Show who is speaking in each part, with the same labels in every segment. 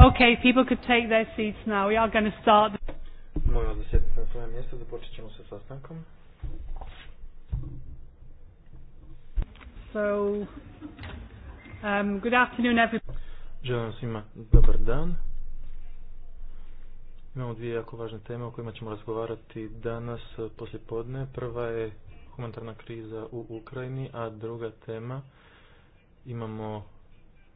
Speaker 1: Okay, people could take their seats now. We are going to start.
Speaker 2: Molim vas svoje mjesto, započet ćemo sastankom.
Speaker 3: So, um, good afternoon everyone.
Speaker 2: Želim svima dobar dan. Imamo dvije jako važne teme o kojima ćemo razgovarati danas e, poslje podne. Prva je humanitarna kriza u Ukrajini, a druga tema imamo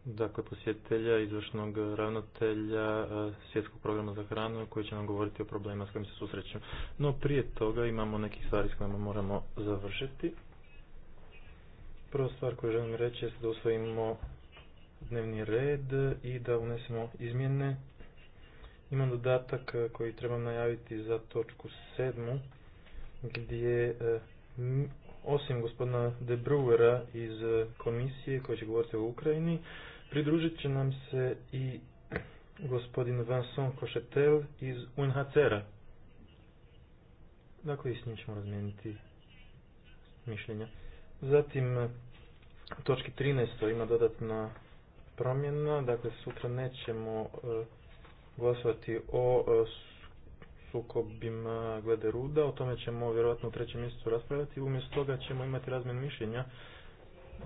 Speaker 2: dakle, posjetitelja, izvršnog ravnatelja e, svjetskog programa za hranu koji će nam govoriti o problemima s kojim se susrećemo. No prije toga imamo nekih stvari s kojima moramo završiti. Prva stvar koju želim reći je da usvojimo dnevni red i da unesemo izmjene. Imam dodatak koji trebam najaviti za točku sedmu gdje e, osim gospodina De Bruera iz e, komisije koji će govoriti o Ukrajini, Pridružit će nam se i gospodin Vincent Košetel iz UNHCR-a. Dakle, i s njim ćemo razmijeniti mišljenja. Zatim, u točki 13. ima dodatna promjena, dakle sutra nećemo e, glasovati o e, sukobima glede ruda, o tome ćemo vjerojatno u trećem mjesecu raspravljati, umjesto toga ćemo imati razmijen mišljenja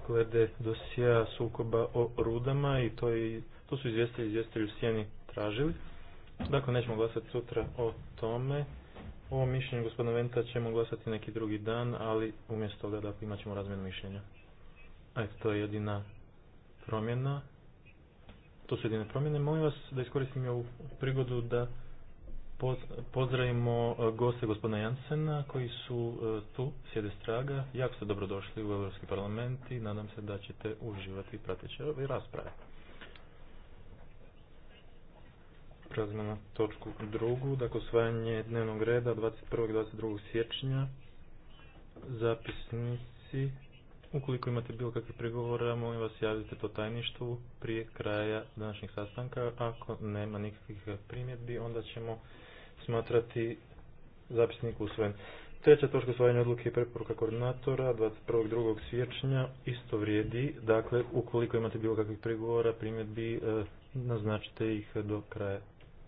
Speaker 2: glede dosija sukoba o rudama i to, i to su izvjestitelji izvjestili, u sjeni tražili. Dakle, nećemo glasati sutra o tome. Ovo mišljenju gospodina Venta ćemo glasati neki drugi dan, ali umjesto toga da dakle, imat ćemo razmjenu mišljenja. Eto, to je jedina promjena. To su jedine promjene. Molim vas da iskoristim ovu prigodu da Pozdravimo e, goste gospodina Jansena koji su e, tu, sjede straga. Jako ste dobrodošli u Europski parlament i nadam se da ćete uživati pratiti ove rasprave. Prelazimo na točku drugu, dakle osvajanje dnevnog reda 21. i 22. siječnja. Zapisnici. Ukoliko imate bilo kakve prigovora, molim vas javite to tajništvu prije kraja današnjeg sastanka. Ako nema nikakvih primjedbi, onda ćemo smatrati zapisnik usvojen. Treća točka usvojenja odluke i preporuka koordinatora 21.2. siječnja isto vrijedi. Dakle, ukoliko imate bilo kakvih prigovora, primjedbi, eh, naznačite ih do kraja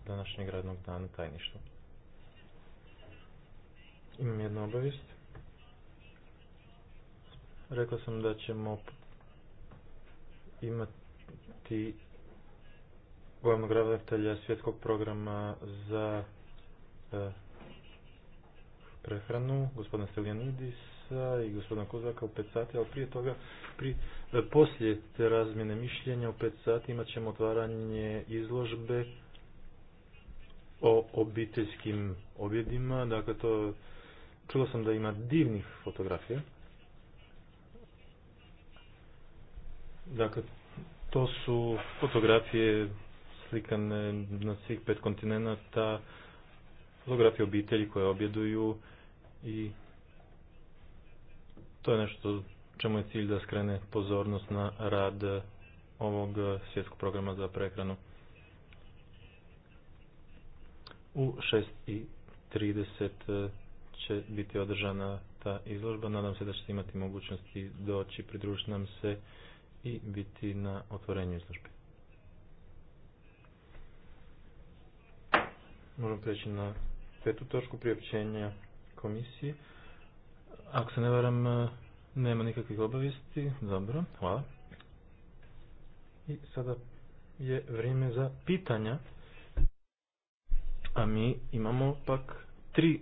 Speaker 2: današnjeg radnog dana tajništva. Imam jednu obavijest. Rekla sam da ćemo imati glavnog ravnatelja svjetskog programa za E, prehranu gospodina Steljanidisa i gospodina Kozaka u 5 sati, ali prije toga, pri, e, poslije te razmjene mišljenja u 5 sati imat ćemo otvaranje izložbe o obiteljskim objedima. Dakle, to čuo sam da ima divnih fotografija. Dakle, to su fotografije slikane na svih pet kontinenata, fotografije obitelji koje objeduju i to je nešto čemu je cilj da skrene pozornost na rad ovog svjetskog programa za prehranu. U 6.30 će biti održana ta izložba. Nadam se da ćete imati mogućnosti doći, pridružiti nam se i biti na otvorenju izložbe. Možemo preći na petu točku priopćenja komisiji. Ako se ne varam, nema nikakvih obavijesti. Dobro, hvala. I sada je vrijeme za pitanja. A mi imamo pak tri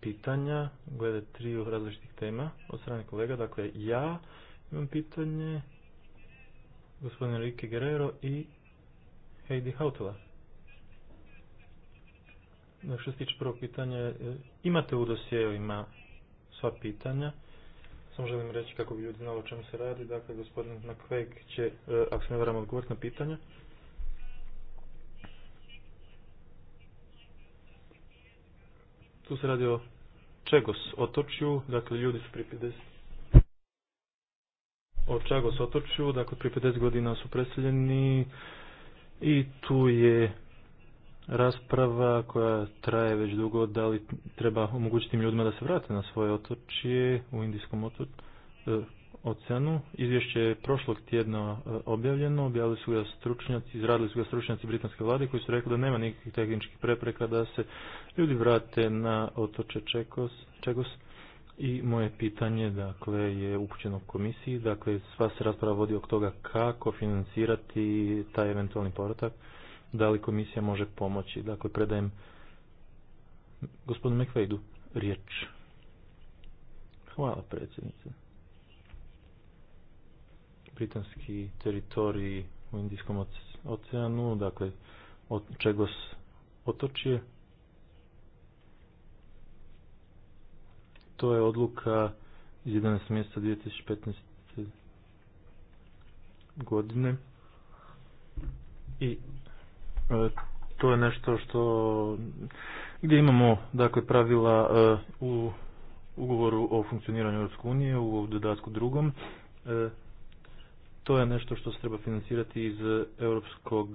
Speaker 2: pitanja, glede tri različitih tema od strane kolega. Dakle, ja imam pitanje, gospodin Rike Guerrero i Heidi Hautela što se tiče prvog pitanja, e, imate u dosijevima sva pitanja. Samo želim reći kako bi ljudi znali o čemu se radi. Dakle, gospodin Makveg će, e, ako se ne varam, odgovoriti na pitanja. Tu se radi o Čegos otočju, dakle ljudi su pri 50 o Čagos otočju, dakle pri 50 godina su preseljeni i tu je rasprava koja traje već dugo, da li treba omogućiti ljudima da se vrate na svoje otočje u Indijskom otoč, e, oceanu. Izvješće je prošlog tjedna e, objavljeno, objavili su ga stručnjaci, izradili su ga stručnjaci britanske vlade koji su rekli da nema nikakvih tehničkih prepreka da se ljudi vrate na otoče Čekos, Čegos. I moje pitanje dakle, je upućeno komisiji, dakle sva se rasprava vodi oko toga kako financirati taj eventualni povratak da li komisija može pomoći. Dakle, predajem gospodinu Mekvejdu riječ. Hvala predsjednice. Britanski teritoriji u Indijskom oceanu, dakle, od Čegos otočije. To je odluka iz 11. mjeseca 2015. godine i E, to je nešto što gdje imamo dakle pravila e, u ugovoru o funkcioniranju Europske unije u dodatku drugom. E, to je nešto što se treba financirati iz Europskog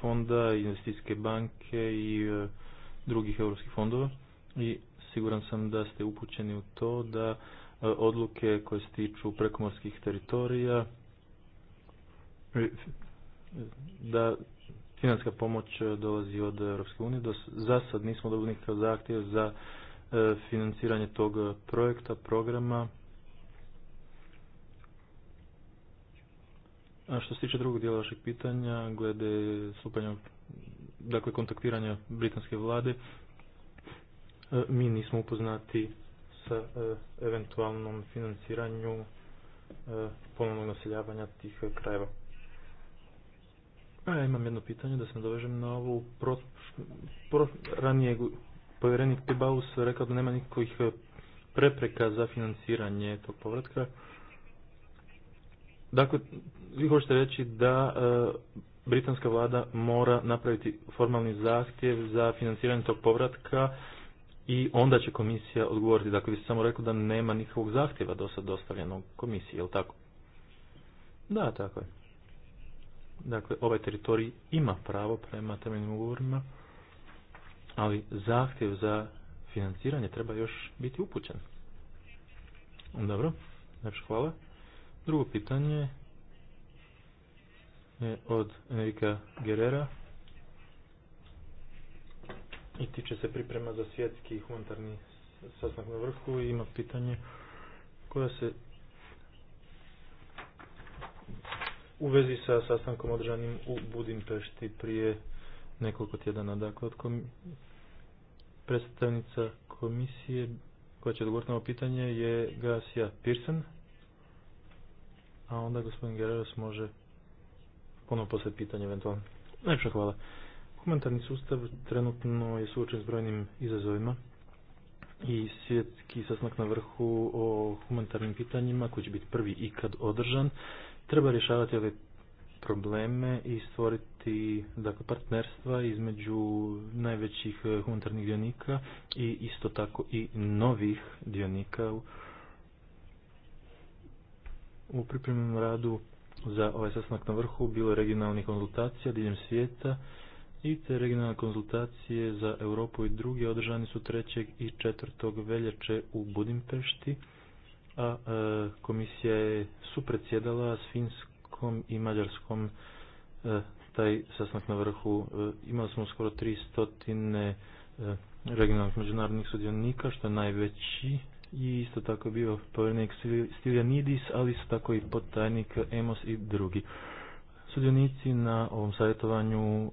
Speaker 2: fonda, investicijske banke i drugih europskih fondova i siguran sam da ste upućeni u to da odluke koje se tiču prekomorskih teritorija da financijska pomoć e, dolazi od Europske unije. Za sad nismo dobili nikakav zahtjev za e, financiranje tog e, projekta, programa. A što se tiče drugog dijela vašeg pitanja, glede stupanja, dakle kontaktiranja britanske vlade, mi nismo upoznati sa eventualnom financiranju ponovnog naseljavanja tih krajeva. Ja imam jedno pitanje da se nadovežem na ovu pro, pro, ranije povjerenik Pibaus rekao da nema nikakvih e, prepreka za financiranje tog povratka. Dakle, vi hoćete reći da e, britanska vlada mora napraviti formalni zahtjev za financiranje tog povratka i onda će komisija odgovoriti. Dakle, vi ste samo rekli da nema nikakvog zahtjeva do sad dostavljenog komisiji, je li tako? Da, tako je. Dakle, ovaj teritorij ima pravo prema temeljnim ugovorima, ali zahtjev za financiranje treba još biti upućen. Dobro, znači hvala. Drugo pitanje je od Enrika Gerera i tiče se priprema za svjetski humanitarni sastanak na vrhu i ima pitanje koja se u vezi sa sastankom održanim u Budimpešti prije nekoliko tjedana. Dakle, od predstavnica komisije koja će odgovoriti na ovo pitanje je Gasija Pearson, a onda gospodin Gereros može ponovno postaviti pitanje eventualno. Najpša hvala. Humanitarni sustav trenutno je suočen s brojnim izazovima i svjetski sasnak na vrhu o humanitarnim pitanjima koji će biti prvi ikad održan Treba rješavati ove probleme i stvoriti dakle, partnerstva između najvećih humanitarnih dionika i isto tako i novih dionika u, u pripremnom radu za ovaj sastanak na vrhu bilo je regionalnih konzultacija diljem svijeta i te regionalne konzultacije za Europu i druge održani su 3. i 4. veljače u Budimpešti a e, komisija je supredsjedala s Finskom i Mađarskom e, taj sastanak na vrhu. E, imali smo skoro 300 regionalnih međunarodnih sudionika, što je najveći i isto tako je bio Stilja Stiljanidis, ali isto tako i potajnik Emos i drugi. Sudionici na ovom savjetovanju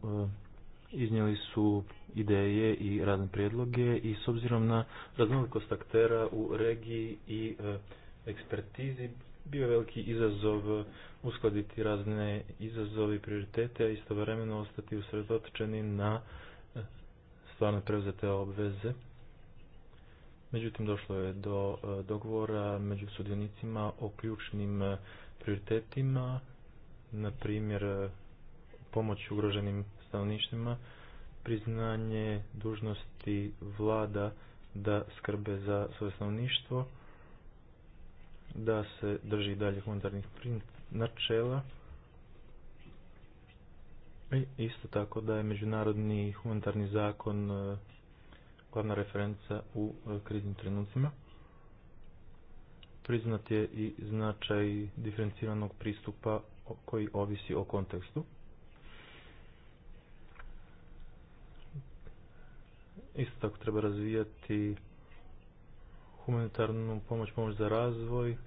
Speaker 2: iznijeli su ideje i razne prijedloge i s obzirom na raznolikost aktera u regiji i e, ekspertizi bio je veliki izazov e, uskladiti razne izazove i prioritete, a istovremeno ostati usredotočeni na e, stvarno preuzete obveze. Međutim, došlo je do dogovora među sudionicima o ključnim prioritetima, na primjer pomoć ugroženim stanovništvima, priznanje dužnosti vlada da skrbe za svoje stanovništvo, da se drži dalje humanitarnih načela i isto tako da je međunarodni humanitarni zakon e, glavna referenca u e, kriznim trenucima. Priznat je i značaj diferenciranog pristupa koji ovisi o kontekstu. Isto tako treba razvijati humanitarnu pomoć, pomoć za razvoj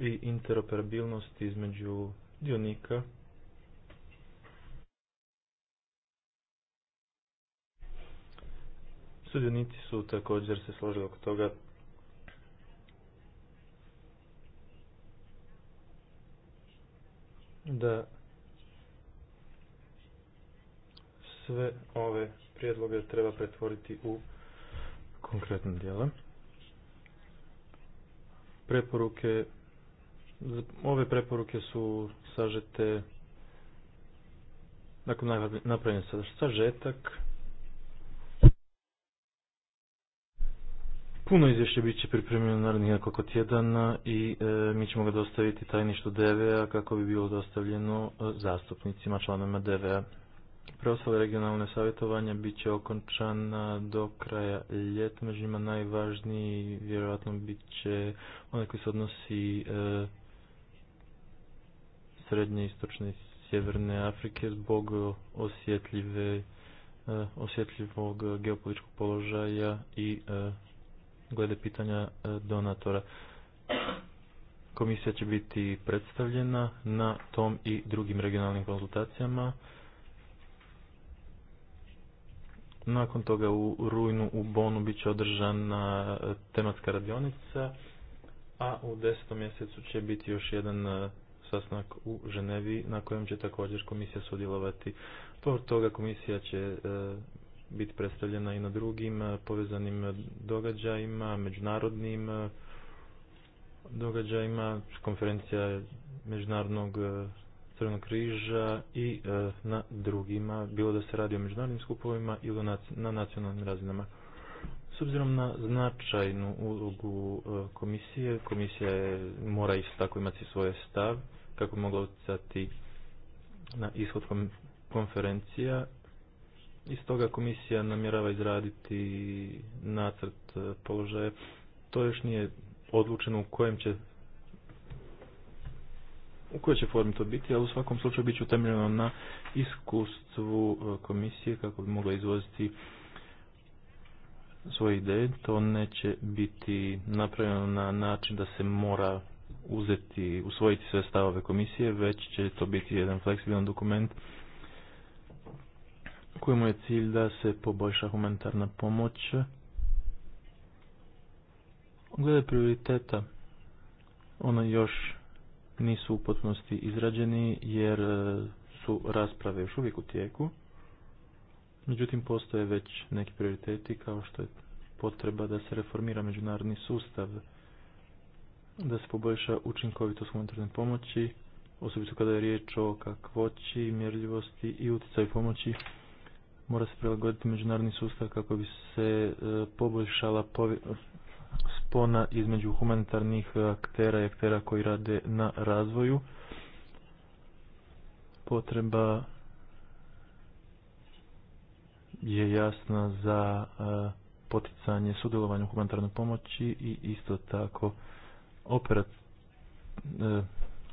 Speaker 2: i interoperabilnost između dionika. Sudionici su također se složili oko toga da sve ove prijedloge treba pretvoriti u konkretne dijela. Preporuke, ove preporuke su sažete, nakon napravljen sažetak, Puno izvješće bit će pripremljeno narednih nekoliko tjedana i e, mi ćemo ga dostaviti tajništu a kako bi bilo dostavljeno e, zastupnicima, članovima DVA. Preostale regionalne savjetovanja bit će okončana do kraja ljeta, među njima najvažniji vjerojatno bit će onaj koji se odnosi e, srednje, istočne i sjeverne Afrike zbog osjetljive, e, osjetljivog geopolitičkog položaja i e, glede pitanja e, donatora. Komisija će biti predstavljena na tom i drugim regionalnim konzultacijama. Nakon toga u rujnu u Bonu bit će održana e, tematska radionica, a u desetom mjesecu će biti još jedan e, sastanak u Ženevi na kojem će također komisija sudjelovati. Pored toga komisija će e, biti predstavljena i na drugim povezanim događajima, međunarodnim događajima, konferencija međunarodnog Crvenog križa i e, na drugima, bilo da se radi o međunarodnim skupovima ili na nacionalnim razinama. S obzirom na značajnu ulogu e, komisije, komisija je, mora isto tako imati svoj stav kako bi mogla utjecati na ishod konferencija. Iz toga komisija namjerava izraditi nacrt e, položaja. To još nije odlučeno u kojem će u kojoj će formi to biti, ali u svakom slučaju bit će utemeljeno na iskustvu e, komisije kako bi mogla izvoziti svoje ideje. To neće biti napravljeno na način da se mora uzeti, usvojiti sve stavove komisije, već će to biti jedan fleksibilan dokument kojemu je cilj da se poboljša humanitarna pomoć. Glede prioriteta, ona još nisu u potpunosti izrađeni jer e, su rasprave još uvijek u tijeku. Međutim, postoje već neki prioriteti kao što je potreba da se reformira međunarodni sustav, da se poboljša učinkovitost humanitarne pomoći, osobito kada je riječ o kakvoći, mjerljivosti i utjecaju pomoći, mora se prilagoditi međunarodni sustav kako bi se e, poboljšala spona između humanitarnih aktera i aktera koji rade na razvoju. Potreba je jasna za e, poticanje sudjelovanja u humanitarnoj pomoći i isto tako e,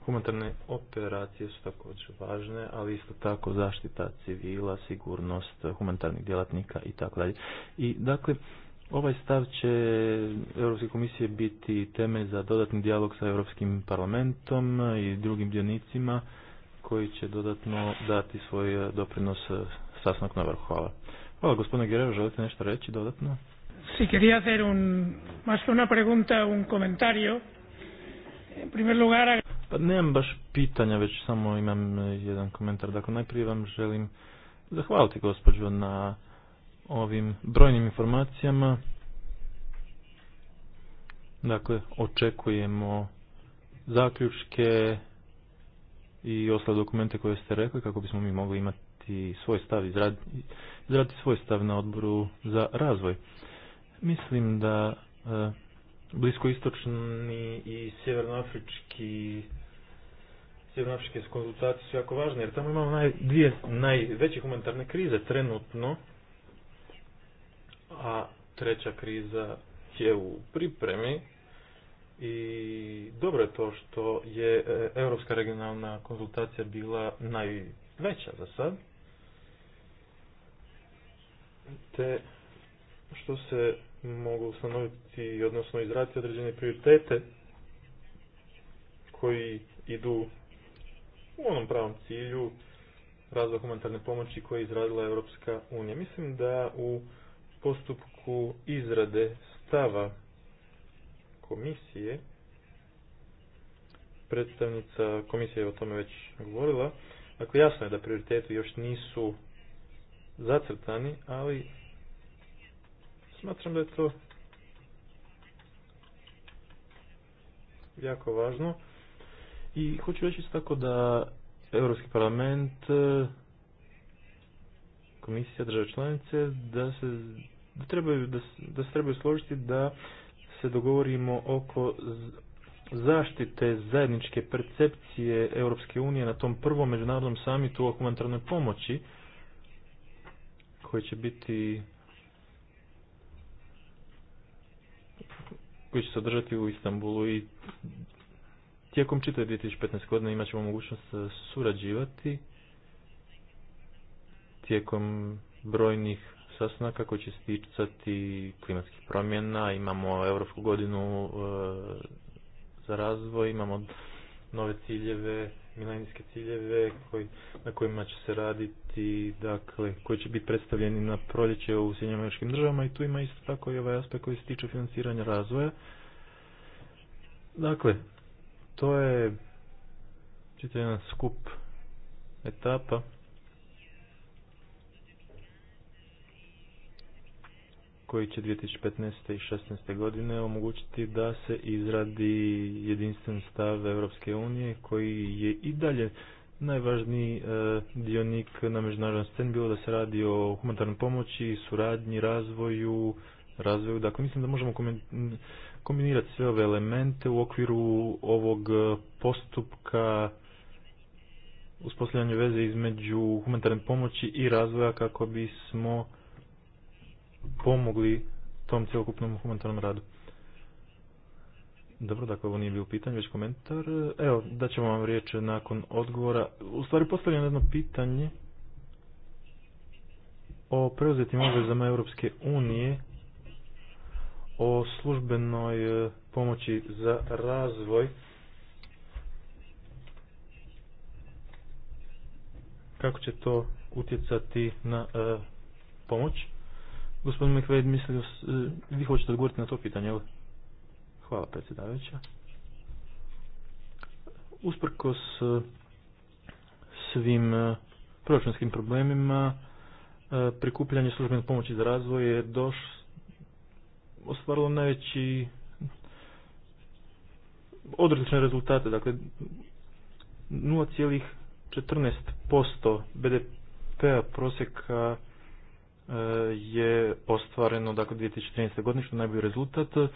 Speaker 2: humanitarne operacije su također važne, ali isto tako zaštita civila, sigurnost humanitarnih djelatnika i tako dalje. I dakle, Ovaj stav će Europske komisije biti temelj za dodatni dijalog sa Europskim parlamentom i drugim dionicima koji će dodatno dati svoj doprinos sasnog na vrhu. Hvala. Hvala gospodine Guerrero, želite nešto reći dodatno? Si quería hacer un,
Speaker 1: una pregunta, un comentario. En primer
Speaker 2: lugar... Pa nemam baš pitanja, već samo imam eh, jedan komentar. Dakle, najprije vam želim zahvaliti gospođu na ovim brojnim informacijama. Dakle, očekujemo zaključke i ostale dokumente koje ste rekli kako bismo mi mogli imati svoj stav, izraditi, izraditi svoj stav na odboru za razvoj. Mislim da e, bliskoistočni i sjevernoafrički sjevernoafričke konzultacije su jako važne jer tamo imamo naj, dvije najveće humanitarne krize trenutno a treća kriza je u pripremi i dobro je to što je e, europska regionalna konzultacija bila najveća za sad. Te što se mogu ustanoviti, odnosno izraditi određene prioritete koji idu u onom pravom cilju razvoja humanitarne pomoći koje je izradila Europska unija. Mislim da u postupku izrade stava komisije, predstavnica komisije je o tome već govorila, ako dakle, jasno je da prioriteti još nisu zacrtani, ali smatram da je to jako važno. I hoću reći tako da Europski parlament, komisija države članice, da se da, da, da se trebaju složiti da se dogovorimo oko zaštite zajedničke percepcije Europske unije na tom prvom međunarodnom samitu o humanitarnoj pomoći koji će biti koji će se održati u Istanbulu i tijekom čitave 2015. godine imat ćemo mogućnost surađivati tijekom brojnih sastanaka koji će se klimatskih promjena, imamo Europsku godinu e, za razvoj, imamo nove ciljeve, milenijske ciljeve koji, na kojima će se raditi, dakle, koji će biti predstavljeni na proljeće u Sjednjim državama i tu ima isto tako i ovaj aspekt koji se tiče financiranja razvoja. Dakle, to je čitav jedan skup etapa koji će 2015. i 2016. godine omogućiti da se izradi jedinstven stav Europske unije koji je i dalje najvažniji e, dionik na međunarodnom sceni, bilo da se radi o humanitarnoj pomoći, suradnji, razvoju, razvoju. Dakle, mislim da možemo kombinirati sve ove elemente u okviru ovog postupka uspostavljanja veze između humanitarne pomoći i razvoja kako bismo pomogli tom cjelokupnom humanitarnom radu. Dobro, dakle, ovo nije bio pitanje, već komentar. Evo, ćemo vam riječ nakon odgovora. U stvari, postavljam jedno pitanje o preuzetim obvezama Europske unije o službenoj e, pomoći za razvoj kako će to utjecati na e, pomoć Gospodin mislim da e, vi hoćete odgovoriti na to pitanje, jel? Hvala predsjedavajuća. Usprkos e, svim e, proračunskim problemima, prikupljanje službene pomoći za razvoj je doš ostvarilo najveći određene rezultate, dakle 0,14% BDP-a prosjeka Eh, je ostvareno dakle 2013. godine što najbolji rezultat. Eh,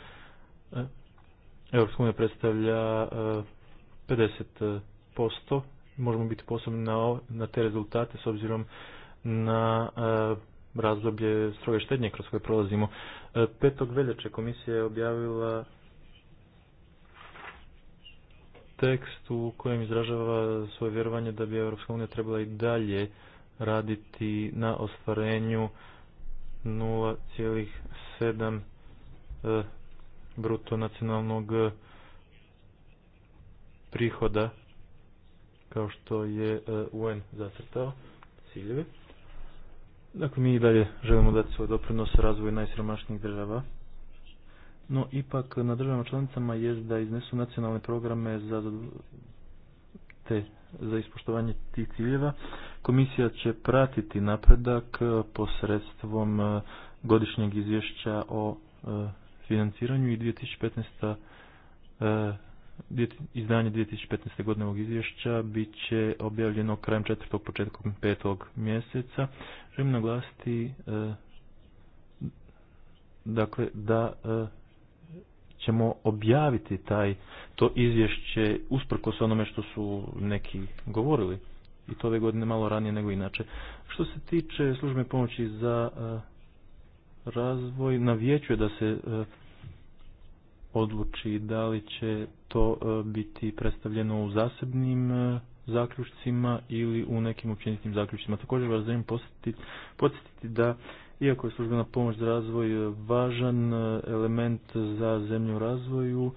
Speaker 2: Europska unija predstavlja 50%, eh, možemo biti posebni na, na te rezultate s obzirom na razdoblje stroge štednje kroz koje prolazimo. 5. veljače komisija je objavila tekst u kojem izražava svoje vjerovanje da bi Europska unija trebala i dalje raditi na ostvarenju 0,7 e, bruto nacionalnog e, prihoda kao što je e, UN zacrtao ciljeve. Dakle, mi i dalje želimo dati svoj doprinos razvoju najsiromašnijih država. No, ipak na državama članicama je da iznesu nacionalne programe za, te, za ispoštovanje tih ciljeva. Komisija će pratiti napredak e, posredstvom e, godišnjeg izvješća o e, financiranju i 2015. Izdanje 2015. godine ovog izvješća bit će objavljeno krajem četvrtog početkom petog mjeseca. Želim naglasiti dakle, da ćemo objaviti taj, to izvješće usprkos onome što su neki govorili i to ove godine malo ranije nego inače. Što se tiče službe pomoći za e, razvoj, na je da se e, odluči da li će to e, biti predstavljeno u zasebnim zaključcima ili u nekim općenitim zaključcima. Također vas želim podsjetiti da iako je službena pomoć za razvoj važan element za zemlju u razvoju,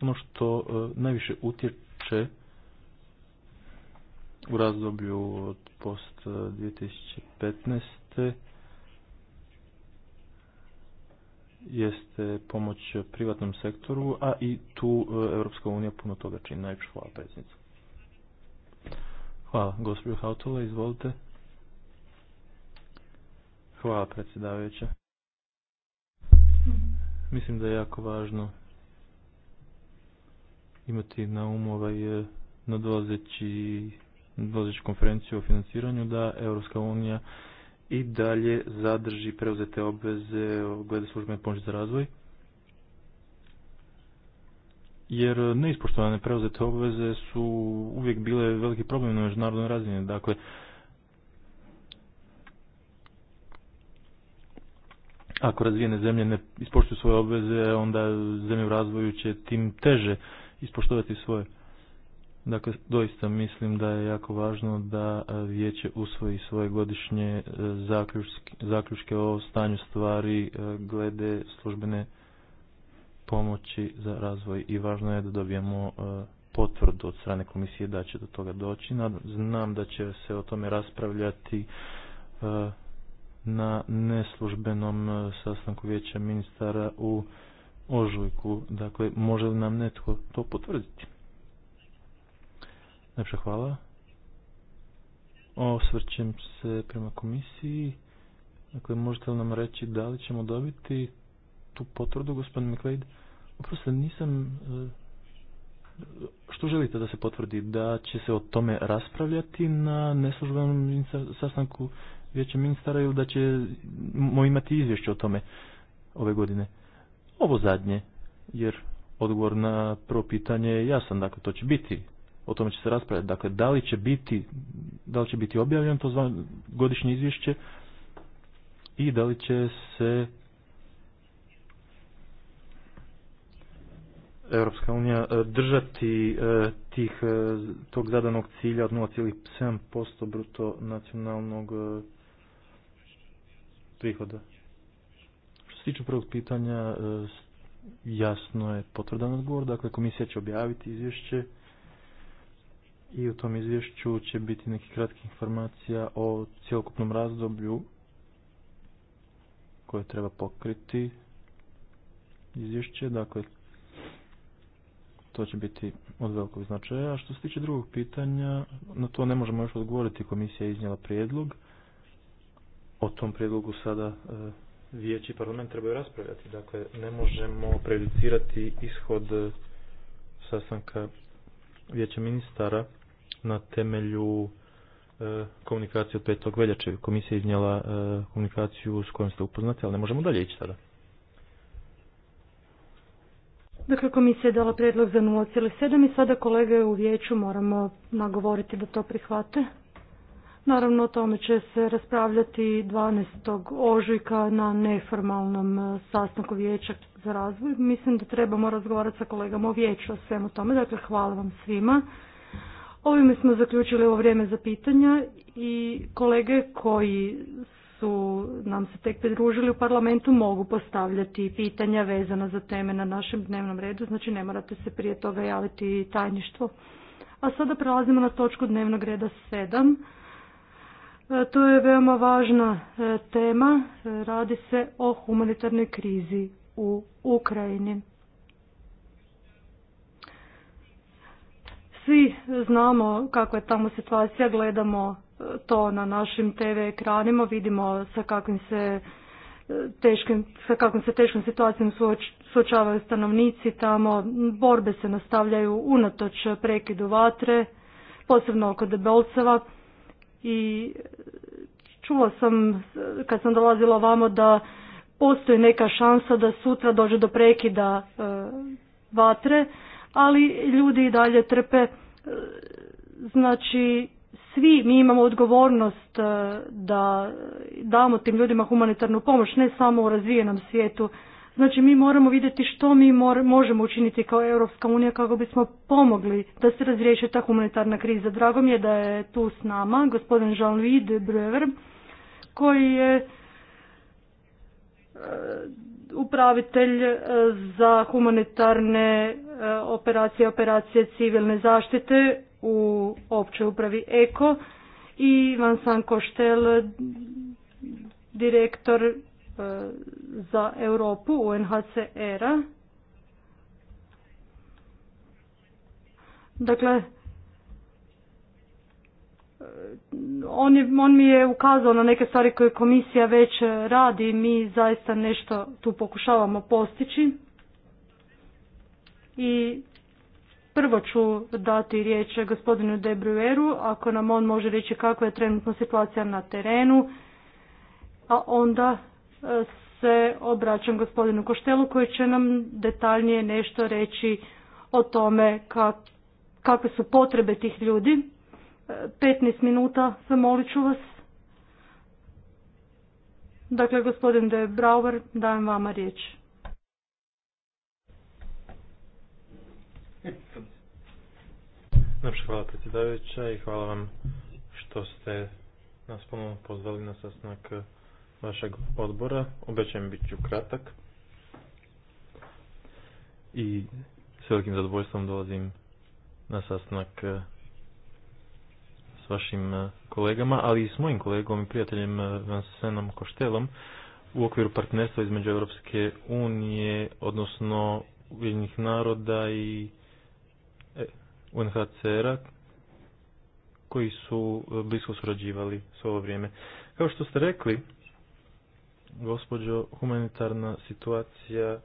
Speaker 2: ono što najviše utječe u razdoblju od post 2015. Eh, jeste pomoć privatnom sektoru, a i tu Europska eh, unija puno toga čini. Najpšu hvala predsjednicu. Hvala, gospođo Hautola, izvolite. Hvala predsjedavajuća. Mislim da je jako važno imati na umu ovaj eh, nadolazeći nadolazeću konferenciju o financiranju da Europska unija i dalje zadrži preuzete obveze glede službene pomoći za razvoj. Jer eh, neispoštovane preuzete obveze su uvijek bile veliki problem na međunarodnoj razini. Dakle, ako razvijene zemlje ne ispoštuju svoje obveze, onda zemlje u razvoju će tim teže ispoštovati svoje. Dakle, doista mislim da je jako važno da e, vijeće usvoji svoje godišnje e, zaključke, o stanju stvari e, glede službene pomoći za razvoj i važno je da dobijemo potvrdu od strane komisije da će do toga doći. Znam da će se o tome raspravljati na neslužbenom sastanku vijeća ministara u ožujku. Dakle, može li nam netko to potvrditi? Najpša hvala. Osvrćem se prema komisiji. Dakle, možete li nam reći da li ćemo dobiti tu potvrdu, gospodin McLeod? Oprosto, nisam... E, što želite da se potvrdi? Da će se o tome raspravljati na neslužbenom sastanku vijeća ministara ili da ćemo imati izvješće o tome ove godine? Ovo zadnje, jer odgovor na prvo pitanje je jasan, dakle to će biti, o tome će se raspravljati, dakle da li će biti, da li će biti objavljeno to zvan, godišnje izvješće i da li će se Europska unija e, držati e, tih, e, tog zadanog cilja od 0,7% bruto nacionalnog prihoda tiče prvog pitanja, e, jasno je potvrdan odgovor. Dakle, komisija će objaviti izvješće i u tom izvješću će biti nekih kratkih informacija o cijelokupnom razdoblju koje treba pokriti izvješće. Dakle, to će biti od velikog značaja. A što se tiče drugog pitanja, na to ne možemo još odgovoriti. Komisija je iznijela prijedlog. O tom prijedlogu sada e, vijeći parlament trebaju raspravljati. Dakle, ne možemo prejudicirati ishod e, sastanka vijeća ministara na temelju e, komunikacije od 5. veljače. Komisija je iznijela e, komunikaciju s kojom ste upoznati, ali ne možemo dalje ići sada.
Speaker 1: Dakle, komisija je dala predlog za 0,7 i sada kolege u vijeću moramo nagovoriti da to prihvate. Naravno, o tome će se raspravljati 12. ožujka na neformalnom e, sastanku vijeća za razvoj. Mislim da trebamo razgovarati sa kolegama o vijeću o svemu tome. Dakle, hvala vam svima. Ovime smo zaključili ovo vrijeme za pitanja i kolege koji su nam se tek pridružili u parlamentu mogu postavljati pitanja vezana za teme na našem dnevnom redu, znači ne morate se prije toga javiti tajništvo. A sada prelazimo na točku dnevnog reda 7. E, to je veoma važna e, tema. E, radi se o humanitarnoj krizi u Ukrajini. Svi znamo kakva je tamo situacija, gledamo to na našim TV ekranima, vidimo sa kakvim se teškim, sa kakvom se teškom situacijom suočavaju stanovnici tamo. Borbe se nastavljaju unatoč prekidu vatre, posebno oko Debelceva i čula sam kad sam dolazila vamo da postoji neka šansa da sutra dođe do prekida e, vatre, ali ljudi i dalje trpe. E, znači, svi mi imamo odgovornost e, da damo tim ljudima humanitarnu pomoć, ne samo u razvijenom svijetu, Znači mi moramo vidjeti što mi možemo učiniti kao Europska unija kako bismo pomogli da se razriješi ta humanitarna kriza. Drago mi je da je tu s nama gospodin Jean-Louis de koji je e, upravitelj e, za humanitarne e, operacije, operacije civilne zaštite u općoj upravi ECO i Vincent Koštel, direktor E, za Europu UNHCR-a. Dakle, e, on, je, on mi je ukazao na neke stvari koje komisija već radi i mi zaista nešto tu pokušavamo postići. I prvo ću dati riječ gospodinu De Brueru, ako nam on može reći kakva je trenutno situacija na terenu, a onda se obraćam gospodinu Koštelu koji će nam detaljnije nešto reći o tome kakve su potrebe tih ljudi. 15 e, minuta, zamolit ću vas. Dakle, gospodin De Brauer, dajem vama riječ.
Speaker 2: hvala predsjedavajuća i hvala vam što ste nas ponovno pozvali na sastanak Vašeg odbora. Obećajem bit ću kratak. I s velikim zadovoljstvom dolazim na sastanak e, s vašim e, kolegama, ali i s mojim kolegom i prijateljem e, Vansenom Koštelom u okviru partnerstva između Europske unije, odnosno Ujedinjenih naroda i UNHCR-a koji su blisko surađivali s ovo vrijeme. Kao što ste rekli, gospođo, humanitarna situacija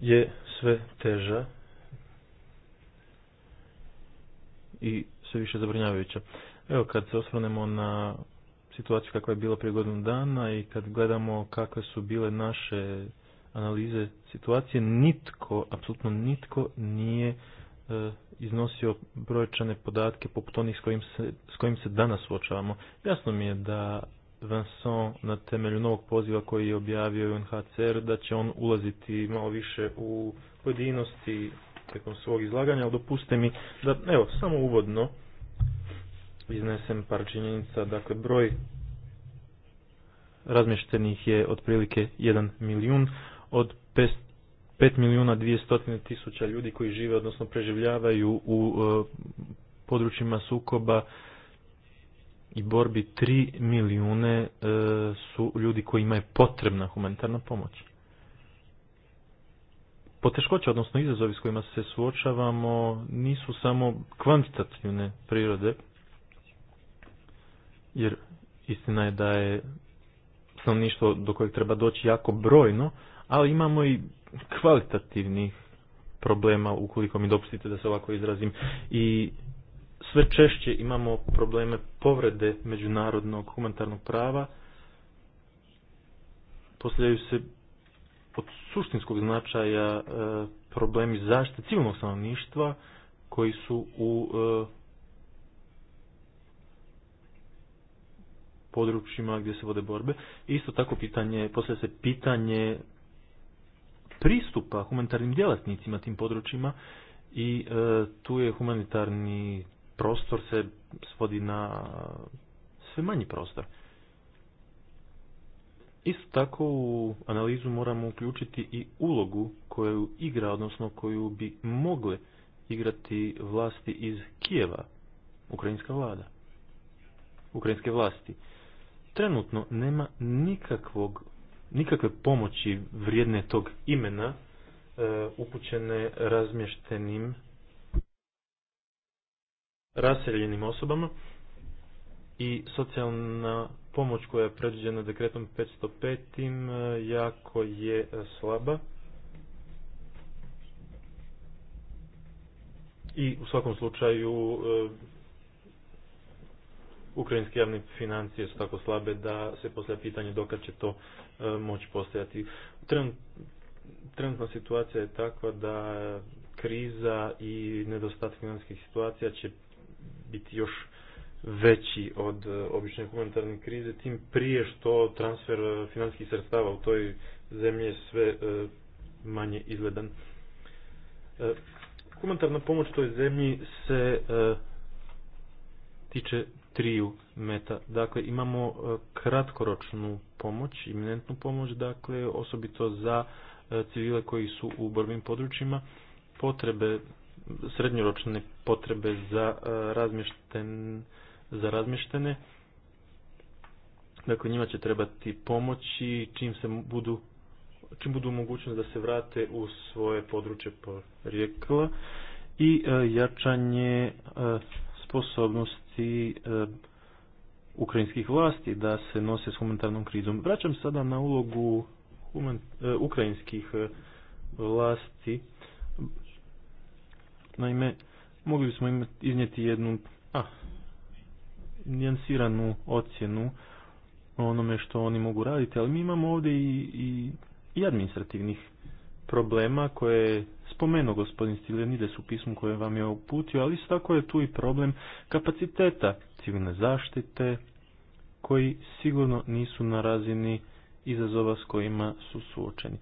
Speaker 2: je sve teža i sve više zabrinjavajuća. Evo kad se osvrnemo na situaciju kakva je bila prije godinu dana i kad gledamo kakve su bile naše analize situacije, nitko, apsolutno nitko nije e, iznosio brojčane podatke poput onih s kojim, se, s kojim se danas suočavamo. Jasno mi je da Vincent na temelju novog poziva koji je objavio UNHCR da će on ulaziti malo više u pojedinosti tijekom svog izlaganja, ali dopuste mi da, evo, samo uvodno iznesem par činjenica. Dakle, broj razmještenih je otprilike 1 milijun od 5, 5 milijuna 200 tisuća ljudi koji žive, odnosno preživljavaju u e, područjima sukoba i borbi 3 milijune e, su ljudi koji imaju potrebna humanitarna pomoć. Poteškoće, odnosno izazovi s kojima se suočavamo, nisu samo kvantitativne prirode, jer istina je da je stanovništvo do kojeg treba doći jako brojno, ali imamo i kvalitativnih problema, ukoliko mi dopustite da se ovako izrazim, i sve češće imamo probleme povrede međunarodnog humanitarnog prava, postavljaju se od suštinskog značaja e, problemi zaštite civilnog stanovništva koji su u e, područjima gdje se vode borbe. Isto tako pitanje, poslije se pitanje pristupa humanitarnim djelatnicima tim područjima i e, tu je humanitarni prostor se svodi na eh, sve manji prostor. Isto tako u analizu moramo uključiti i ulogu koju igra, odnosno koju bi mogle igrati vlasti iz Kijeva, ukrajinska vlada, ukrajinske vlasti. Trenutno nema nikakvog, nikakve pomoći vrijedne tog imena eh, upućene razmještenim raseljenim osobama i socijalna pomoć koja je predviđena dekretom 505. E, jako je e, slaba. I u svakom slučaju e, ukrajinske javne financije su tako slabe da se postavlja pitanje dokad će to moći postojati. Trenutna situacija je takva da kriza i nedostatak financijskih situacija će biti još veći od e, obične humanitarne krize, tim prije što transfer e, financijskih sredstava u toj zemlji je sve e, manje izgledan. Humanitarna pomoć toj zemlji se tiče triju meta. Dakle, imamo kratkoročnu pomoć, iminentnu pomoć, dakle, osobito za civile koji su u borbim područjima. Potrebe srednjoročne potrebe za e, razmješten, za razmještene. Dakle, njima će trebati pomoći čim se budu čim budu mogućnost da se vrate u svoje područje porijekla i e, jačanje e, sposobnosti ukrajinskih vlasti da se nose s humanitarnom krizom. Vraćam sada na ulogu ukrajinskih vlasti Naime, mogli bismo iznijeti jednu a, nijansiranu ocjenu o onome što oni mogu raditi, ali mi imamo ovdje i, i, i administrativnih problema koje je spomenuo gospodin Stiljanides u pismu koje vam je uputio, ali isto tako je tu i problem kapaciteta civilne zaštite koji sigurno nisu na razini izazova s kojima su suočeni.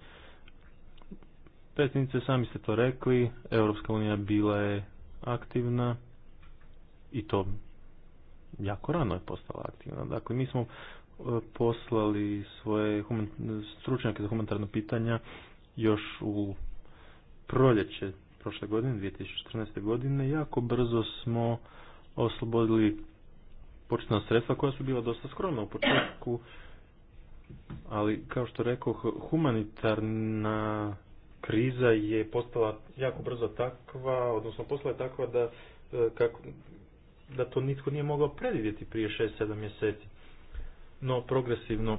Speaker 2: Predsjednice, sami ste to rekli, Europska unija bila je aktivna i to jako rano je postala aktivna. Dakle, mi smo e, poslali svoje stručnjake za humanitarna pitanja još u proljeće prošle godine, 2014. godine. Jako brzo smo oslobodili početna sredstva koja su bila dosta skromna u početku, ali kao što rekao, humanitarna kriza je postala jako brzo takva, odnosno postala je takva da, e, kako, da to nitko nije mogao predvidjeti prije 6-7 mjeseci. No, progresivno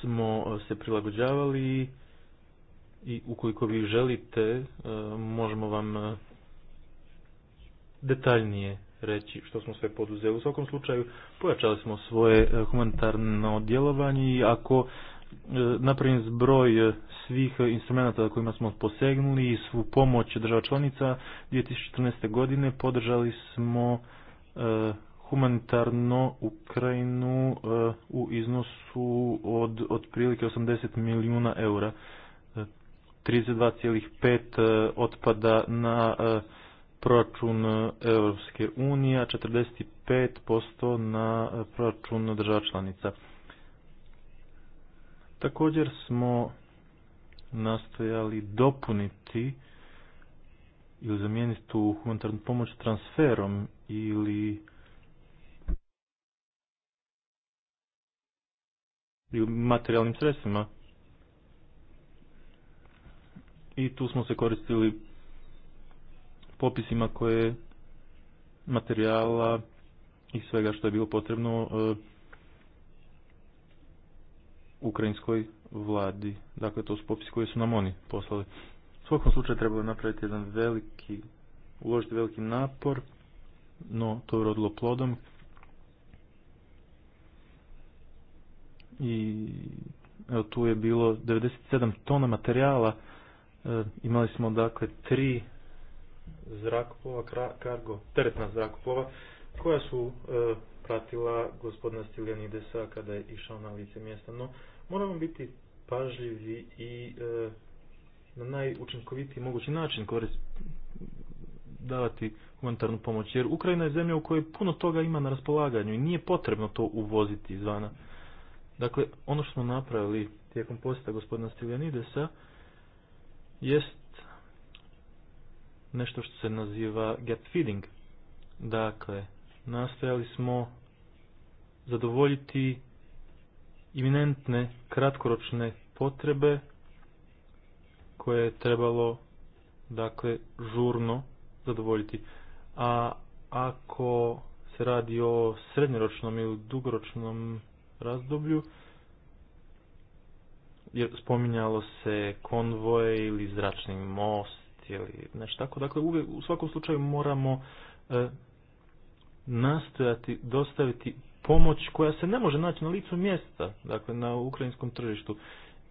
Speaker 2: smo e, se prilagođavali i ukoliko vi želite, e, možemo vam detaljnije reći što smo sve poduzeli. U svakom slučaju pojačali smo svoje humanitarno djelovanje i ako napravim zbroj svih instrumenta kojima smo posegnuli i svu pomoć država članica 2014. godine podržali smo e, humanitarno Ukrajinu e, u iznosu od otprilike 80 milijuna eura. 32,5 e, otpada na proračun Europske unije, a 45% na proračun država članica. Također smo nastojali dopuniti ili zamijeniti tu humanitarnu pomoć transferom ili materijalnim sredstvima. I tu smo se koristili popisima koje materijala i svega što je bilo potrebno e, ukrajinskoj vladi. Dakle, to su popisi koje su nam oni poslali. U svakom slučaju trebalo napraviti jedan veliki, uložiti veliki napor, no to je rodilo plodom. I evo, tu je bilo 97 tona materijala. E, imali smo dakle tri zrakoplova, kargo, teretna zrakoplova, koja su e, pratila gospodina Stiljanidesa kada je išao na lice mjesta. No, Moramo biti pažljivi i e, na najučinkovitiji mogući način davati humanitarnu pomoć. Jer Ukrajina je zemlja u kojoj puno toga ima na raspolaganju i nije potrebno to uvoziti izvana. Dakle, ono što smo napravili tijekom posjeta gospodina Stiljanidesa jest nešto što se naziva get feeding. Dakle, nastojali smo zadovoljiti iminentne kratkoročne potrebe koje je trebalo dakle žurno zadovoljiti. A ako se radi o srednjoročnom ili dugoročnom razdoblju, jer spominjalo se konvoje ili zračni most ili nešto tako. Dakle, u svakom slučaju moramo e, nastojati dostaviti pomoć koja se ne može naći na licu mjesta, dakle na ukrajinskom tržištu.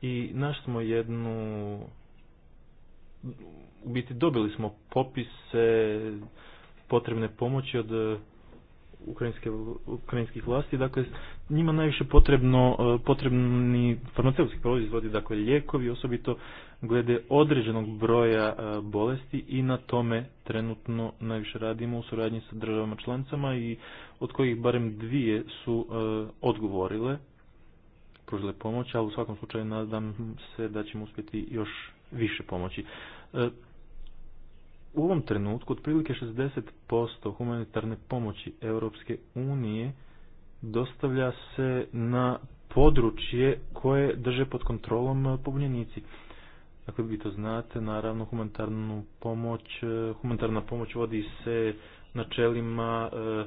Speaker 2: I naš smo jednu, u biti dobili smo popise potrebne pomoći od eh, ukrajinske, ukrajinskih vlasti, dakle njima najviše potrebno, e, potrebni farmaceutski proizvodi, dakle lijekovi, osobito glede određenog broja e, bolesti i na tome trenutno najviše radimo u suradnji sa državama članicama i od kojih barem dvije su e, odgovorile, pružile pomoć, ali u svakom slučaju nadam se da ćemo uspjeti još više pomoći. U ovom trenutku otprilike 60% humanitarne pomoći Europske unije dostavlja se na područje koje drže pod kontrolom pobunjenici. Dakle, vi to znate, naravno humanitarnu pomoć, e, humanitarna pomoć vodi se načelima e,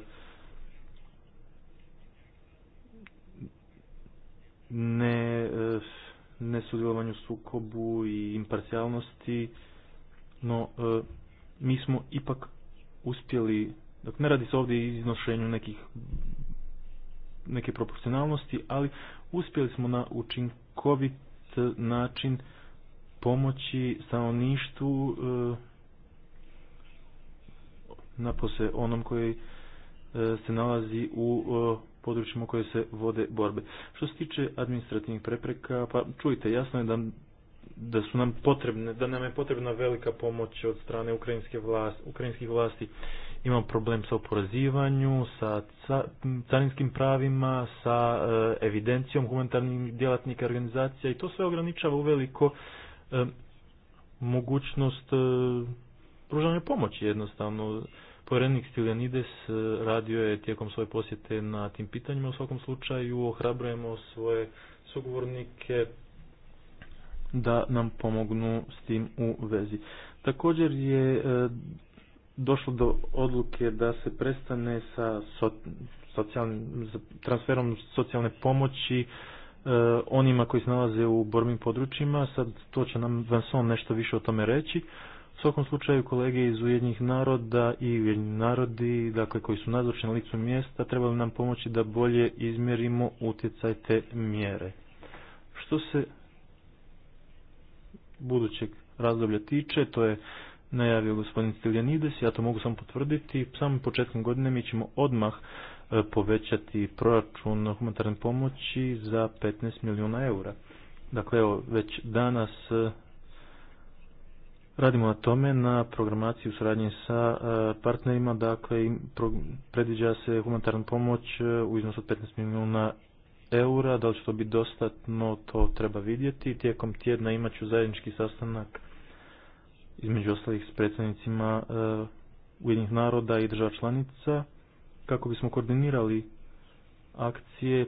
Speaker 2: ne e, nesudjelovanju sukobu i imparcijalnosti, no mi smo ipak uspjeli, dok dakle, ne radi se ovdje iznošenju nekih neke proporcionalnosti, ali uspjeli smo na učinkovit način pomoći stanovništvu e, napose onom koji e, se nalazi u e, područjima koje se vode borbe. Što se tiče administrativnih prepreka, pa čujte, jasno je da, da su nam potrebne, da nam je potrebna velika pomoć od strane ukrajinske vlast, ukrajinskih vlasti imamo problem sa oporazivanju, sa carinskim pravima, sa e, evidencijom humanitarnih djelatnika organizacija i to sve ograničava u veliko e, mogućnost e, pružanja pomoći jednostavno. Povjerenik Stiljanides radio je tijekom svoje posjete na tim pitanjima. U svakom slučaju ohrabrujemo svoje sugovornike da nam pomognu s tim u vezi. Također je došlo do odluke da se prestane sa socijalnim, transferom socijalne pomoći e, onima koji se nalaze u borbim područjima. Sad to će nam Vanson nešto više o tome reći. U svakom slučaju kolege iz Ujednjih naroda i Ujednji narodi, dakle koji su nazočni na licu mjesta, trebali nam pomoći da bolje izmjerimo utjecaj te mjere. Što se budućeg razdoblja tiče, to je najavio gospodin Stiljanides, ja to mogu samo potvrditi, samo početkom godine mi ćemo odmah e, povećati proračun humanitarne pomoći za 15 milijuna eura. Dakle, evo, već danas e, radimo na tome, na programaciji u suradnji sa e, partnerima, dakle, predviđa se humanitarna pomoć u iznosu od 15 milijuna eura, da li će to biti dostatno, to treba vidjeti. Tijekom tjedna imat ću zajednički sastanak između ostalih s predstavnicima e, Ujedinih naroda i država članica kako bismo koordinirali akcije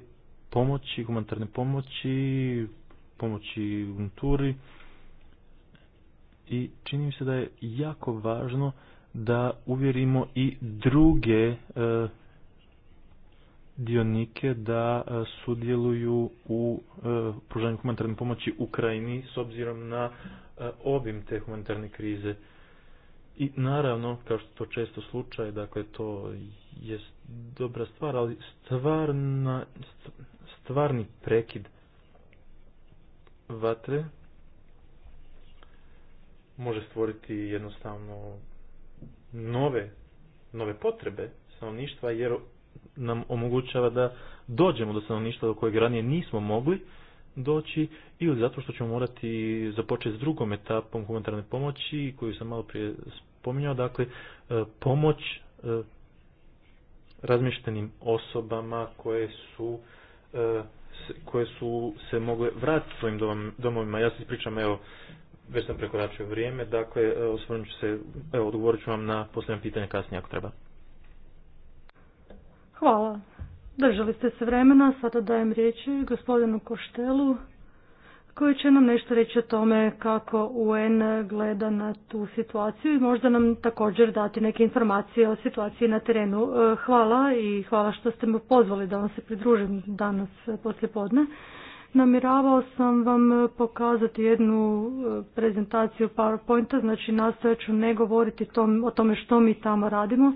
Speaker 2: pomoći, humanitarne pomoći, pomoći kulturi i čini mi se da je jako važno da uvjerimo i druge e, dionike da e, sudjeluju u pružanju humanitarne pomoći Ukrajini s obzirom na obim te humanitarne krize. I naravno, kao što to često slučaj, dakle to je dobra stvar, ali stvarna, stvarni prekid vatre može stvoriti jednostavno nove, nove potrebe stanovništva jer nam omogućava da dođemo do stanovništva do kojeg ranije nismo mogli doći ili zato što ćemo morati započeti s drugom etapom humanitarne pomoći koju sam malo prije spominjao, dakle e, pomoć e, razmještenim osobama koje su e, koje su se mogle vratiti svojim domovima. Ja se ispričam, evo, već sam prekoračio vrijeme, dakle, osvrnut ću se, evo, odgovorit ću vam na posljednje pitanje kasnije ako treba.
Speaker 1: Hvala. Držali ste se vremena, sada dajem riječi gospodinu Koštelu koji će nam nešto reći o tome kako UN gleda na tu situaciju i možda nam također dati neke informacije o situaciji na terenu. E, hvala i hvala što ste me pozvali da vam se pridružim danas podne. Namiravao sam vam pokazati jednu e, prezentaciju PowerPointa, znači nastojat ću ne govoriti o tome što mi tamo radimo,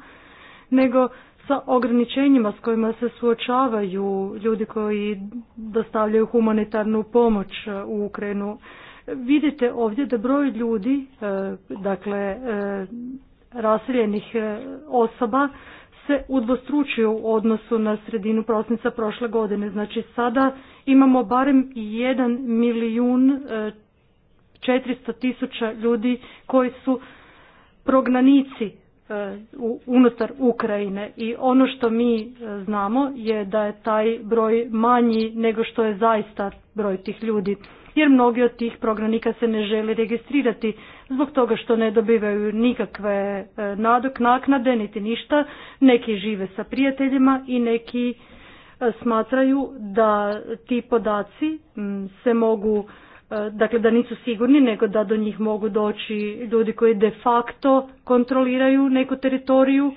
Speaker 1: nego sa ograničenjima s kojima se suočavaju ljudi koji dostavljaju humanitarnu pomoć e, u Ukrajinu. Vidite ovdje da broj ljudi, e, dakle e, raseljenih osoba, se udvostručio u odnosu na sredinu prosinca prošle godine. Znači sada imamo barem 1 milijun 400 tisuća ljudi koji su prognanici E, unutar Ukrajine i ono što mi e, znamo je da je taj broj manji nego što je zaista broj tih ljudi jer mnogi od tih prognanika se ne žele registrirati zbog toga što ne dobivaju nikakve e, nadok naknade niti ništa neki žive sa prijateljima i neki smatraju da ti podaci se mogu dakle da nisu sigurni nego da do njih mogu doći ljudi koji de facto kontroliraju neku teritoriju.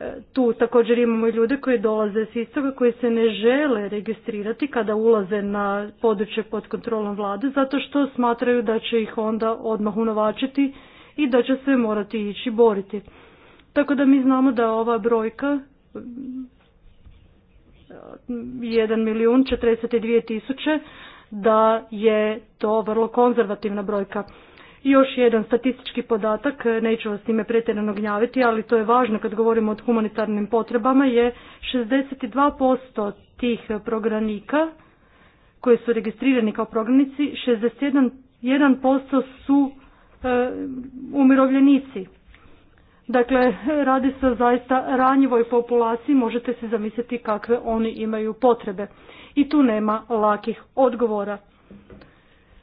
Speaker 1: E, tu također imamo i ljude koji dolaze s istoga koji se ne žele registrirati kada ulaze na područje pod kontrolom vlade zato što smatraju da će ih onda odmah unovačiti i da će se morati ići boriti. Tako da mi znamo da ova brojka 1 milijun 42 tisuće da je to vrlo konzervativna brojka. I još jedan statistički podatak, neću vas s time pretjerano gnjaviti, ali to je važno kad govorimo o humanitarnim potrebama, je 62% tih prognanika koji su registrirani kao prognanici, 61% su e, umirovljenici. Dakle, radi se o zaista ranjivoj populaciji, možete se zamisliti kakve oni imaju potrebe i tu nema lakih odgovora.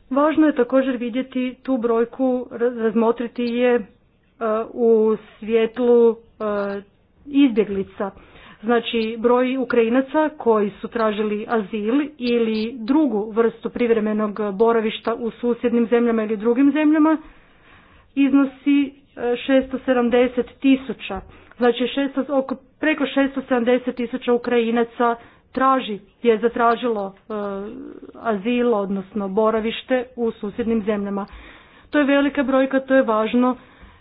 Speaker 1: Važno je također vidjeti tu brojku, razmotriti je e, u svjetlu e, izbjeglica. Znači broj Ukrajinaca koji su tražili azil ili drugu vrstu privremenog boravišta u susjednim zemljama ili drugim zemljama iznosi 670 e, tisuća. Znači oko, preko 670 tisuća Ukrajinaca traži, je zatražilo azilo, e, azil, odnosno boravište u susjednim zemljama. To je velika brojka, to je važno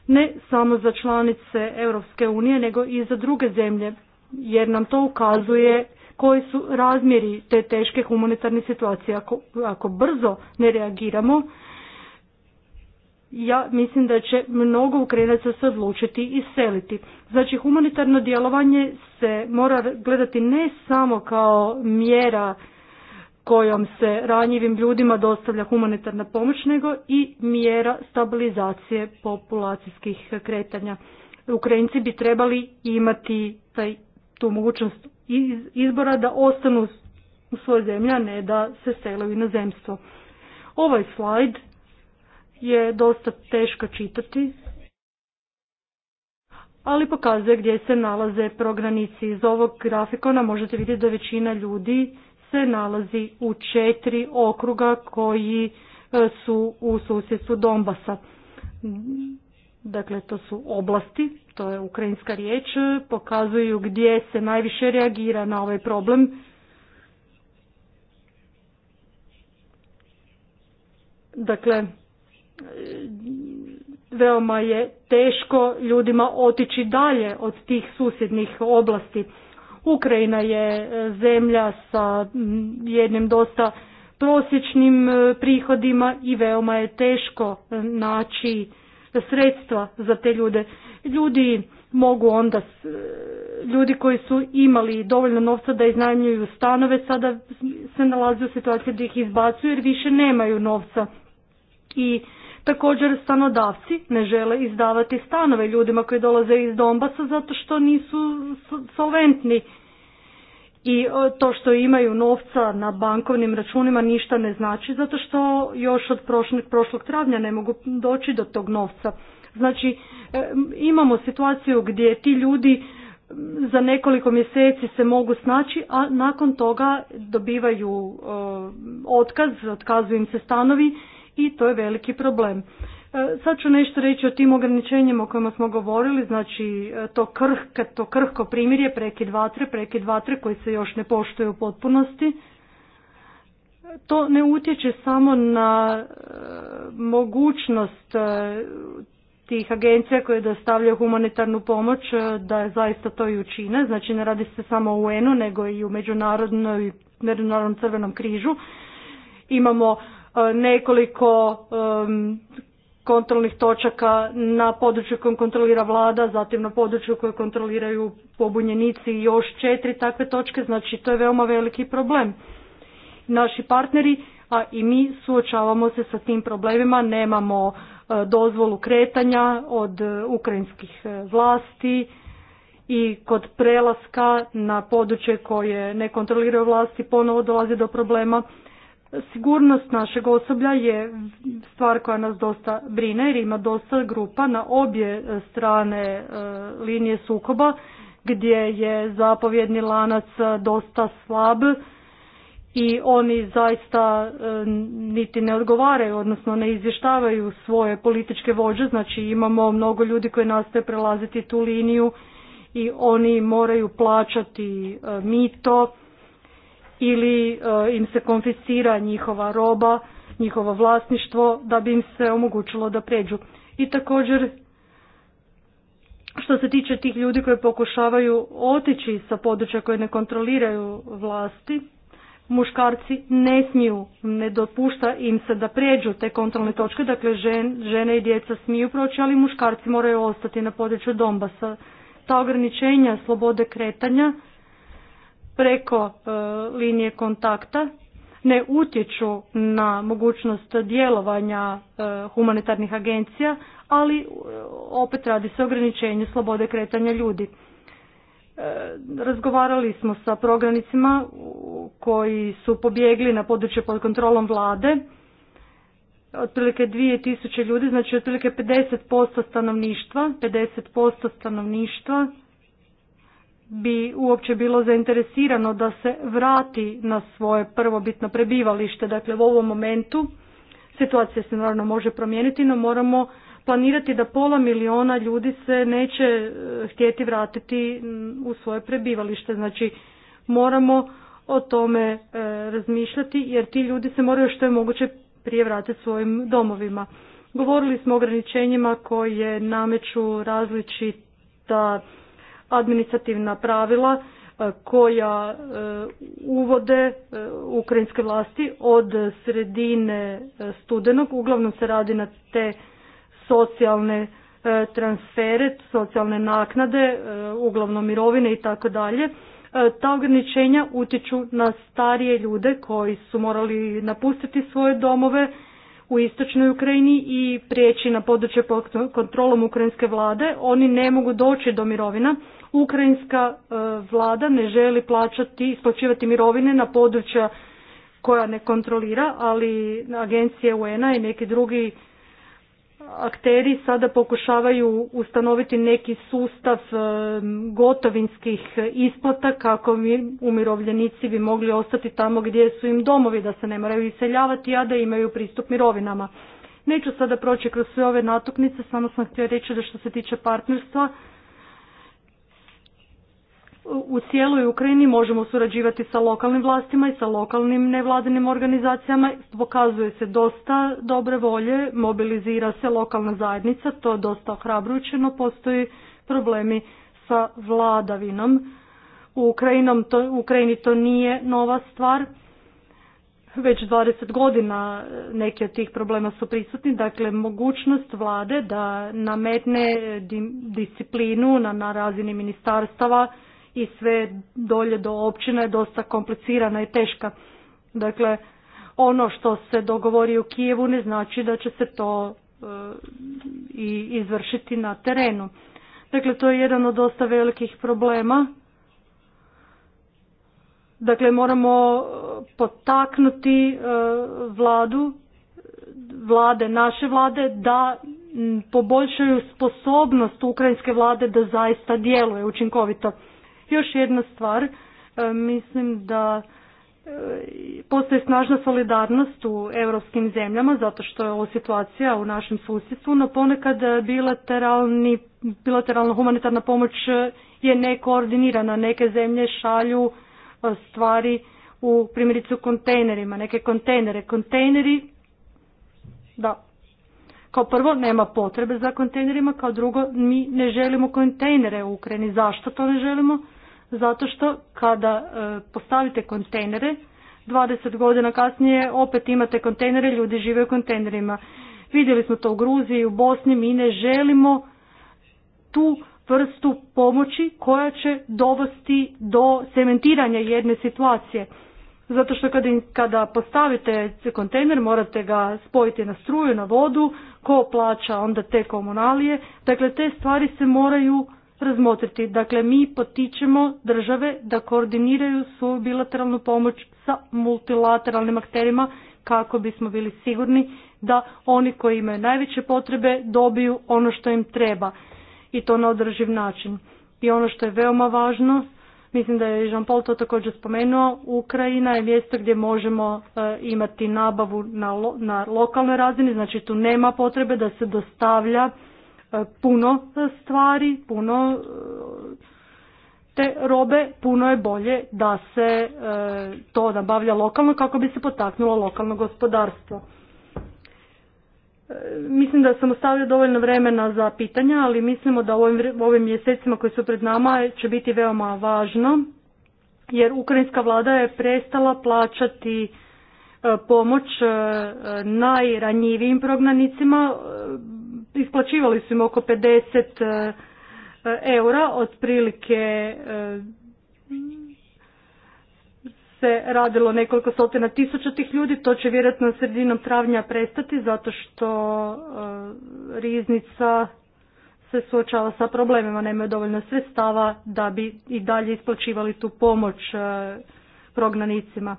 Speaker 1: ne samo za članice Europske unije, nego i za druge zemlje, jer nam to ukazuje koji su razmjeri te teške humanitarne situacije. ako brzo ne reagiramo, ja mislim da će mnogo Ukrajinaca se odlučiti i seliti. Znači humanitarno djelovanje se mora gledati ne samo kao mjera kojom se ranjivim ljudima dostavlja humanitarna pomoć, nego i mjera stabilizacije populacijskih kretanja. Ukrajinci bi trebali imati taj, tu mogućnost izbora da ostanu u svojoj zemlji, a ne da se sele u inozemstvo. Ovaj slajd je dosta teško čitati, ali pokazuje gdje se nalaze progranici. Iz ovog grafikona možete vidjeti da većina ljudi se nalazi u četiri okruga koji e, su u susjedstvu Donbasa. Dakle, to su oblasti, to je ukrajinska riječ, pokazuju gdje se najviše reagira na ovaj problem. Dakle, veoma je teško ljudima otići dalje od tih susjednih oblasti. Ukrajina je e, zemlja sa jednim dosta prosječnim e, prihodima i veoma je teško e, naći sredstva za te ljude. Ljudi mogu onda, ljudi koji su imali dovoljno novca da iznajmljuju stanove, sada se nalaze u situaciji da ih izbacuju jer više nemaju novca. I Također stanodavci ne žele izdavati stanove ljudima koji dolaze iz Dombasa zato što nisu solventni i e, to što imaju novca na bankovnim računima ništa ne znači zato što još od prošlog, prošlog travnja ne mogu doći do tog novca. Znači e, imamo situaciju gdje ti ljudi za nekoliko mjeseci se mogu snaći, a nakon toga dobivaju e, otkaz, otkazuju im se stanovi i to je veliki problem. E, sad ću nešto reći o tim ograničenjima o kojima smo govorili, znači e, to, krh, to krhko primirje, prekid vatre, prekid vatre koji se još ne poštuje u potpunosti. To ne utječe samo na e, mogućnost tih agencija koje dostavljaju humanitarnu pomoć da zaista to i učine. Znači ne radi se samo o UN-u nego i u Međunarodnom Crvenom križu. Imamo E, nekoliko e, kontrolnih točaka na području kojem kontrolira vlada, zatim na području koje kontroliraju pobunjenici i još četiri takve točke, znači to je veoma veliki problem. Naši partneri, a i mi suočavamo se sa tim problemima, nemamo e, dozvolu kretanja od ukrajinskih vlasti i kod prelaska na područje koje ne kontroliraju vlasti ponovo dolazi do problema Sigurnost našeg osoblja je stvar koja nas dosta brine jer ima dosta grupa na obje e, strane e, linije sukoba gdje je zapovjedni lanac e, dosta slab i oni zaista niti ne odgovaraju, odnosno ne izvještavaju svoje političke vođe, znači imamo mnogo ljudi koji nastoje prelaziti tu liniju i oni moraju plaćati mito ili e, im se konfiscira njihova roba, njihovo vlasništvo da bi im se omogućilo da pređu. I također što se tiče tih ljudi koji pokušavaju otići sa područja koje ne kontroliraju vlasti, muškarci ne smiju, ne dopušta im se da pređu te kontrolne točke, dakle žen, žene i djeca smiju proći, ali muškarci moraju ostati na području Dombasa. Ta ograničenja slobode kretanja preko e, linije kontakta ne utječu na mogućnost djelovanja e, humanitarnih agencija, ali e, opet radi se o ograničenju slobode kretanja ljudi. Razgovarali smo sa prognanicima koji su pobjegli na područje pod kontrolom vlade, otprilike 2000 ljudi, znači otprilike 50% stanovništva, 50% stanovništva bi uopće bilo zainteresirano da se vrati na svoje prvobitno prebivalište. Dakle, u ovom momentu situacija se naravno može promijeniti, no moramo planirati da pola miliona ljudi se neće e, htjeti vratiti u svoje prebivalište. Znači, moramo o tome e, razmišljati jer ti ljudi se moraju što je moguće prije vratiti svojim domovima. Govorili smo o ograničenjima koje nameću različita administrativna pravila e, koja e, uvode e, ukrajinske vlasti od sredine studenog. Uglavnom se radi na te socijalne transfere, socijalne naknade, uglavnom mirovine i tako dalje. Ta ograničenja utječu na starije ljude koji su morali napustiti svoje domove u istočnoj Ukrajini i prijeći na područje pod kontrolom ukrajinske vlade. Oni ne mogu doći do mirovina Ukrajinska e, vlada ne želi plaćati, isplaćivati mirovine na područja koja ne kontrolira, ali agencije UN-a i neki drugi akteri sada pokušavaju ustanoviti neki sustav e, gotovinskih isplata kako bi umirovljenici bi mogli ostati tamo gdje su im domovi, da se ne moraju iseljavati, a da imaju pristup mirovinama. Neću sada proći kroz sve ove natuknice, samo sam htio reći da što se tiče partnerstva, u cijeloj Ukrajini možemo surađivati sa lokalnim vlastima i sa lokalnim nevladinim organizacijama. Pokazuje se dosta dobre volje, mobilizira se lokalna zajednica, to je dosta ohrabrujuće, no postoji problemi sa vladavinom. U, to, u Ukrajini to nije nova stvar. Već 20 godina neki od tih problema su prisutni, dakle mogućnost vlade da nametne disciplinu na, na razini ministarstava, i sve dolje do općine je dosta komplicirana i teška. Dakle, ono što se dogovori u Kijevu ne znači da će se to e, i izvršiti na terenu. Dakle, to je jedan od dosta velikih problema. Dakle, moramo potaknuti e, vladu, vlade, naše vlade, da poboljšaju sposobnost ukrajinske vlade da zaista djeluje učinkovito. Još jedna stvar, e, mislim da e, postoji snažna solidarnost u europskim zemljama zato što je ovo situacija u našem susjedstvu, no ponekad bilateralni, bilateralna humanitarna pomoć je nekoordinirana. Neke zemlje šalju e, stvari u primjerice kontejnerima, neke kontejnere. Kontejneri, da, kao prvo nema potrebe za kontejnerima, kao drugo mi ne želimo kontejnere u Ukrajini. Zašto to ne želimo? zato što kada e, postavite kontejnere, 20 godina kasnije opet imate kontejnere, ljudi žive u kontejnerima. Vidjeli smo to u Gruziji, u Bosni, mi ne želimo tu vrstu pomoći koja će dovesti do cementiranja jedne situacije. Zato što kada, kada postavite kontejner morate ga spojiti na struju, na vodu, ko plaća onda te komunalije. Dakle, te stvari se moraju razmotriti. Dakle, mi potičemo države da koordiniraju svoju bilateralnu pomoć sa multilateralnim akterima kako bismo bili sigurni da oni koji imaju najveće potrebe dobiju ono što im treba i to na održiv način. I ono što je veoma važno, mislim da je Jean Paul to također spomenuo, Ukrajina je mjesto gdje možemo e, imati nabavu na, na lokalnoj razini, znači tu nema potrebe da se dostavlja puno stvari, puno te robe, puno je bolje da se e, to nabavlja lokalno kako bi se potaknulo lokalno gospodarstvo. E, mislim da sam ostavio dovoljno vremena za pitanja, ali mislimo da u ovim, ovim mjesecima koji su pred nama će biti veoma važno, jer ukrajinska vlada je prestala plaćati e, pomoć najranjivijim prognanicima isplaćivali su im oko 50 e, e, eura, otprilike e, se radilo nekoliko stotina tisuća tih ljudi, to će vjerojatno sredinom travnja prestati zato što riznica se suočava sa problemima, nemaju dovoljno sredstava da bi i dalje isplaćivali tu pomoć prognanicima.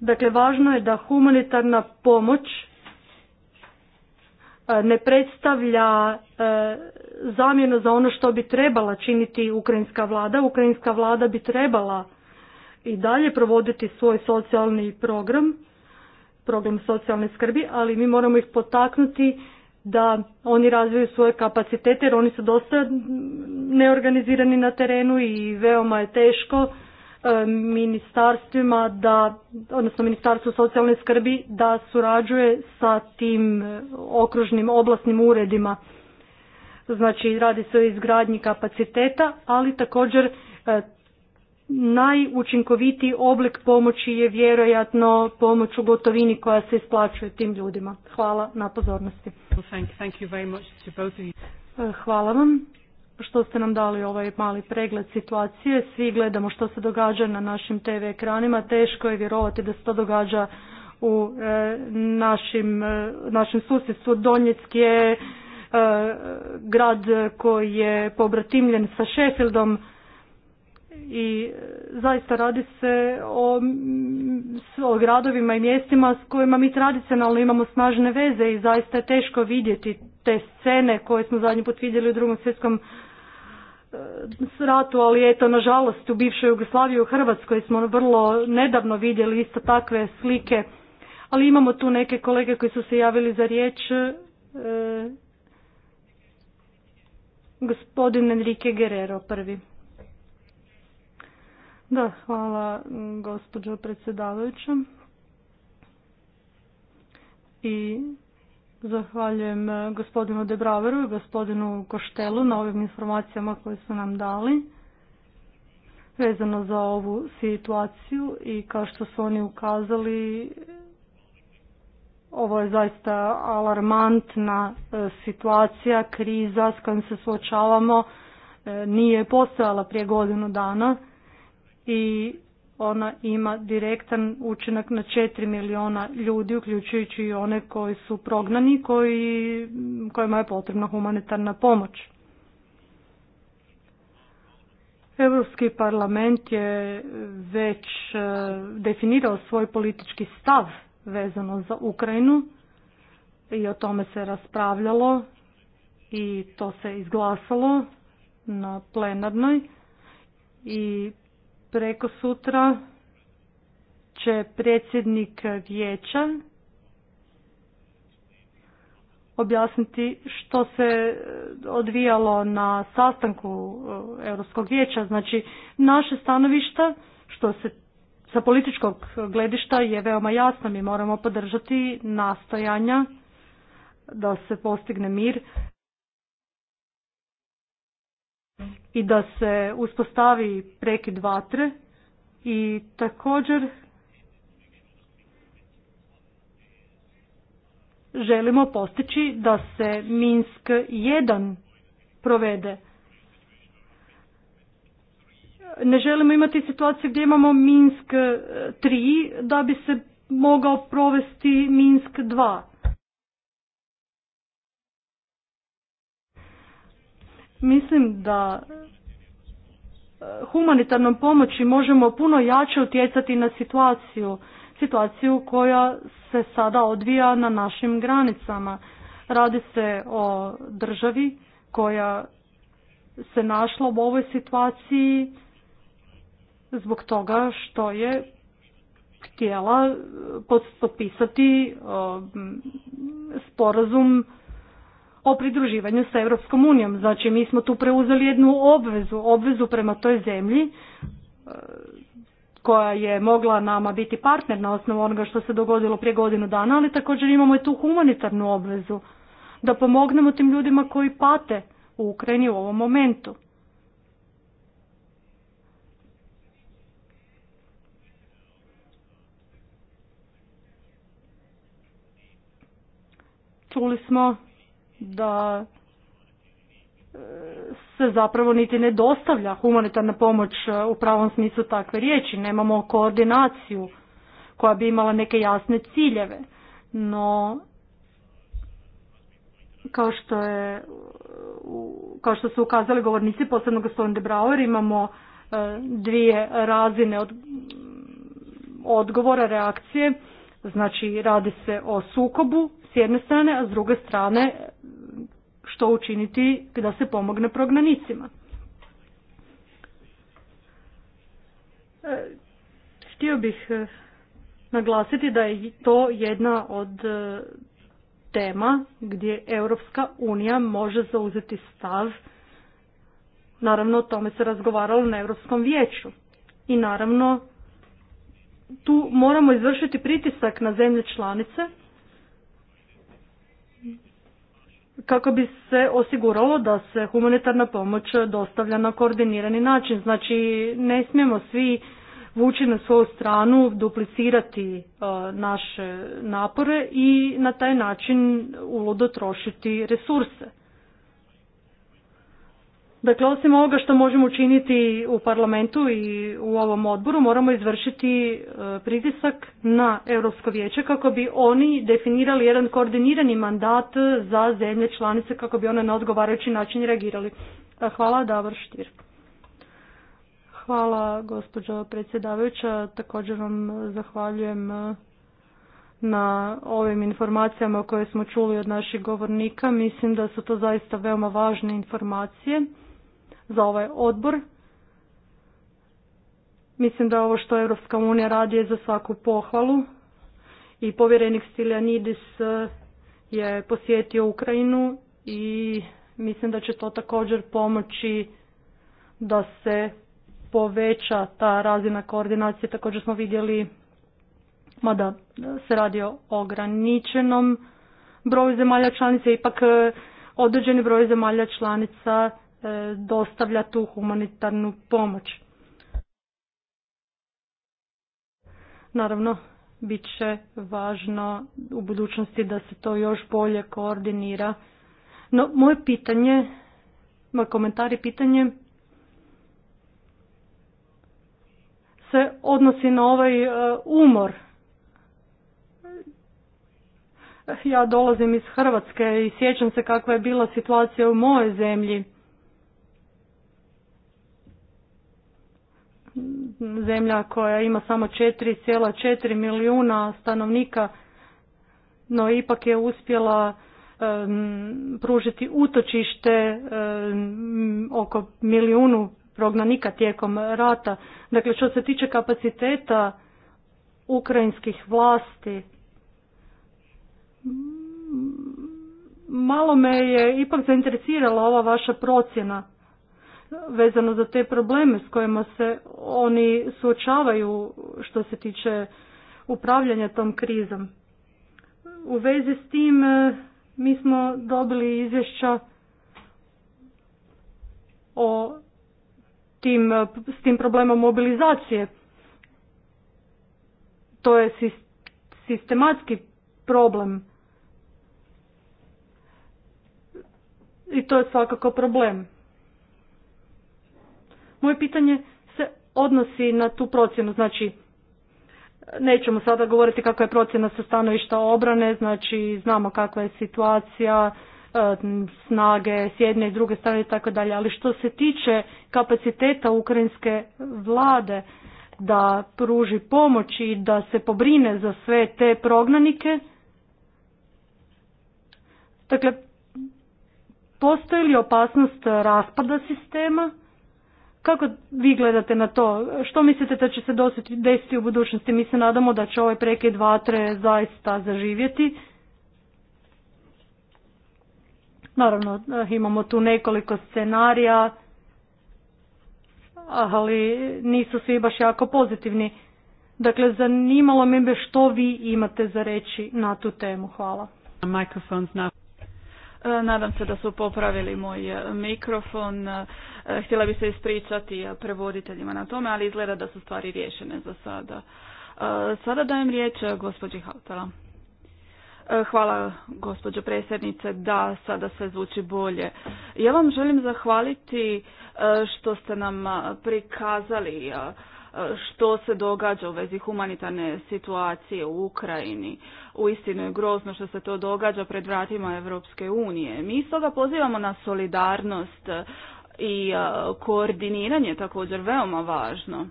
Speaker 1: Dakle, važno je da humanitarna pomoć E, ne predstavlja e, zamjenu za ono što bi trebala činiti ukrajinska vlada. Ukrajinska vlada bi trebala i dalje provoditi svoj socijalni program, program socijalne skrbi, ali mi moramo ih potaknuti da oni razviju svoje kapacitete jer oni su dosta neorganizirani na terenu i veoma je teško E, ministarstvima da, odnosno Ministarstvu socijalne skrbi da surađuje sa tim e, okružnim oblasnim uredima. Znači radi se o izgradnji kapaciteta, ali također e, najučinkovitiji oblik pomoći je vjerojatno pomoć u gotovini koja se isplaćuje tim ljudima. Hvala na pozornosti. Hvala vam što ste nam dali ovaj mali pregled situacije. Svi gledamo što se događa na našim TV ekranima. Teško je vjerovati da se to događa u e, našim, e, našem susjedstvu. Donjeck je e, grad koji je pobratimljen sa Sheffieldom i zaista radi se o, o gradovima i mjestima s kojima mi tradicionalno imamo snažne veze i zaista je teško vidjeti te scene koje smo zadnji put vidjeli u drugom svjetskom ratu, ali eto, nažalost, u bivšoj Jugoslaviji u Hrvatskoj smo vrlo nedavno vidjeli isto takve slike, ali imamo tu neke kolege koji su se javili za riječ. E, gospodin Enrique Guerrero prvi. Da, hvala gospođo predsjedavajuća. I Zahvaljujem e, gospodinu Debraveru i gospodinu Koštelu na ovim informacijama koje su nam dali vezano za ovu situaciju i kao što su oni ukazali ovo je zaista alarmantna e, situacija, kriza s kojom se suočavamo e, nije postojala prije godinu dana i ona ima direktan učinak na 4 milijuna ljudi, uključujući i one koji su prognani, koji, kojima je potrebna humanitarna pomoć. Europski parlament je već e, definirao svoj politički stav vezano za Ukrajinu i o tome se raspravljalo i to se izglasalo na plenarnoj i preko sutra će predsjednik vijeća objasniti što se e, odvijalo na sastanku e, Europskog vijeća. Znači, naše stanovišta što se sa političkog gledišta je veoma jasno. Mi moramo podržati nastojanja da se postigne mir i da se uspostavi prekid vatre i također želimo postići da se Minsk 1 provede. Ne želimo imati situaciju gdje imamo Minsk 3 da bi se mogao provesti Minsk 2. Mislim da e, humanitarnom pomoći možemo puno jače utjecati na situaciju, situaciju koja se sada odvija na našim granicama. Radi se o državi koja se našla u ovoj situaciji zbog toga što je htjela potpisati sporazum o pridruživanju sa Europskom unijom. Znači mi smo tu preuzeli jednu obvezu, obvezu prema toj zemlji e, koja je mogla nama biti partner na osnovu onoga što se dogodilo prije godinu dana, ali također imamo i tu humanitarnu obvezu da pomognemo tim ljudima koji pate u Ukrajini u ovom momentu. Čuli smo da e, se zapravo niti ne dostavlja humanitarna pomoć e, u pravom smislu takve riječi. Nemamo koordinaciju koja bi imala neke jasne ciljeve. No, kao što, je, kao što su ukazali govornici, posebno gospodin De Brauer, imamo e, dvije razine od, odgovora, reakcije. Znači, radi se o sukobu jedne strane, a s druge strane što učiniti da se pomogne prognanicima. E, htio bih e, naglasiti da je to jedna od e, tema gdje Europska unija može zauzeti stav. Naravno, o tome se razgovaralo na Europskom vijeću. I naravno, tu moramo izvršiti pritisak na zemlje članice kako bi se osiguralo da se humanitarna pomoć dostavlja na koordinirani način. Znači ne smijemo svi vući na svoju stranu, duplicirati e, naše napore i na taj način uludo trošiti resurse. Dakle, osim ovoga što možemo učiniti u parlamentu i u ovom odboru, moramo izvršiti e, pritisak na Europsko vijeće kako bi oni definirali jedan koordinirani mandat za zemlje članice kako bi one na odgovarajući način reagirali. E, hvala, Davor Štir. Hvala, gospođo predsjedavajuća. Također vam zahvaljujem e, na ovim informacijama koje smo čuli od naših govornika. Mislim da su to zaista veoma važne informacije za ovaj odbor. Mislim da ovo što Europska unija radi je za svaku pohvalu i povjerenik Stiljanidis eh, je posjetio Ukrajinu i mislim da će to također pomoći da se poveća ta razina koordinacije. Također smo vidjeli, mada eh, se radi o ograničenom broju zemalja članica, ipak eh, određeni broj zemalja članica E, dostavlja tu humanitarnu pomoć. Naravno, bit će važno u budućnosti da se to još bolje koordinira. No, moje pitanje, moj komentar i pitanje se odnosi na ovaj e, umor. Ja dolazim iz Hrvatske i sjećam se kakva je bila situacija u mojoj zemlji zemlja koja ima samo 4,4 milijuna stanovnika, no ipak je uspjela pružiti utočište oko milijunu prognanika tijekom rata. Dakle, što se tiče kapaciteta ukrajinskih vlasti, malo me je ipak zainteresirala ova vaša procjena vezano za te probleme s kojima se oni suočavaju što se tiče upravljanja tom krizom. U vezi s tim e, mi smo dobili izvješća o tim, s tim problemom mobilizacije. To je sistematski problem. I to je svakako problem. Moje pitanje se odnosi na tu procjenu, znači nećemo sada govoriti kakva je procjena sa stanovišta obrane, znači znamo kakva je situacija, e, snage s jedne i druge strane i tako dalje, ali što se tiče kapaciteta ukrajinske vlade da pruži pomoć i da se pobrine za sve te prognanike, dakle, postoji li opasnost raspada sistema? Kako vi gledate na to? Što mislite da će se dosjeti, desiti u budućnosti? Mi se nadamo da će ovaj prekid vatre zaista zaživjeti. Naravno, eh, imamo tu nekoliko scenarija, ali nisu svi baš jako pozitivni. Dakle, zanimalo me što vi
Speaker 3: imate za reći na tu temu. Hvala. E, nadam se da su popravili moj e, mikrofon. E, htjela bi se ispričati prevoditeljima na tome, ali izgleda da su stvari riješene za sada. Sada dajem riječ gospođi Hautala. Hvala gospođo predsjednice, da sada sve zvuči bolje. Ja vam želim zahvaliti što ste nam prikazali što se događa u vezi humanitarne situacije u Ukrajini. Uistinu je grozno što se to događa pred vratima Europske unije. Mi stoga pozivamo na solidarnost e, i e, koordiniranje također veoma važno.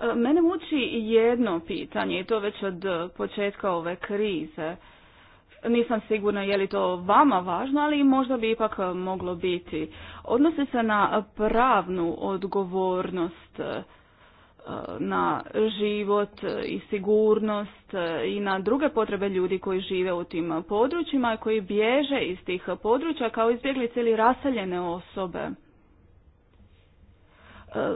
Speaker 3: E, mene muči jedno pitanje i to već od početka ove krize nisam sigurna je li to vama važno, ali možda bi ipak e, moglo biti. Odnosi se na pravnu odgovornost, e, na život i sigurnost e, i na druge potrebe ljudi koji žive u tim područjima, koji bježe iz tih područja kao izbjeglice ili raseljene osobe.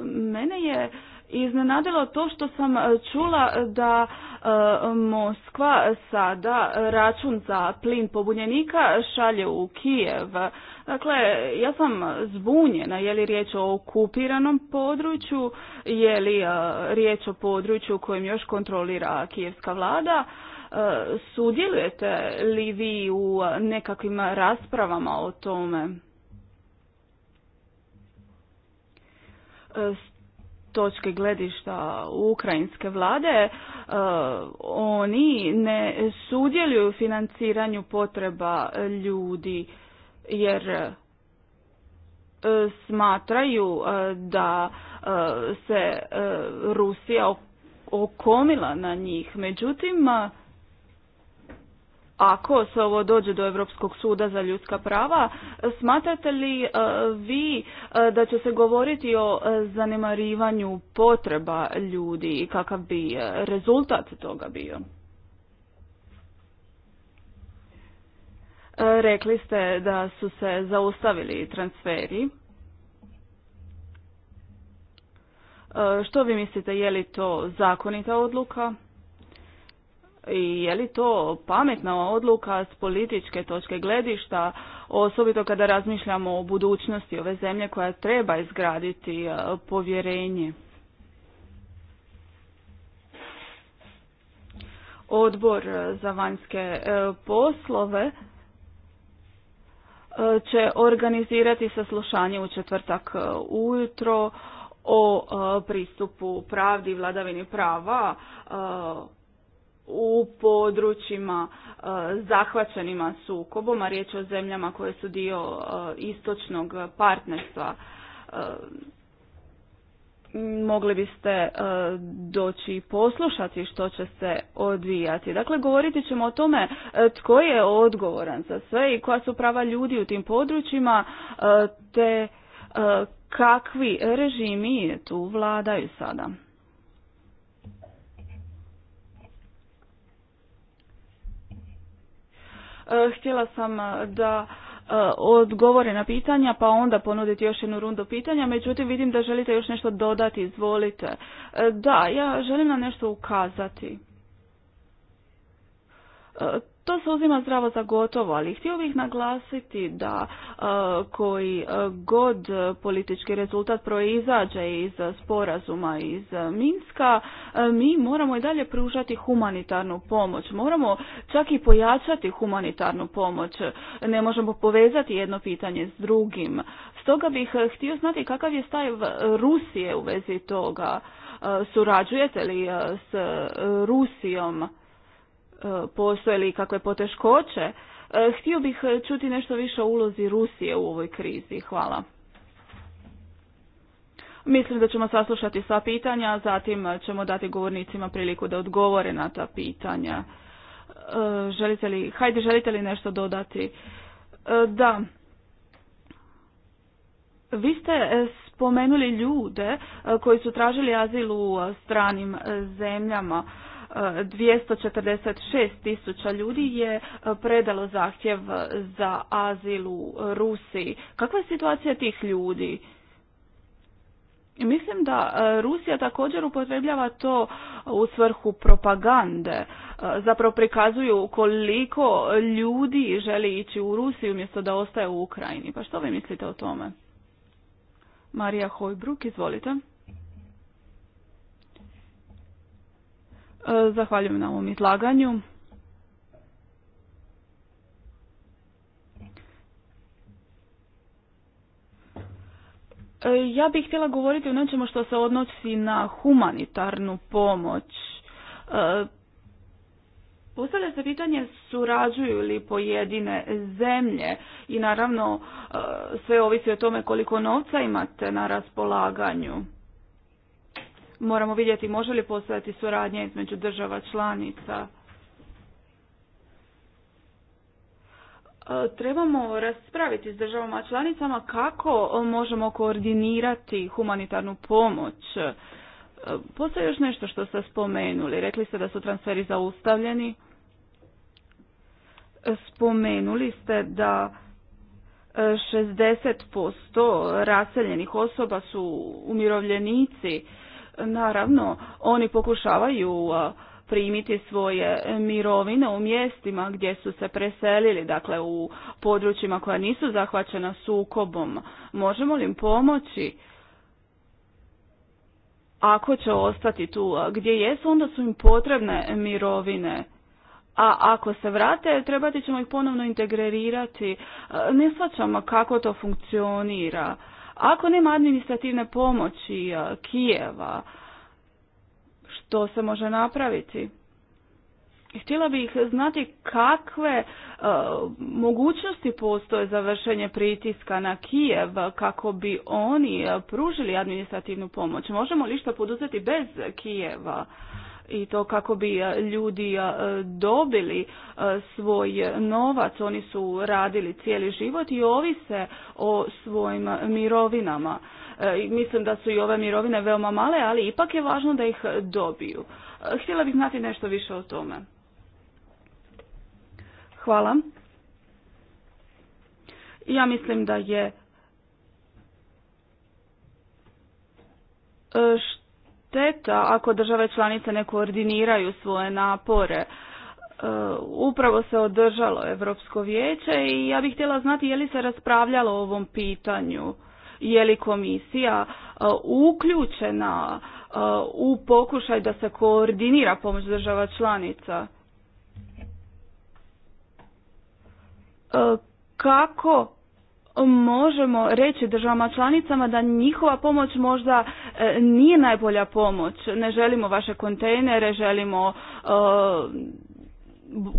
Speaker 3: Mene je iznenadilo to što sam e, čula e, da e, Moskva sada račun za plin pobunjenika šalje u Kijev. Dakle, ja sam zbunjena, je li riječ o okupiranom području, je li riječ o području kojem još kontrolira kijevska vlada, sudjelujete li vi u nekakvim raspravama o tome? točke gledišta ukrajinske vlade, e, oni ne sudjeluju u financiranju potreba ljudi jer e, smatraju e, da se Rusija okomila na njih. Međutim, ako se ovo dođe do Europskog suda za ljudska prava, smatrate li e, vi e, da će se govoriti o e, zanemarivanju potreba ljudi i kakav bi rezultat toga bio? Rekli ste da su se zaustavili transferi. Što vi mislite, je li to zakonita odluka? I je li to pametna odluka s političke točke gledišta, osobito kada razmišljamo o budućnosti ove zemlje koja treba izgraditi e, povjerenje? Odbor za vanjske e, poslove e, će organizirati saslušanje u četvrtak ujutro o pristupu pravdi i vladavini prava u područjima e, zahvaćenima sukobom, a riječ je o zemljama koje su dio e, istočnog partnerstva. E, mogli biste doći i poslušati što će se odvijati. Dakle, govoriti ćemo o tome tko je odgovoran za sve i koja su prava ljudi u tim područjima, te kakvi režimi tu vladaju sada. E, htjela sam e, da e, odgovore na pitanja, pa onda ponuditi još jednu rundu pitanja. Međutim, vidim da želite još nešto dodati, izvolite. Da, ja želim na nešto ukazati to se uzima zdravo za gotovo, ali htio bih naglasiti da e, koji e, god politički rezultat proizađe iz sporazuma iz Minska, e, mi moramo i dalje pružati humanitarnu pomoć. Moramo čak i pojačati humanitarnu pomoć. Ne možemo povezati jedno pitanje s drugim. Stoga bih htio znati kakav je stav Rusije u vezi toga. Surađujete li s Rusijom? E, postoje li kakve poteškoće. E, htio bih čuti nešto više o ulozi Rusije u ovoj krizi. Hvala. Mislim da ćemo saslušati sva pitanja, zatim ćemo dati govornicima priliku da odgovore na ta pitanja. E, želite hajde, želite li nešto dodati? Da. Vi ste spomenuli ljude koji su tražili azil u stranim zemljama. 246 tisuća ljudi je e, predalo zahtjev za azil u Rusiji. Kakva je situacija tih ljudi? Mislim da e, Rusija također upotrebljava to u svrhu propagande. E, zapravo prikazuju koliko ljudi želi ići u Rusiju umjesto da ostaje u Ukrajini. Pa što vi mislite o tome? Marija Hojbruk, izvolite. Zahvaljujem na ovom izlaganju. E, ja bih htjela govoriti o nečemu što se odnosi na humanitarnu pomoć. E, postavlja se pitanje surađuju li pojedine zemlje i naravno e, sve ovisi o tome koliko novca imate na raspolaganju. Moramo vidjeti može li postojati suradnja između država članica. E, trebamo raspraviti s državama članicama kako možemo koordinirati humanitarnu pomoć. E, Postoje još nešto što ste spomenuli. Rekli ste da su transferi zaustavljeni. E, spomenuli ste da 60% raseljenih osoba su umirovljenici. Naravno, oni pokušavaju primiti svoje mirovine u mjestima gdje su se preselili, dakle u područjima koja nisu zahvaćena sukobom. Možemo li im pomoći? Ako će ostati tu gdje jesu, onda su im potrebne mirovine. A ako se vrate, trebati ćemo ih ponovno integrirati. Ne shvaćamo kako to funkcionira. Ako nema administrativne pomoći e, Kijeva, što se može napraviti? Htjela bih znati kakve e, mogućnosti postoje za vršenje pritiska na Kijev kako bi oni e, pružili administrativnu pomoć. Možemo li što poduzeti bez Kijeva? i to kako bi e, ljudi e, dobili e, svoj novac, oni su radili cijeli život i ovise o svojim mirovinama. Mislim da su i ove mirovine veoma male, ali ipak je važno da ih dobiju. Htjela bih znati nešto više o tome. Hvala. Ja mislim da je šteta ako države članice ne koordiniraju svoje napore. E, upravo se održalo Europsko vijeće i ja bih htjela znati je li se raspravljalo o ovom pitanju, je li komisija e, uključena e, u pokušaj da se koordinira pomoć država članica. Kako možemo reći državama članicama da njihova pomoć možda e, nije najbolja pomoć. Ne želimo vaše kontejnere, želimo e,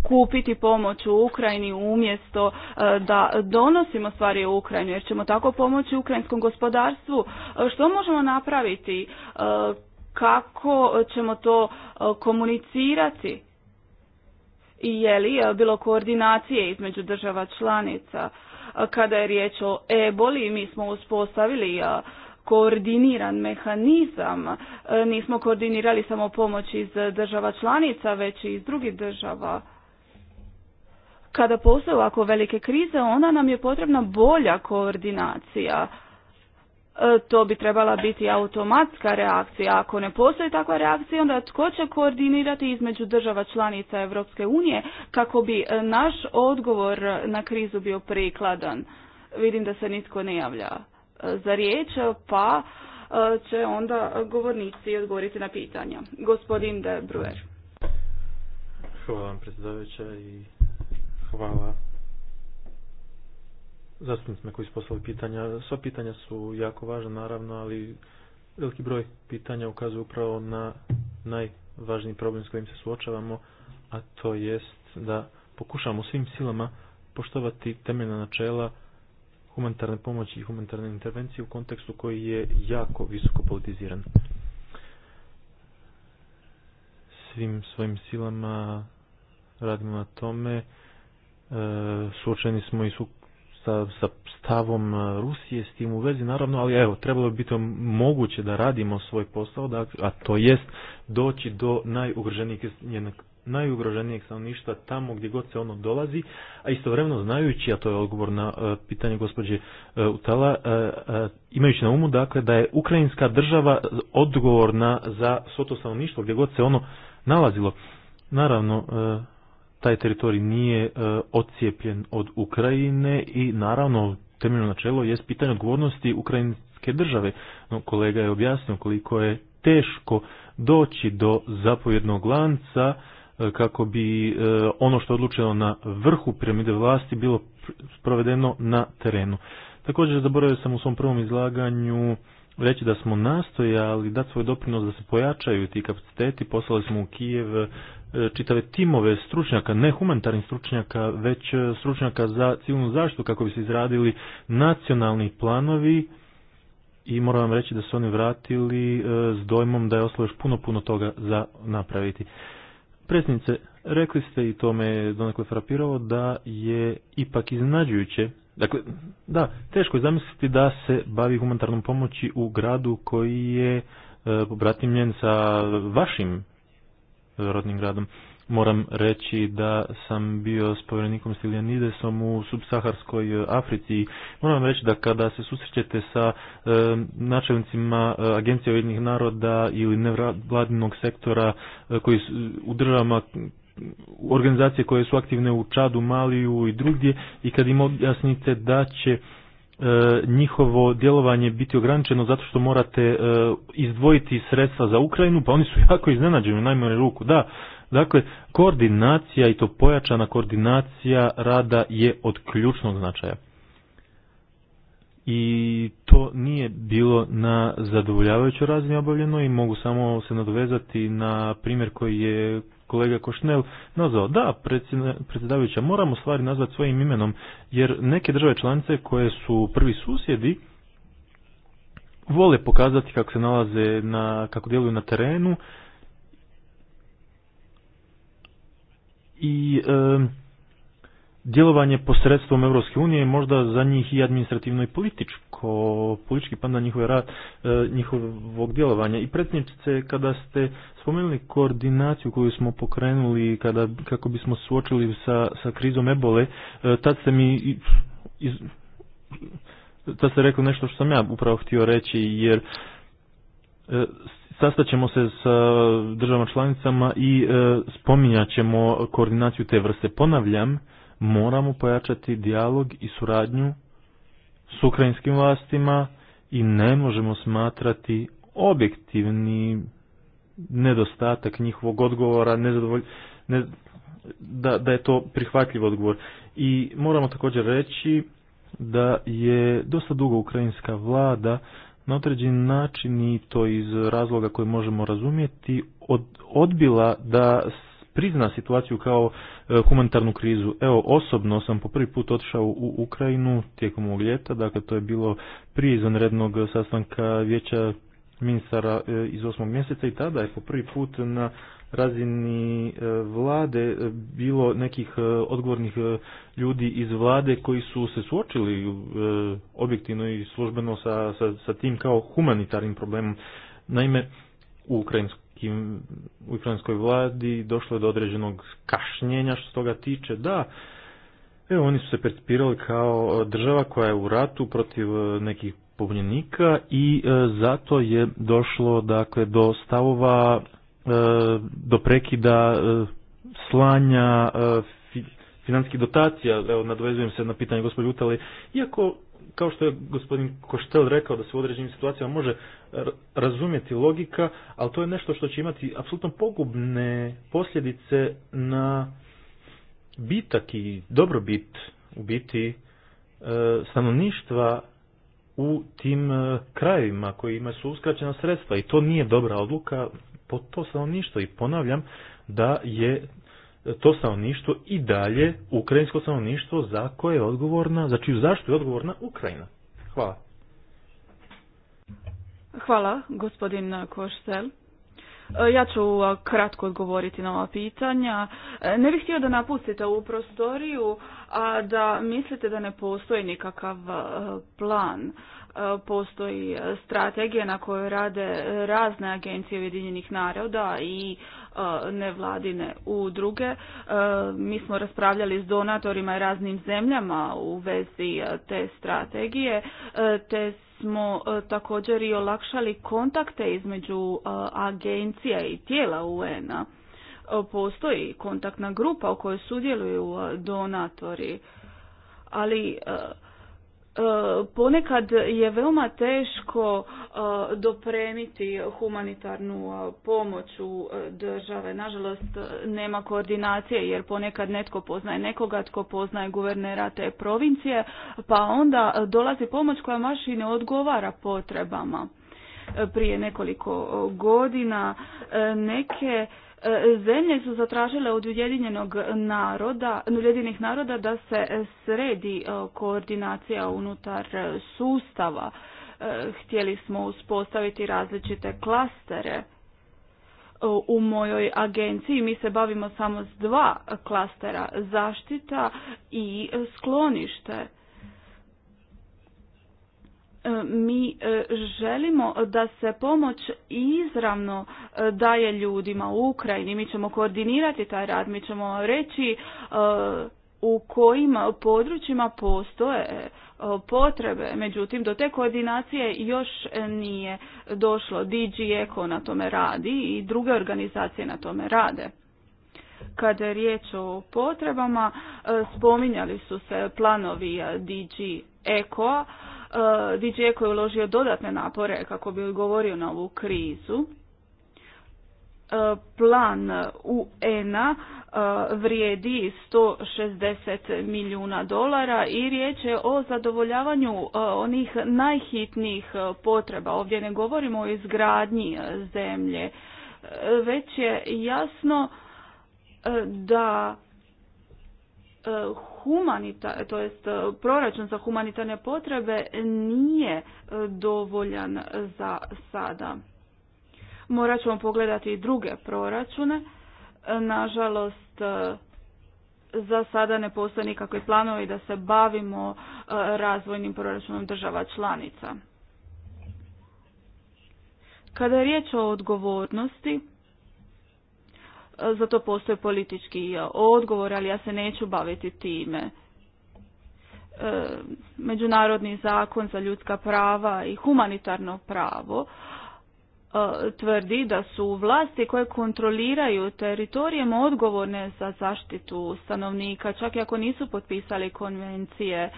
Speaker 3: kupiti pomoć u Ukrajini umjesto e, da donosimo stvari u Ukrajinu jer ćemo tako pomoći ukrajinskom gospodarstvu. Što možemo napraviti? Kako ćemo to komunicirati? I je li bilo koordinacije između država članica? Kada je riječ o eboli, mi smo uspostavili koordiniran mehanizam. E, nismo koordinirali samo pomoć iz država članica, već i iz drugih država. Kada postoje ovako velike krize, onda nam je potrebna bolja koordinacija E, to bi trebala biti automatska reakcija. Ako ne postoji takva reakcija, onda tko će koordinirati između država članica Europske unije kako bi e, naš odgovor na krizu bio prikladan? Vidim da se nitko ne javlja e, za riječ, pa će onda govornici odgovoriti na pitanja. Gospodin De Bruer.
Speaker 2: Hvala vam predsjedavajuća i hvala zastupnicima koji su poslali pitanja. Sva pitanja su jako važna naravno, ali veliki broj pitanja ukazuje upravo na najvažniji problem s kojim se suočavamo, a to jest da pokušamo svim silama poštovati temeljna načela humanitarne pomoći i humanitarne intervencije u kontekstu koji je jako visoko politiziran. Svim svojim silama radimo na tome. E, suočeni smo i su sa, stavom e, Rusije s tim u vezi, naravno, ali evo, trebalo bi biti moguće da radimo svoj posao, dakle, a to jest doći do najugroženijeg najugroženijeg stanovništva tamo gdje god se ono dolazi, a istovremeno znajući, a to je odgovor na e, pitanje gospođe e, Utala, imajući na umu dakle da je ukrajinska država odgovorna za svoto to stanovništvo gdje god se ono nalazilo. Naravno, taj teritorij nije e, odcijepljen od Ukrajine i naravno temeljno načelo je pitanje odgovornosti ukrajinske države. No, kolega je objasnio koliko je teško doći do zapovjednog lanca e, kako bi e, ono što je odlučeno na vrhu piramide vlasti bilo sprovedeno na terenu. Također zaboravio sam u svom prvom izlaganju reći da smo nastojali dati svoj doprinos da se pojačaju ti kapaciteti. Poslali smo u Kijev E, čitave timove stručnjaka, ne humanitarnih stručnjaka, već e, stručnjaka za civilnu zaštitu kako bi se izradili nacionalni planovi i moram vam reći da su oni vratili e, s dojmom da je ostalo još puno, puno toga za napraviti. Predsjednice, rekli ste i to me donekle frapirao da je ipak iznenađujuće Dakle, da, teško je zamisliti da se bavi humanitarnom pomoći u gradu koji je obratimljen sa vašim rodnim gradom. Moram reći da sam bio s povjerenikom Stiljanidesom u subsaharskoj e, Africi moram reći da kada se susrećete sa e, načelnicima e, Agencije ujednih naroda ili nevladinog sektora e, koji su, u državama organizacije koje su aktivne u Čadu, Maliju i drugdje i kad im objasnite da će E, njihovo djelovanje biti ograničeno zato što morate e, izdvojiti sredstva za Ukrajinu, pa oni su jako iznenađeni u najmanju ruku. Da, dakle, koordinacija i to pojačana koordinacija rada je od ključnog značaja. I to nije bilo na zadovoljavajućoj razini obavljeno i mogu samo se nadovezati na primjer koji je kolega Košnel nazvao. Da, predsjedavajuća, moramo stvari nazvati svojim imenom, jer neke države članice koje su prvi susjedi, vole pokazati kako se nalaze, na, kako djeluju na terenu i djelovanje posredstvom Europske unije možda za njih i administrativno i političko, politički pa na njihove rad, e, njihovog djelovanja. I predsjednice, kada ste spomenuli koordinaciju koju smo pokrenuli kada, kako bismo suočili sa, sa krizom ebole, e, tad ste mi iz, tad se rekli nešto što sam ja upravo htio reći, jer e, sastat ćemo se sa državama članicama i spominjat ćemo koordinaciju te vrste. Ponavljam, moramo pojačati dijalog i suradnju s ukrajinskim vlastima i ne možemo smatrati objektivni nedostatak njihovog odgovora, ne, da, da je to prihvatljiv odgovor. I moramo također reći da je dosta dugo ukrajinska vlada na određen način i to iz razloga koje možemo razumjeti odbila da prizna situaciju kao e, humanitarnu krizu. Evo, osobno sam po prvi put otišao u Ukrajinu tijekom ovog ljeta, dakle to je bilo prije izvanrednog sastanka vijeća ministara e, iz osmog mjeseca i tada je po prvi put na razini e, vlade bilo nekih odgovornih ljudi iz vlade koji su se suočili objektivno i službeno sa, sa, sa tim kao humanitarnim problemom. Naime, u Ukrajinsku u ukrajinskoj vladi, došlo je do određenog kašnjenja što se toga tiče, da, evo, oni su se percipirali kao e, država koja je u ratu protiv e, nekih pobunjenika i e, zato je došlo dakle do stavova do prekida slanja fi, financijskih dotacija evo nadvezujem se na pitanje gospođe Utale iako kao što je gospodin Koštel rekao da se u određenim situacijama može razumjeti logika, ali to je nešto što će imati apsolutno pogubne posljedice na bitak i dobrobit u biti e, stanovništva u tim e, krajevima koji su uskraćena sredstva i to nije dobra odluka po to stanovništvo i ponavljam da je to stanovništvo i dalje ukrajinsko stanovništvo za koje je odgovorna, za čiju zaštitu je odgovorna Ukrajina. Hvala.
Speaker 3: Hvala, gospodin Koštel. E, ja ću e, kratko odgovoriti na ova pitanja. E, ne bih htio da napustite ovu prostoriju, a da mislite da ne postoji nikakav plan. Postoji strategija na kojoj rade razne agencije Ujedinjenih naroda i nevladine udruge. Mi smo raspravljali s donatorima i raznim zemljama u vezi te strategije, te smo e, također i olakšali kontakte između e, agencija i tijela UN-a. E, postoji kontaktna grupa u kojoj sudjeluju donatori, ali ponekad je veoma teško e, dopremiti humanitarnu e, pomoć u e, države. Nažalost, nema koordinacije jer ponekad netko poznaje nekoga tko poznaje guvernera te provincije, pa onda dolazi pomoć koja maš i ne odgovara potrebama. Prije nekoliko godina neke E, zemlje su zatražile od Ujedinjenog naroda, naroda da se sredi e, koordinacija unutar sustava. E, htjeli smo uspostaviti različite klastere. U mojoj agenciji mi se bavimo samo s dva klastera, zaštita i sklonište E, mi e, želimo da se pomoć izravno e, daje ljudima u Ukrajini. Mi ćemo koordinirati taj rad, mi ćemo reći u kojim područjima postoje potrebe. Međutim, do te koordinacije još nije došlo. DG Eko na tome radi i druge organizacije na tome rade. Kada je riječ o potrebama, spominjali su se planovi DG Eko, -a Eh, DJ koji je uložio dodatne napore kako bi odgovorio na ovu krizu. Eh, plan UN-a eh, vrijedi 160 milijuna dolara i riječ je o zadovoljavanju onih najhitnijih potreba. Ovdje ne govorimo o izgradnji zemlje, već je jasno da humanita, to jest e, proračun za humanitarne potrebe nije e, dovoljan za sada. Morat ćemo pogledati i druge proračune. E, nažalost, za sada ne postoje nikakvi planovi da se bavimo razvojnim proračunom država članica. Kada je riječ o odgovornosti, za to postoje politički e, odgovor, ali ja se neću baviti time. E, međunarodni zakon za ljudska prava i humanitarno pravo e, tvrdi da su vlasti koje kontroliraju teritorijem odgovorne za zaštitu stanovnika, čak i ako nisu potpisali konvencije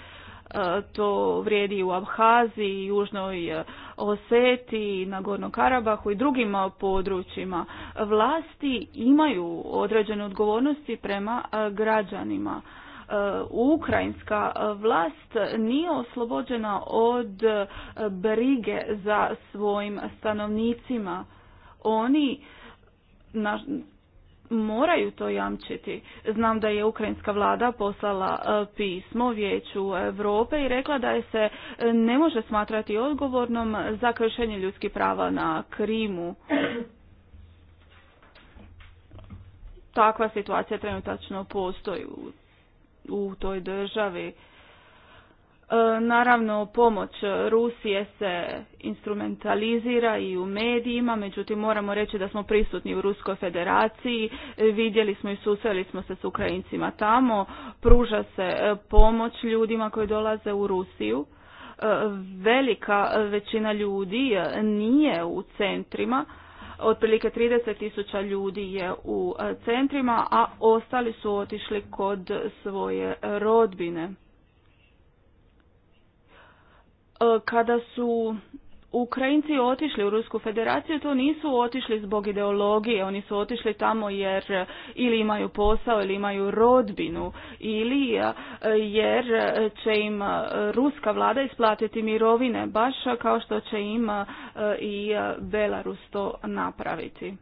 Speaker 3: E, to vrijedi u Abhaziji, Južnoj e, Oseti, na Gornom Karabahu i drugim e, područjima. Vlasti imaju određene odgovornosti prema građanima. Ukrajinska vlast nije oslobođena od brige za svojim stanovnicima. Oni na, moraju to jamčiti. Znam da je ukrajinska vlada poslala e, pismo Vijeću Europe i rekla da je se e, ne može smatrati odgovornom za kršenje ljudskih prava na Krimu. Takva situacija trenutačno postoji u, u toj državi. E, naravno, pomoć Rusije se instrumentalizira i u medijima, međutim moramo reći da smo prisutni u Ruskoj federaciji, e, vidjeli smo i susreli smo se s Ukrajincima tamo, pruža se e, pomoć ljudima koji dolaze u Rusiju. Velika većina ljudi nije u centrima, otprilike 30 tisuća ljudi je u centrima, a ostali su otišli kod svoje rodbine E, kada su Ukrajinci otišli u Rusku federaciju, to nisu otišli zbog ideologije, oni su otišli tamo jer ili imaju posao ili imaju rodbinu ili e, jer će im ruska vlada isplatiti mirovine, baš kao što će im e, i Belarus to napraviti.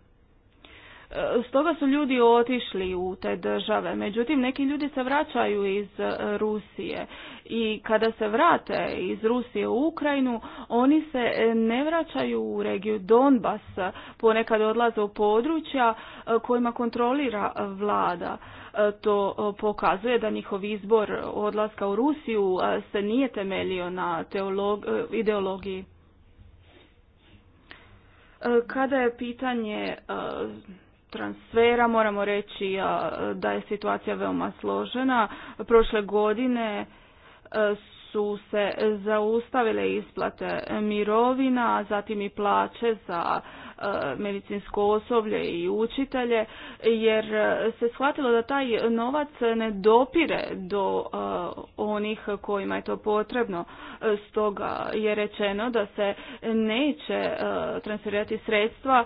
Speaker 3: Stoga su ljudi otišli u te države. Međutim, neki ljudi se vraćaju iz e, Rusije i kada se vrate iz Rusije u Ukrajinu, oni se e, ne vraćaju u regiju Donbas, ponekad odlaze u područja e, kojima kontrolira vlada. To pokazuje da njihov izbor odlaska u Rusiju se nije temeljio na teolog, ideologiji. Kada je pitanje transfera. Moramo reći da je situacija veoma složena. Prošle godine e, su se zaustavile isplate mirovina, zatim i plaće za E, medicinsko osoblje i učitelje jer e, se shvatilo da taj novac ne dopire do e, onih kojima je to potrebno. Stoga je rečeno da se neće transferirati sredstva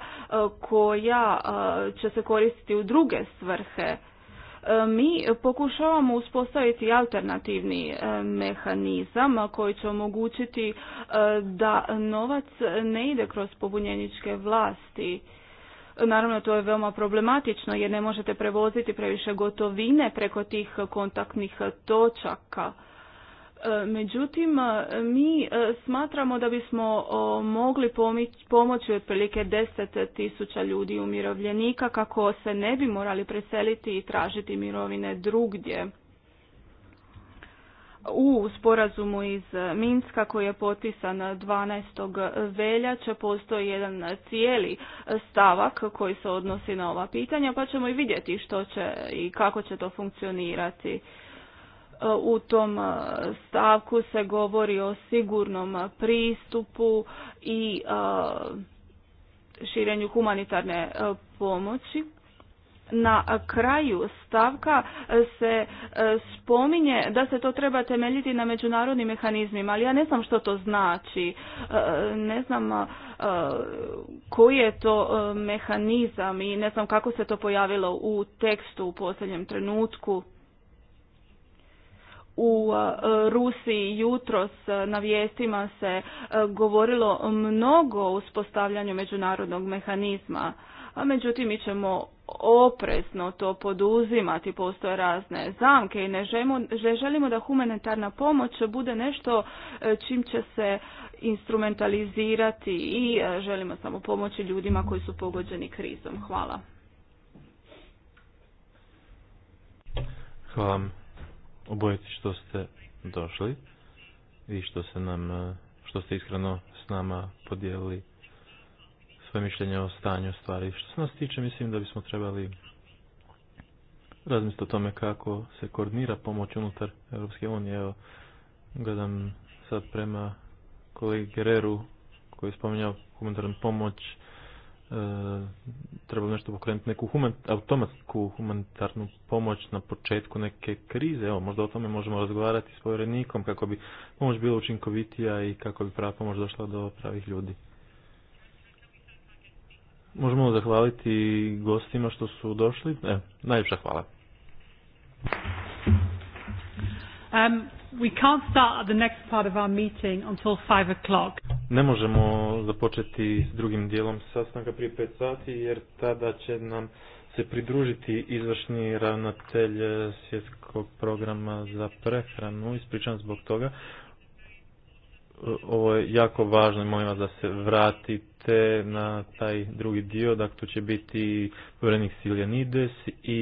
Speaker 3: koja će se koristiti u druge svrhe mi pokušavamo uspostaviti alternativni e, mehanizam koji će omogućiti e, da novac ne ide kroz pobunjeničke vlasti. Naravno, to je veoma problematično jer ne možete prevoziti previše gotovine preko tih kontaktnih točaka E, međutim, e, mi e, smatramo da bismo mogli pomoći otprilike deset tisuća ljudi umirovljenika kako se ne bi morali preseliti i tražiti mirovine drugdje. U sporazumu iz Minska koji je potpisan 12. veljače postoji jedan cijeli stavak koji se odnosi na ova pitanja pa ćemo i vidjeti što će i kako će to funkcionirati. E, u tom e, stavku se govori o sigurnom e, pristupu i širenju humanitarne pomoći. Na kraju stavka se spominje da se to treba temeljiti na međunarodnim mehanizmima, ali ja ne znam što to znači. Ne znam koji je to mehanizam i ne znam kako se to pojavilo u tekstu u posljednjem trenutku u e, Rusiji jutros na vijestima se e, govorilo mnogo o uspostavljanju međunarodnog mehanizma, a međutim mi ćemo oprezno to poduzimati, postoje razne zamke i ne želimo, da humanitarna pomoć bude nešto e, čim će se instrumentalizirati i želimo samo pomoći ljudima koji su pogođeni krizom. Hvala.
Speaker 2: Hvala obojiti što ste došli i što se nam, e, što ste iskreno s nama podijelili svoje mišljenje o stanju stvari. Što se nas tiče, mislim da bismo trebali razmisliti o tome kako se koordinira pomoć unutar Europske unije. Evo, gledam sad prema kolegi Gereru koji je spominjao humanitarnu pomoć trebalo nešto pokrenuti, neku human, automatsku humanitarnu pomoć na početku neke krize. Evo, možda o tome možemo razgovarati s povjerenikom kako bi pomoć bila učinkovitija i kako bi prava pomoć došla do pravih ljudi. Možemo zahvaliti gostima što su došli. E, najljepša hvala.
Speaker 1: Um, we can't start the next part of our meeting until five o'clock
Speaker 2: ne možemo započeti s drugim dijelom sastanka prije 5 sati jer tada će nam se pridružiti izvršni ravnatelj eh, svjetskog programa za prehranu. Ispričam zbog toga. Eh, ovo je jako važno i molim vas da se vratite na taj drugi dio. Dakle, tu će biti povrednik Siljanides i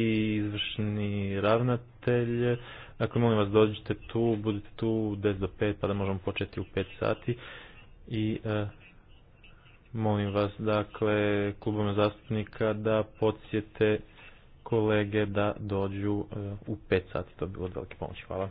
Speaker 2: izvršni ravnatelj. Dakle, molim vas dođite tu, budite tu 10 do 5 pa da možemo početi u 5 sati i e, molim vas dakle klubom zastupnika da podsjete kolege da dođu e, u 5 sati, to bi bilo od velike pomoći. Hvala.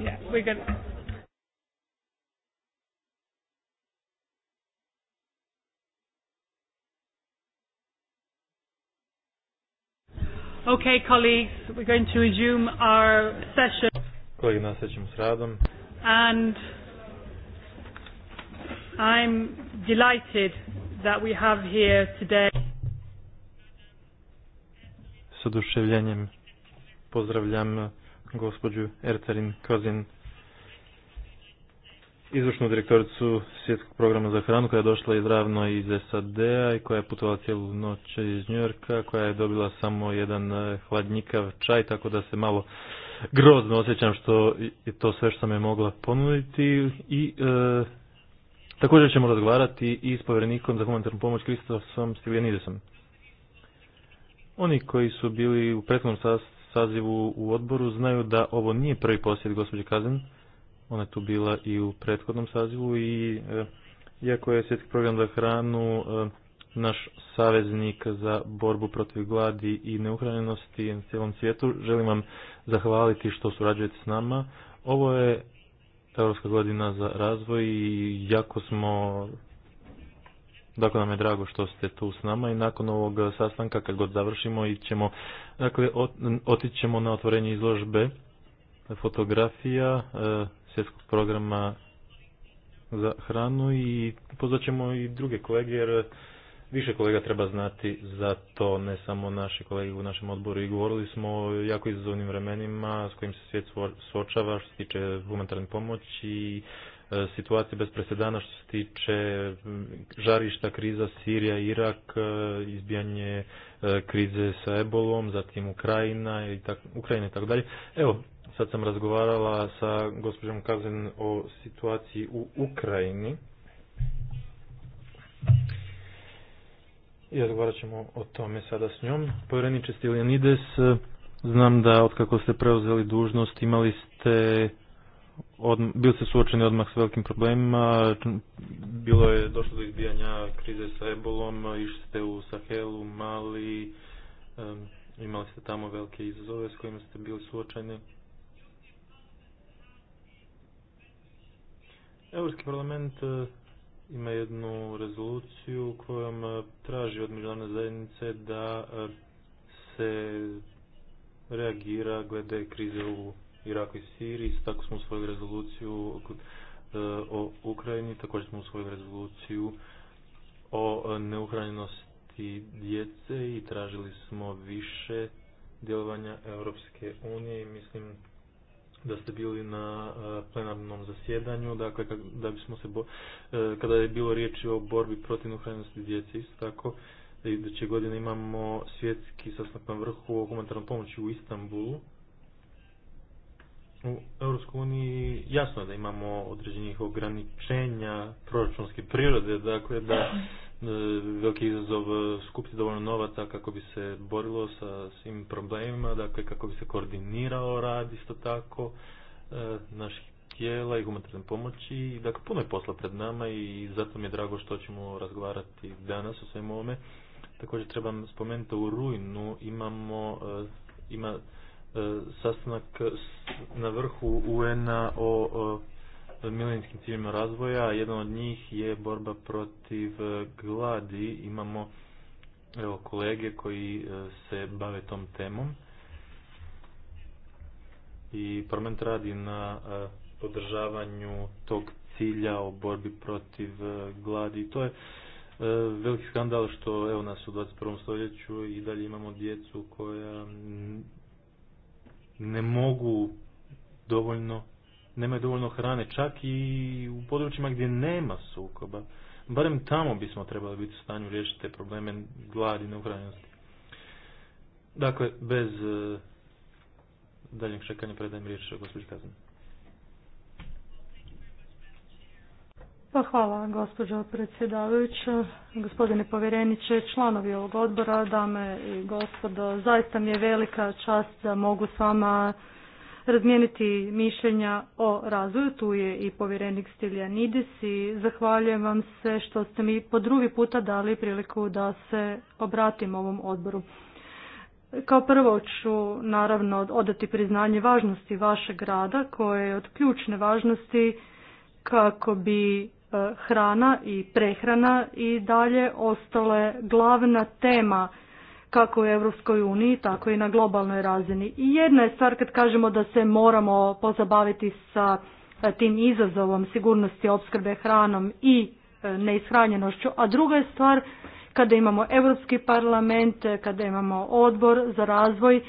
Speaker 3: Yeah, we can.
Speaker 1: Okay, colleagues, we're going to resume our session.
Speaker 2: Kolegi, nastavit s radom.
Speaker 3: And I'm delighted that we have here today.
Speaker 2: S oduševljenjem pozdravljam gospođu Ercarin Kozin, izvršnu direktoricu svjetskog programa za hranu koja je došla izravno iz SAD-a i koja je putovala cijelu noć iz Yorka, koja je dobila samo jedan eh, hladnjikav čaj, tako da se malo grozno osjećam što je to sve što sam je mogla ponuditi i eh, također ćemo razgovarati i s povjerenikom za humanitarnu pomoć Kristofom Stiljanidesom. Oni koji su bili u prethodnom sastavu sazivu u odboru znaju da ovo nije prvi posjet gospođe Kazen. Ona je tu bila i u prethodnom sazivu i eh, iako je svjetski program za hranu eh, naš saveznik za borbu protiv gladi i neuhranjenosti na cijelom svijetu, želim vam zahvaliti što surađujete s nama. Ovo je Europska godina za razvoj i jako smo Dakle, nam je drago što ste tu s nama i nakon ovog sastanka, kad god završimo, ćemo dakle, otići ćemo na otvorenje izložbe fotografija e, svjetskog programa za hranu i ćemo i druge kolege, jer više kolega treba znati za to, ne samo naši kolege u našem odboru. I govorili smo o jako izazovnim vremenima s kojim se svijet suočava što se tiče humanitarne pomoći i E, situacije bez presedana što se tiče žarišta kriza Sirija, Irak, e, izbijanje e, krize sa ebolom, zatim Ukrajina i tak, Ukrajina i tako dalje. Evo, sad sam razgovarala sa gospođom Kazen o situaciji u Ukrajini. I razgovarat ćemo o tome sada s njom. Povjereniče Stiljanides, znam da otkako ste preuzeli dužnost imali ste od, bili ste suočeni odmah s velikim problemima, bilo je došlo do izbijanja krize sa ebolom, išli ste u Sahelu, Mali, imali ste tamo velike izazove s kojima ste bili suočeni. Europski parlament e, ima jednu rezoluciju kojom e, traži od međunarodne zajednice da e, se reagira glede krize u Iraku i Siriji, tako smo usvojili rezoluciju e, o Ukrajini, također smo usvojili rezoluciju o neuhranjenosti djece i tražili smo više djelovanja Europske unije i mislim da ste bili na e, plenarnom zasjedanju, dakle da bismo se bo, e, kada je bilo riječi o borbi protiv neuhranjenosti djece isto tako će godine imamo svjetski sastanak na vrhu o pomoći u Istanbulu u EU uniji jasno da imamo određenih ograničenja proračunske prirode, dakle da e, veliki izazov e, skupiti dovoljno novaca kako bi se borilo sa svim problemima, dakle kako bi se koordinirao rad isto tako e, naših tijela i humanitarne pomoći. Dakle, puno je posla pred nama i zato mi je drago što ćemo razgovarati danas o svemu ovome. Također trebam spomenuti u rujnu imamo ima E, sastanak na vrhu UN-a o milenijskim ciljima razvoja. Jedan od njih je borba protiv e, gladi. Imamo evo, kolege koji e, se bave tom temom. I parlament radi na podržavanju tog cilja o borbi protiv gladi. to je veliki skandal što evo nas u 21. stoljeću i dalje imamo djecu koja ne mogu dovoljno, nemaju dovoljno hrane, čak i u područjima gdje nema sukoba. Barem tamo bismo trebali biti u stanju riješiti te probleme gladi i neuhranjenosti. Dakle, bez eh, daljnjeg čekanja predajem riječ gospođi Kazan.
Speaker 1: Pa hvala gospođo predsjedavajuća, gospodine povjereniče, članovi ovog odbora, dame i gospodo, zaista mi je velika čast da mogu s vama razmijeniti mišljenja o razvoju. Tu je i povjerenik Stiljanidis i zahvaljujem vam se što ste mi po drugi puta dali priliku da se obratim ovom odboru. Kao prvo ću naravno odati priznanje važnosti vašeg rada koje je od ključne važnosti kako bi E, hrana i prehrana i dalje ostale glavna tema kako u Europskoj uniji, tako i na globalnoj razini. I jedna je stvar kad kažemo da se moramo pozabaviti sa e, tim izazovom sigurnosti opskrbe hranom i e, neishranjenošću, a druga je stvar kada imamo Europski parlament, kada imamo odbor za razvoj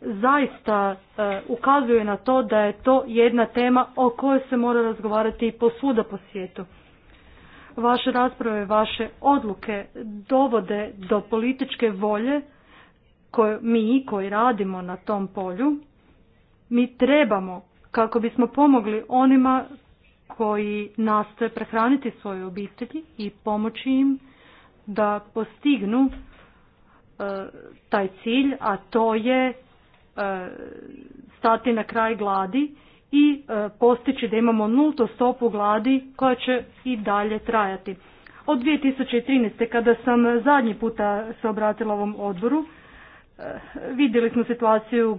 Speaker 1: zaista e, ukazuje na to da je to jedna tema o kojoj se mora razgovarati posvuda po svijetu. Vaše rasprave, vaše odluke dovode do političke volje koje mi koji radimo na tom polju, mi trebamo kako bismo pomogli onima koji nastoje prehraniti svoje obitelji i pomoći im da postignu e, taj cilj, a to je E, stati na kraj gladi i e, postići da imamo nultu stopu gladi koja će i dalje trajati. Od 2013. kada sam zadnji puta se obratila ovom odboru, e, vidjeli smo situaciju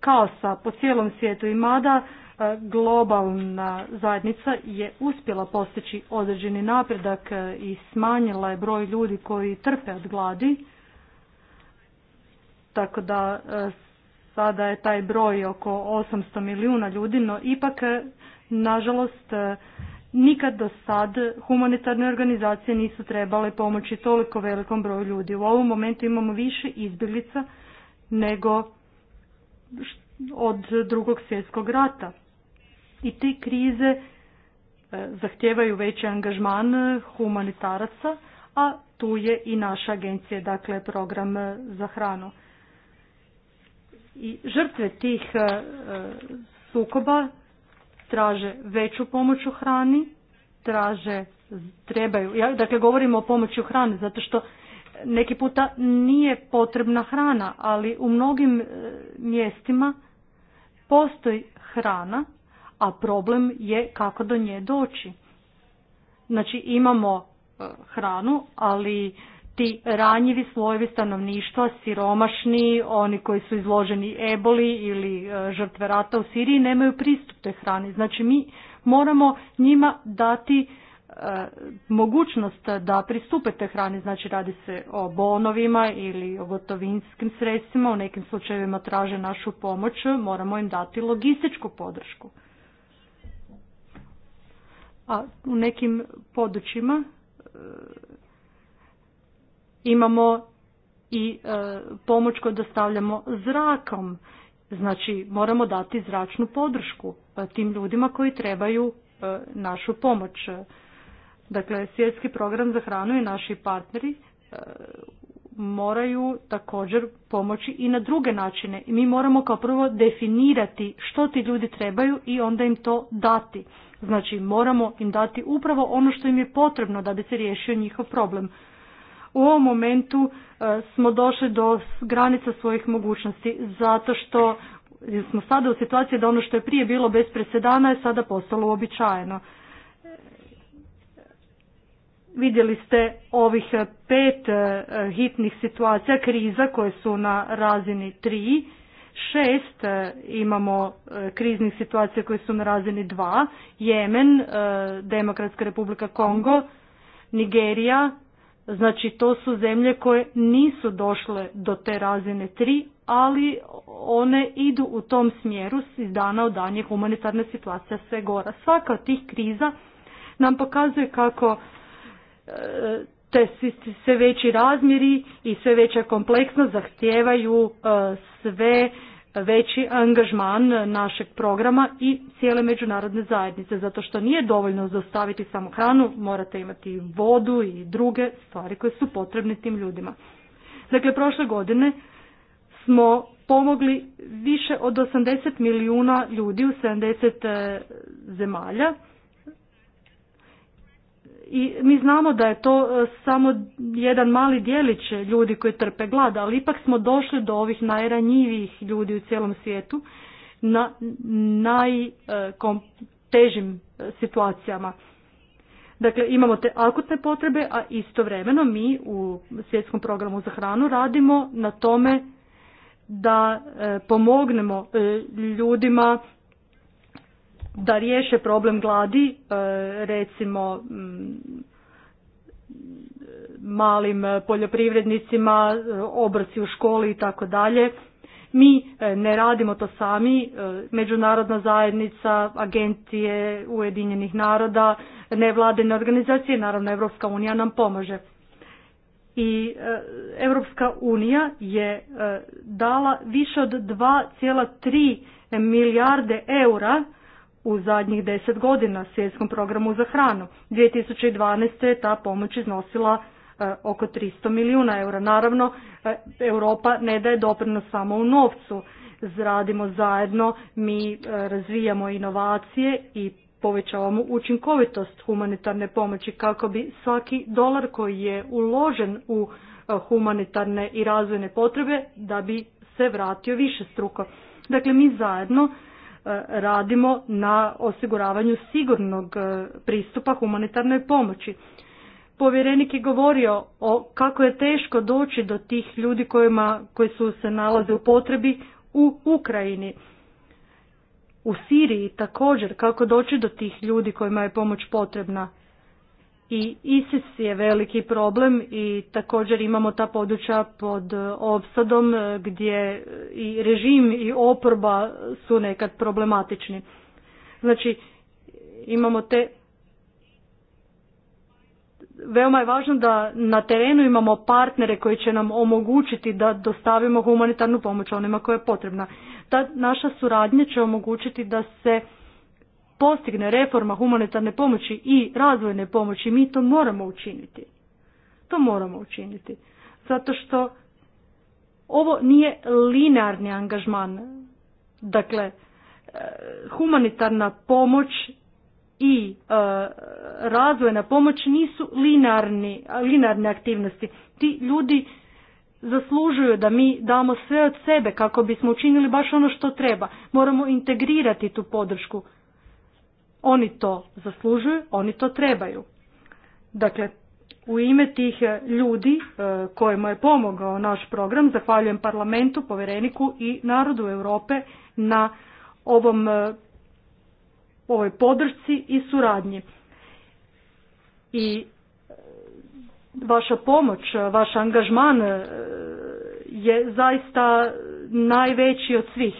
Speaker 1: kaosa po cijelom svijetu i mada globalna zajednica je uspjela postići određeni napredak i smanjila je broj ljudi koji trpe od gladi, tako da sada je taj broj oko 800 milijuna ljudi, no ipak, e, nažalost, e, nikad do sad humanitarne organizacije nisu trebale pomoći toliko velikom broju ljudi. U ovom momentu imamo više izbjeglica nego od drugog svjetskog rata. I te krize e, zahtijevaju veći angažman humanitaraca, a tu je i naša agencija, dakle program za hranu i žrtve tih e, e, sukoba traže veću pomoć u hrani, traže, trebaju, ja, dakle govorimo o pomoći u hrani zato što neki puta nije potrebna hrana, ali u mnogim e, mjestima postoji hrana, a problem je kako do nje doći. Znači imamo hranu, ali ti ranjivi slojevi stanovništva, siromašni, oni koji su izloženi eboli ili e, žrtve rata u Siriji nemaju pristup te hrani. Znači mi moramo njima dati e, mogućnost da pristupe te hrani, znači radi se o bonovima ili o gotovinskim sredstvima, u nekim slučajevima traže našu pomoć, moramo im dati logističku podršku. A u nekim područjima e, imamo i e, pomoć koju dostavljamo zrakom. Znači moramo dati zračnu podršku e, tim ljudima koji trebaju e, našu pomoć. Dakle, svjetski program za hranu i naši partneri moraju također pomoći i na druge načine. Mi moramo kao prvo definirati što ti ljudi trebaju i onda im to dati. Znači moramo im dati upravo ono što im je potrebno da bi se riješio njihov problem. U ovom momentu e, smo došli do granica svojih mogućnosti zato što smo sada u situaciji da ono što je prije bilo bez presedana je sada postalo uobičajeno. Vidjeli ste ovih pet e, hitnih situacija, kriza koje su na razini tri, šest e, imamo kriznih situacija koje su na razini dva, Jemen, Demokratska republika Kongo, Nigerija, Znači to su zemlje koje nisu došle do te razine tri, ali one idu u tom smjeru iz dana u dan je humanitarna situacija sve gora. Svaka od tih kriza nam pokazuje kako e, te sve veći razmjeri i sve veća kompleksnost zahtijevaju e, sve veći angažman našeg programa i cijele međunarodne zajednice, zato što nije dovoljno dostaviti samo hranu, morate imati vodu i druge stvari koje su potrebne tim ljudima. Dakle, prošle godine smo pomogli više od 80 milijuna ljudi u 70 eh, zemalja i mi znamo da je to e, samo jedan mali dijelić ljudi koji trpe glada, ali ipak smo došli do ovih najranjivijih ljudi u cijelom svijetu na najtežim e, e, situacijama. Dakle, imamo te akutne potrebe, a istovremeno mi u svjetskom programu za hranu radimo na tome da pomognemo ljudima da riješe problem gladi, e, recimo mm, malim poljoprivrednicima, obrci u školi i tako dalje. Mi e, ne radimo to sami, e, međunarodna zajednica, agencije Ujedinjenih naroda, nevladine organizacije, naravno Evropska unija nam pomaže. I Evropska unija je dala više od 2,3 milijarde eura u zadnjih deset godina svjetskom programu za hranu. 2012. je ta pomoć iznosila e, oko 300 milijuna eura. Naravno, e, Europa ne daje doprinos samo u novcu. Zradimo zajedno, mi e, razvijamo inovacije i povećavamo učinkovitost humanitarne pomoći kako bi svaki dolar koji je uložen u humanitarne i razvojne potrebe da bi se vratio više struko. Dakle, mi zajedno radimo na osiguravanju sigurnog e, pristupa humanitarnoj pomoći. Povjerenik je govorio o kako je teško doći do tih ljudi kojima, koji su se nalaze u potrebi u Ukrajini. U Siriji također kako doći do tih ljudi kojima je pomoć potrebna i ISIS je veliki problem i također imamo ta područja pod e, opsadom e, gdje e, i režim i oporba su nekad problematični. Znači imamo te Veoma je važno da na terenu imamo partnere koji će nam omogućiti da dostavimo humanitarnu pomoć onima koja je potrebna. Ta naša suradnja će omogućiti da se postigne reforma humanitarne pomoći i razvojne pomoći, mi to moramo učiniti. To moramo učiniti. Zato što ovo nije linearni angažman. Dakle, e, humanitarna pomoć i e, razvojna pomoć nisu linearni, linearne aktivnosti. Ti ljudi zaslužuju da mi damo sve od sebe kako bismo učinili baš ono što treba. Moramo integrirati tu podršku oni to zaslužuju, oni to trebaju. Dakle, u ime tih e, ljudi e, kojima je pomogao naš program, zahvaljujem parlamentu, povereniku i narodu Europe na ovom e, ovoj podršci i suradnji. I vaša pomoć, vaš angažman je zaista najveći od svih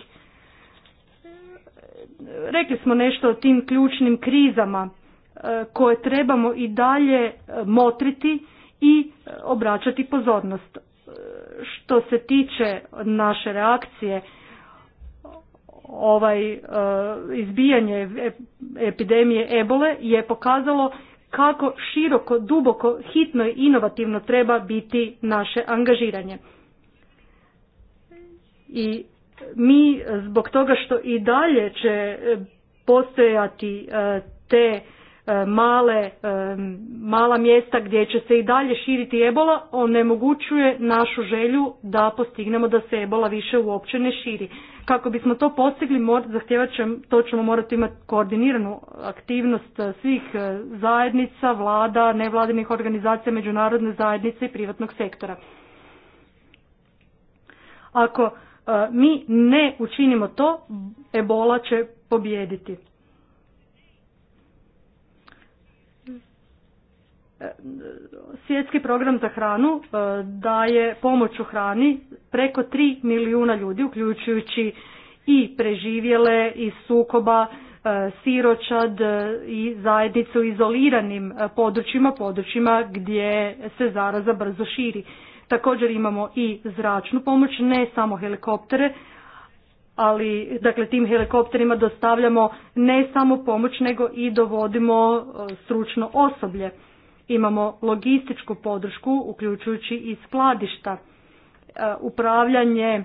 Speaker 1: rekli smo nešto o tim ključnim krizama e, koje trebamo i dalje e, motriti i e, obraćati pozornost. Što se tiče naše reakcije, ovaj izbijanje epidemije ebole je pokazalo kako široko, duboko, hitno i inovativno treba biti naše angažiranje. I mi zbog toga što i dalje će e, postojati e, te e, male, mala mjesta gdje će se i dalje širiti ebola, onemogućuje našu želju da postignemo da se ebola više uopće ne širi. Kako bismo to postigli, zahtijevat će, to ćemo morati imati koordiniranu aktivnost svih zajednica, vlada, nevladinih organizacija, međunarodne zajednice i privatnog sektora. Ako E, mi ne učinimo to, ebola će pobijediti. E, svjetski program za hranu e, daje pomoć u hrani preko 3 milijuna ljudi, uključujući i preživjele iz sukoba, siročad i zajednicu u izoliranim područjima, područjima gdje se zaraza brzo širi. Također imamo i zračnu pomoć, ne samo helikoptere, ali dakle tim helikopterima dostavljamo ne samo pomoć nego i dovodimo e, stručno osoblje. Imamo logističku podršku uključujući i skladišta, e, upravljanje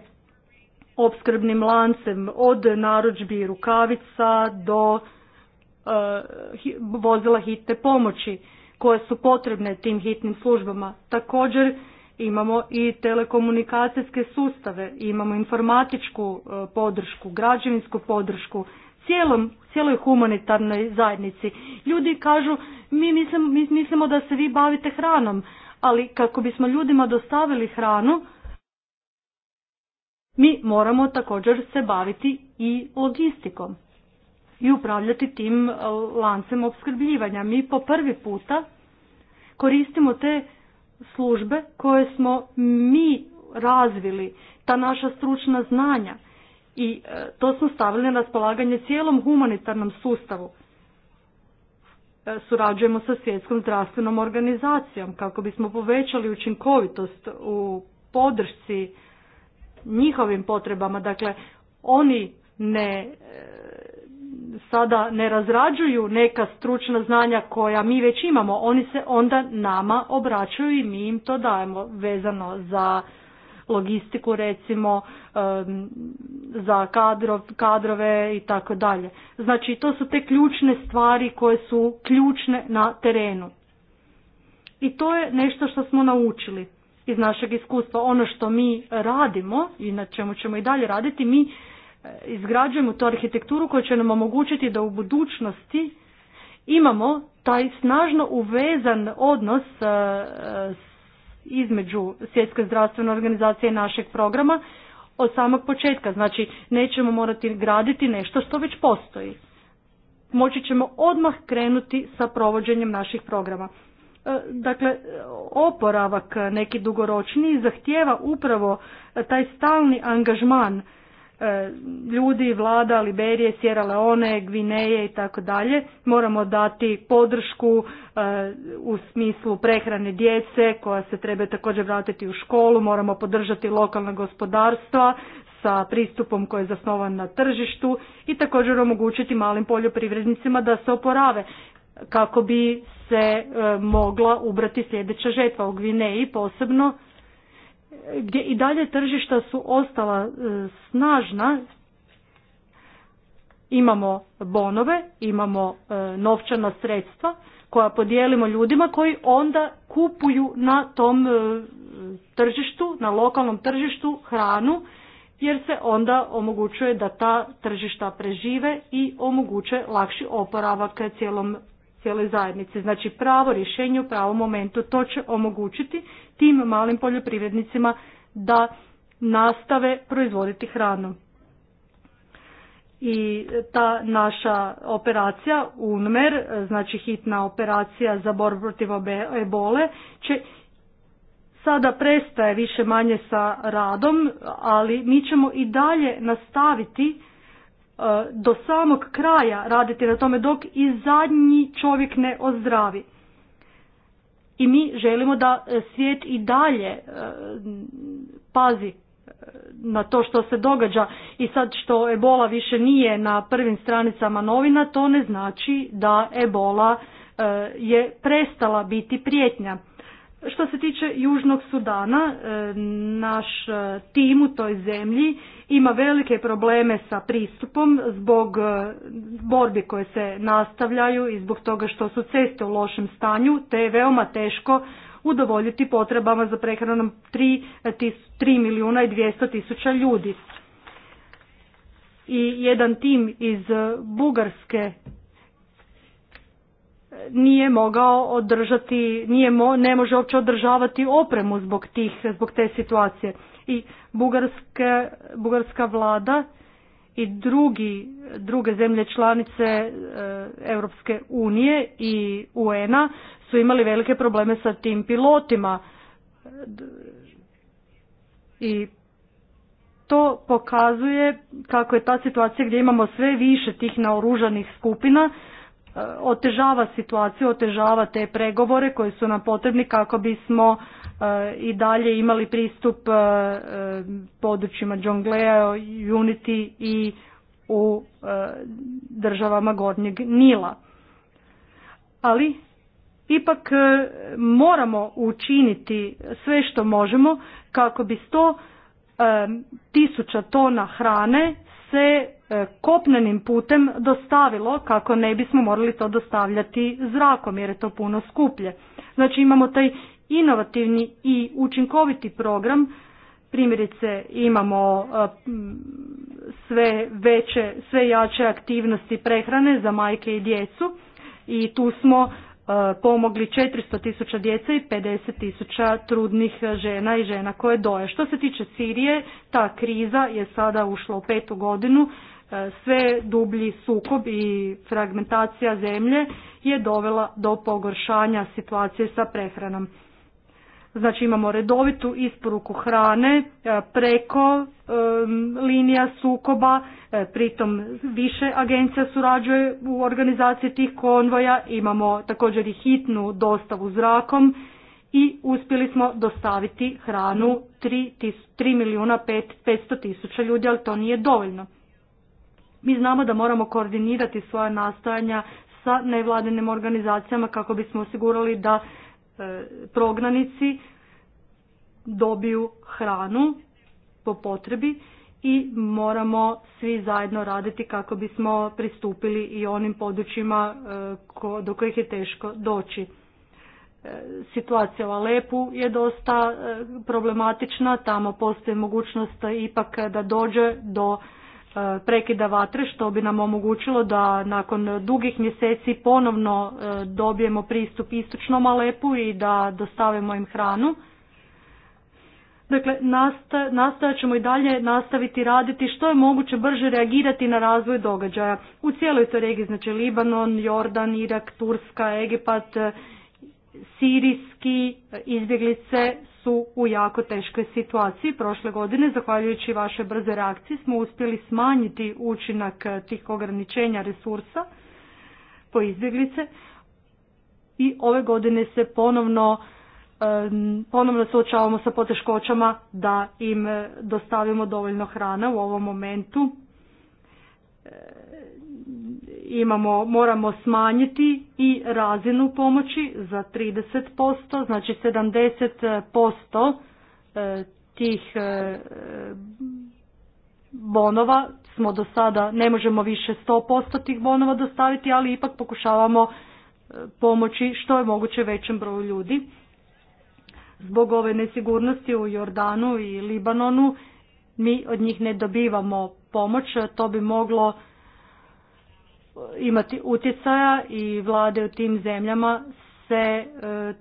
Speaker 1: opskrbnim lancem od narudžbi rukavica do e, vozila hitne pomoći koje su potrebne tim hitnim službama. Također imamo i telekomunikacijske sustave, imamo informatičku e, podršku, građevinsku podršku, cijelom, cijeloj humanitarnoj zajednici. Ljudi kažu, mi mislimo, mi mislimo da se vi bavite hranom, ali kako bismo ljudima dostavili hranu, mi moramo također se baviti i logistikom i upravljati tim e, lancem opskrbljivanja. Mi po prvi puta koristimo te službe koje smo mi razvili, ta naša stručna znanja i e, to smo stavili na raspolaganje cijelom humanitarnom sustavu. E, surađujemo sa svjetskom zdravstvenom organizacijom kako bismo povećali učinkovitost u podršci njihovim potrebama. Dakle, oni ne sada ne razrađuju neka stručna znanja koja mi već imamo, oni se onda nama obraćaju i mi im to dajemo vezano za logistiku recimo, za kadrov, kadrove i tako dalje. Znači to su te ključne stvari koje su ključne na terenu. I to je nešto što smo naučili iz našeg iskustva. Ono što mi radimo i na čemu ćemo i dalje raditi, mi izgrađujemo tu arhitekturu koja će nam omogućiti da u budućnosti imamo taj snažno uvezan odnos e, e, između svjetske zdravstvene organizacije i našeg programa od samog početka. Znači, nećemo morati graditi nešto što već postoji. Moći ćemo odmah krenuti sa provođenjem naših programa. E, dakle, oporavak neki dugoročni zahtjeva upravo taj stalni angažman E, ljudi, vlada Liberije, Sierra Leone, Gvineje i tako dalje. Moramo dati podršku e, u smislu prehrane djece koja se treba također vratiti u školu, moramo podržati lokalna gospodarstva sa pristupom koji je zasnovan na tržištu i također omogućiti malim poljoprivrednicima da se oporave kako bi se e, mogla ubrati sljedeća žetva u Gvineji posebno gdje i dalje tržišta su ostala e, snažna, imamo bonove, imamo e, novčana sredstva koja podijelimo ljudima koji onda kupuju na tom e, tržištu, na lokalnom tržištu hranu jer se onda omogućuje da ta tržišta prežive i omoguće lakši oporavak cijelom cijeloj zajednici. Znači pravo rješenje u pravom momentu. To će omogućiti tim malim poljoprivrednicima da nastave proizvoditi hranu. I ta naša operacija UNMER, znači hitna operacija za borbu protiv ebole, će sada prestaje više manje sa radom, ali mi ćemo i dalje nastaviti E, do samog kraja raditi na tome dok i zadnji čovjek ne ozdravi. I mi želimo da e, svijet i dalje e, pazi na to što se događa i sad što ebola više nije na prvim stranicama novina, to ne znači da ebola je prestala biti prijetnja. Što se tiče Južnog Sudana, e, naš e, tim u toj zemlji ima velike probleme sa pristupom zbog e, borbi koje se nastavljaju i zbog toga što su ceste u lošem stanju, te je veoma teško udovoljiti potrebama za prehranom 3, milijuna i 200 tisuća ljudi. I jedan tim iz Bugarske nije mogao održati, nije ne može uopće održavati opremu zbog, tih, zbog te situacije. I bugarske, bugarska vlada i drugi, druge zemlje članice e, Europske unije i un su imali velike probleme sa tim pilotima. I to pokazuje kako je ta situacija gdje imamo sve više tih naoružanih skupina otežava situaciju, otežava te pregovore koji su nam potrebni kako bismo e, i dalje imali pristup e, e, područjima Džonglea, Unity i u državama Gornjeg Nila. Ali ipak moramo učiniti sve što možemo kako bi sto tisuća tona hrane se e, kopnenim putem dostavilo kako ne bismo morali to dostavljati zrakom jer je to puno skuplje. Znači imamo taj inovativni i učinkoviti program, primjerice imamo e, sve veće, sve jače aktivnosti prehrane za majke i djecu i tu smo E, pomogli 400 tisuća djece i 50 tisuća trudnih žena i žena koje doje. Što se tiče Sirije, ta kriza je sada ušla u petu godinu, e, sve dublji sukob i fragmentacija zemlje je dovela do pogoršanja situacije sa prehranom. Znači imamo redovitu isporuku hrane e, preko e, linija sukoba, e, pritom više agencija surađuje u organizaciji tih konvoja, imamo također i hitnu dostavu zrakom i uspjeli smo dostaviti hranu 3, milijuna 500 tisuća ljudi, ali to nije dovoljno. Mi znamo da moramo koordinirati svoja nastojanja sa nevladinim organizacijama kako bismo osigurali da E, prognanici dobiju hranu po potrebi i moramo svi zajedno raditi kako bismo pristupili i onim područjima e, do kojih je teško doći. E, situacija u Alepu je dosta problematična, tamo postoji mogućnost ipak da dođe do E, prekida vatre što bi nam omogućilo da nakon dugih mjeseci ponovno e, dobijemo pristup istočnom Alepu i da dostavimo im hranu. Dakle, nastojat ćemo i dalje nastaviti raditi što je moguće brže reagirati na razvoj događaja u cijeloj toj regiji, znači Libanon, Jordan, Irak, Turska, Egipat, e, sirijski izbjeglice u jako teškoj situaciji. Prošle godine, zahvaljujući vašoj brze reakciji, smo uspjeli smanjiti učinak eh, tih ograničenja resursa po izbjeglice i ove godine se ponovno ponovno suočavamo sa poteškoćama da im eh, dostavimo dovoljno hrana u ovom momentu eh, imamo, moramo smanjiti i razinu pomoći za 30%, znači 70% e, tih e, bonova smo do sada, ne možemo više 100% tih bonova dostaviti, ali ipak pokušavamo e, pomoći što je moguće većem broju ljudi. Zbog ove nesigurnosti u Jordanu i Libanonu mi od njih ne dobivamo pomoć, to bi moglo imati utjecaja i vlade u tim zemljama se e,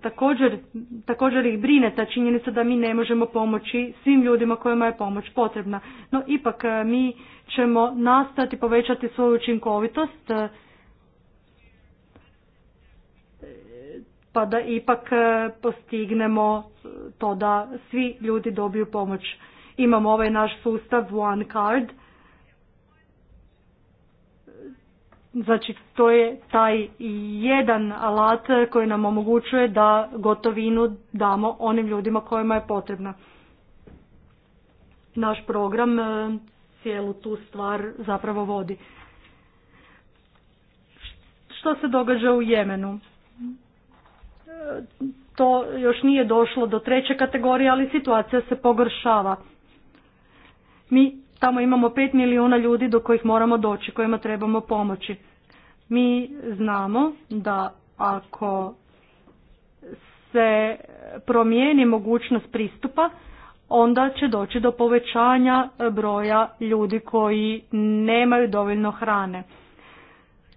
Speaker 1: također, također ih brine ta činjenica da mi ne možemo pomoći svim ljudima kojima je pomoć potrebna. No ipak e, mi ćemo nastati povećati svoju učinkovitost e, pa da ipak postignemo to da svi ljudi dobiju pomoć. Imamo ovaj naš sustav One Card Znači, to je taj jedan alat koji nam omogućuje da gotovinu damo onim ljudima kojima je potrebna. Naš program e, cijelu tu stvar zapravo vodi. Što se događa u Jemenu? E, to još nije došlo do treće kategorije, ali situacija se pogoršava. Mi tamo imamo pet milijuna ljudi do kojih moramo doći, kojima trebamo pomoći. Mi znamo da ako se promijeni mogućnost pristupa, onda će doći do povećanja broja ljudi koji nemaju dovoljno hrane.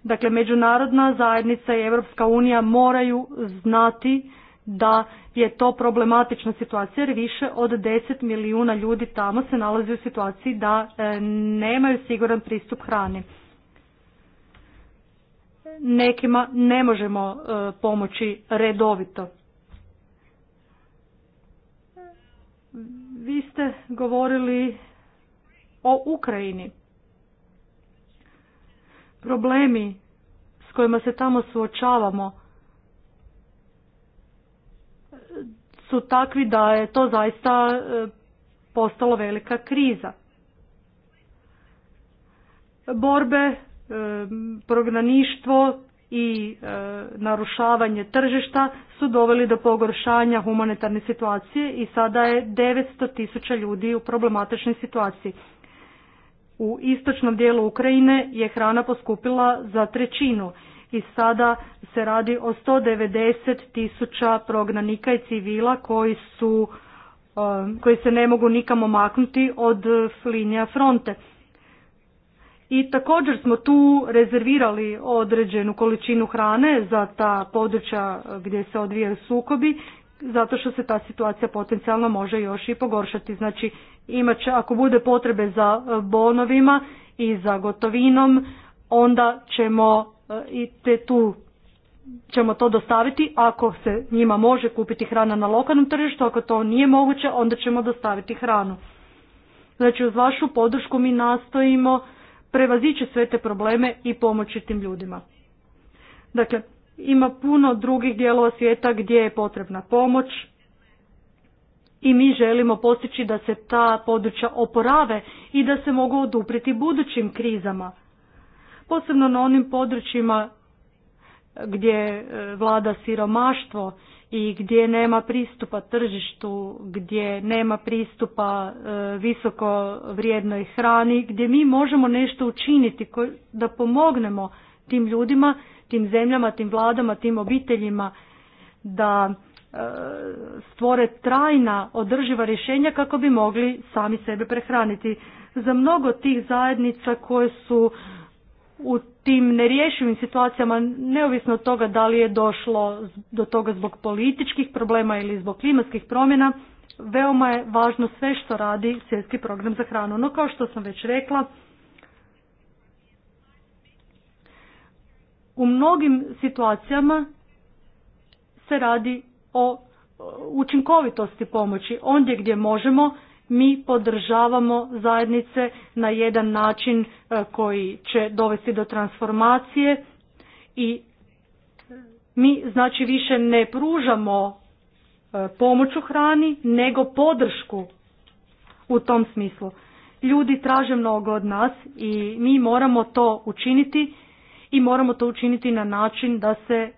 Speaker 1: Dakle, međunarodna zajednica i Europska unija moraju znati da je to problematična situacija jer više od 10 milijuna ljudi tamo se nalazi u situaciji da e, nemaju siguran pristup hrani. Nekima ne možemo e, pomoći redovito. Vi ste govorili o Ukrajini. Problemi s kojima se tamo suočavamo su takvi da je to zaista e, postalo velika kriza. Borbe, e, prognaništvo i e, narušavanje tržišta su doveli do pogoršanja humanitarne situacije i sada je 900 tisuća ljudi u problematičnoj situaciji. U istočnom dijelu Ukrajine je hrana poskupila za trećinu i sada se radi o 190 tisuća prognanika i civila koji su um, koji se ne mogu nikamo maknuti od linija fronte. I također smo tu rezervirali određenu količinu hrane za ta područja gdje se odvijaju sukobi, zato što se ta situacija potencijalno može još i pogoršati. Znači, imat ako bude potrebe za bonovima i za gotovinom, onda ćemo E, i te tu ćemo to dostaviti ako se njima može kupiti hrana na lokalnom tržištu, ako to nije moguće onda ćemo dostaviti hranu. Znači uz vašu podršku mi nastojimo prevazići sve te probleme i pomoći tim ljudima. Dakle, ima puno drugih dijelova svijeta gdje je potrebna pomoć i mi želimo postići da se ta područja oporave i da se mogu odupriti budućim krizama posebno na onim područjima gdje e, vlada siromaštvo i gdje nema pristupa tržištu, gdje nema pristupa e, visoko vrijednoj hrani, gdje mi možemo nešto učiniti da pomognemo tim ljudima, tim zemljama, tim vladama, tim obiteljima da e, stvore trajna održiva rješenja kako bi mogli sami sebe prehraniti. Za mnogo tih zajednica koje su u tim nerješivim situacijama, neovisno od toga da li je došlo do toga zbog političkih problema ili zbog klimatskih promjena, veoma je važno sve što radi svjetski program za hranu. No kao što sam već rekla, u mnogim situacijama se radi o učinkovitosti pomoći. Ondje gdje možemo mi podržavamo zajednice na jedan način e, koji će dovesti do transformacije i mi znači više ne pružamo e, pomoć u hrani nego podršku u tom smislu. Ljudi traže mnogo od nas i mi moramo to učiniti i moramo to učiniti na način da se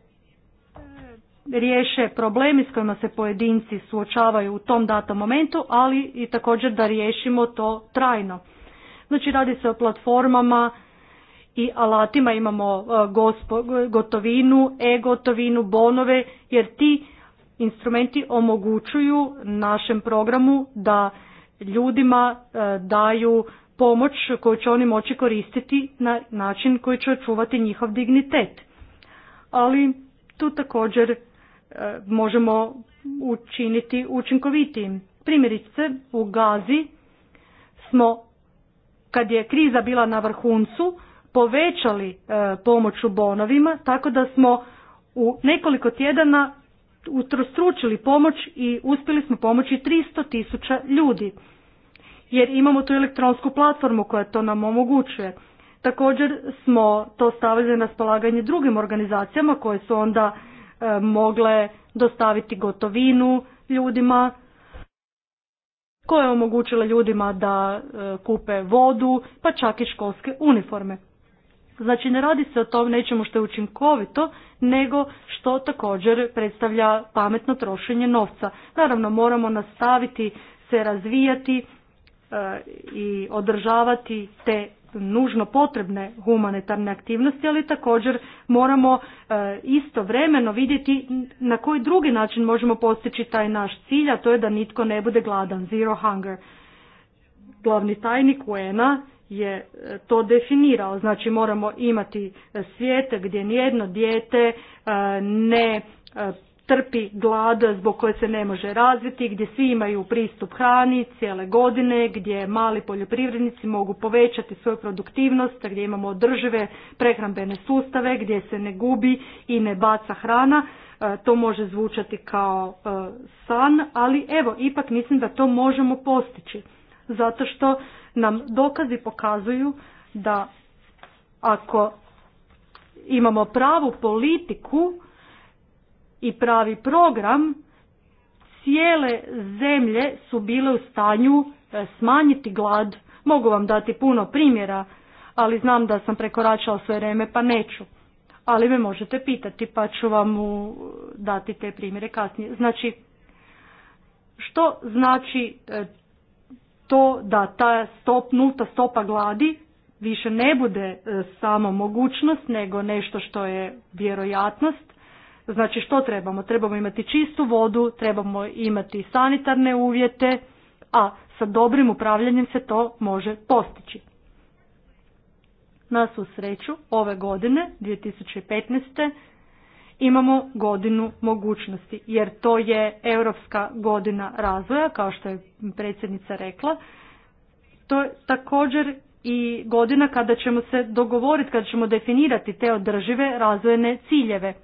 Speaker 1: riješe problemi s kojima se pojedinci suočavaju u tom datom momentu, ali i također da riješimo to trajno. Znači radi se o platformama i alatima, imamo e, gotovinu, e-gotovinu, bonove, jer ti instrumenti omogućuju našem programu da ljudima e, daju pomoć koju će oni moći koristiti na način koji će očuvati njihov dignitet. Ali tu također možemo učiniti učinkovitijim. Primjerice, u Gazi smo, kad je kriza bila na vrhuncu, povećali e, pomoć u bonovima, tako da smo u nekoliko tjedana utrostručili pomoć i uspjeli smo pomoći 300 tisuća ljudi. Jer imamo tu elektronsku platformu koja to nam omogućuje. Također smo to stavili na raspolaganje drugim organizacijama koje su onda E, mogle dostaviti gotovinu ljudima, koja je omogućila ljudima da e, kupe vodu, pa čak i školske uniforme. Znači ne radi se o tom nečemu što je učinkovito, nego što također predstavlja pametno trošenje novca. Naravno moramo nastaviti se razvijati e, i održavati te nužno potrebne humanitarne aktivnosti, ali također moramo e, istovremeno vidjeti na koji drugi način možemo postići taj naš cilj, a to je da nitko ne bude gladan, zero hunger. Glavni tajnik un je e, to definirao, znači moramo imati svijete gdje nijedno dijete e, ne trpi glad zbog koje se ne može razviti, gdje svi imaju pristup hrani cijele godine, gdje mali poljoprivrednici mogu povećati svoju produktivnost, gdje imamo održive prehrambene sustave, gdje se ne gubi i ne baca hrana. E, to može zvučati kao e, san, ali evo, ipak mislim da to možemo postići. Zato što nam dokazi pokazuju da ako imamo pravu politiku, i pravi program, cijele zemlje su bile u stanju e, smanjiti glad. Mogu vam dati puno primjera, ali znam da sam prekoračala svoje vreme pa neću. Ali me možete pitati pa ću vam dati te primjere kasnije. Znači, što znači e, to da ta stop, nulta stopa gladi više ne bude e, samo mogućnost nego nešto što je vjerojatnost Znači što trebamo? Trebamo imati čistu vodu, trebamo imati sanitarne uvjete, a sa dobrim upravljanjem se to može postići. Na svu sreću, ove godine, 2015. imamo godinu mogućnosti, jer to je Europska godina razvoja, kao što je predsjednica rekla. To je također i godina kada ćemo se dogovoriti, kada ćemo definirati te održive razvojne ciljeve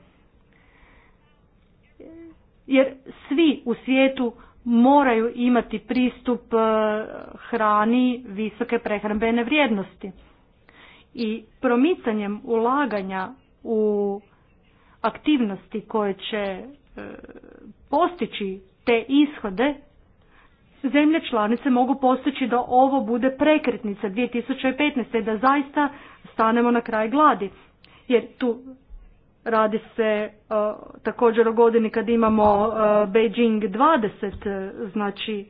Speaker 1: jer svi u svijetu moraju imati pristup e, hrani visoke prehrambene vrijednosti. I promicanjem ulaganja u aktivnosti koje će e, postići te ishode, zemlje članice mogu postići da ovo bude prekretnica 2015. da zaista stanemo na kraj gladi. Jer tu Radi se e, također o godini kad imamo e, Beijing 20, e, znači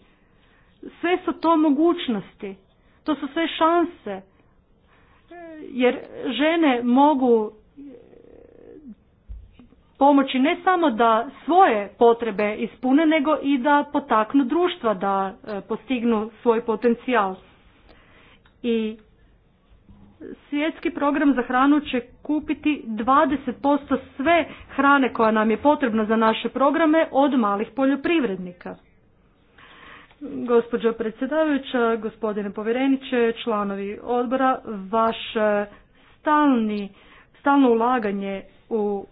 Speaker 1: sve su to mogućnosti, to su sve šanse, jer žene mogu pomoći ne samo da svoje potrebe ispune, nego i da potaknu društva da postignu svoj potencijal. I svjetski program za hranu će kupiti 20% sve hrane koja nam je potrebna za naše programe od malih poljoprivrednika. Gospođo predsjedavajuća, gospodine povjereniče, članovi odbora, vaš e, stalni, stalno ulaganje u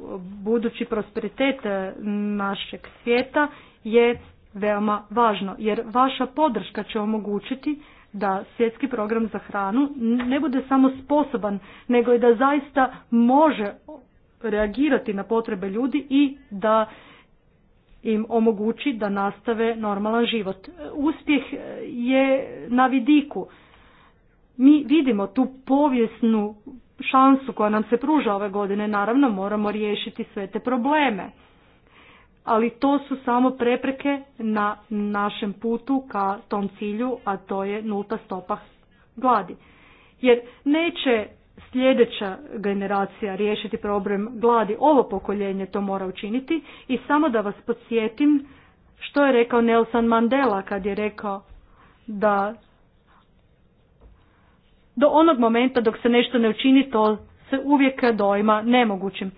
Speaker 1: budući prosperitet e, našeg svijeta je veoma važno, jer vaša podrška će omogućiti da svjetski program za hranu ne bude samo sposoban, nego i da zaista može reagirati na potrebe ljudi i da im omogući da nastave normalan život. Uspjeh e, je na vidiku. Mi vidimo tu povijesnu šansu koja nam se pruža ove godine, naravno moramo riješiti sve te probleme ali to su samo prepreke na našem putu ka tom cilju, a to je nulta stopa gladi. Jer neće sljedeća generacija riješiti problem gladi, ovo pokoljenje to mora učiniti i samo da vas podsjetim što je rekao Nelson Mandela kad je rekao da do onog momenta dok se nešto ne učini to se uvijek dojma nemogućim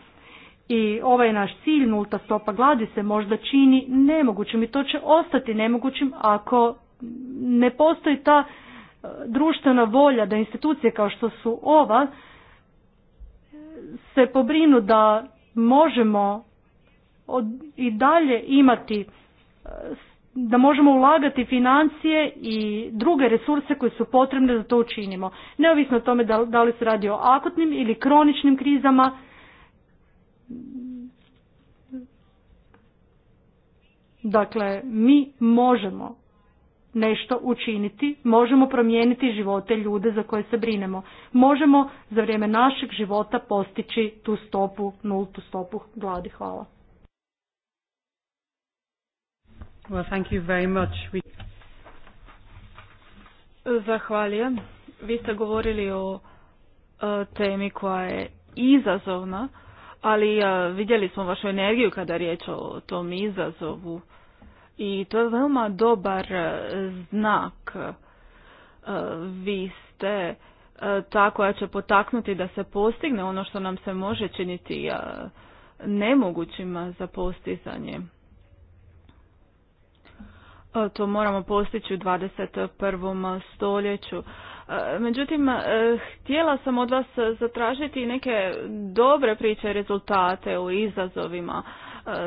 Speaker 1: i ovaj naš cilj nulta stopa gladi se možda čini nemogućim i to će ostati nemogućim ako ne postoji ta e, društvena volja da institucije kao što su ova e, se pobrinu da možemo i dalje imati e, da možemo ulagati financije i druge resurse koje su potrebne da to učinimo. Neovisno o tome da li se radi o akutnim ili kroničnim krizama, Dakle, mi možemo nešto učiniti, možemo promijeniti živote ljude za koje se brinemo. Možemo za vrijeme našeg života postići tu stopu, nultu stopu gladi. Hvala. Well, thank you very much. We...
Speaker 3: Zahvaljujem. Vi ste govorili o e, temi koja je izazovna ali e, vidjeli smo vašu energiju kada riječ o tom izazovu i to je veoma dobar e, znak. E, vi ste ta koja će potaknuti da se postigne ono što nam se može činiti nemogućima za postizanje. To moramo postići u 21. stoljeću. Međutim, htjela sam od vas zatražiti neke dobre priče rezultate u izazovima.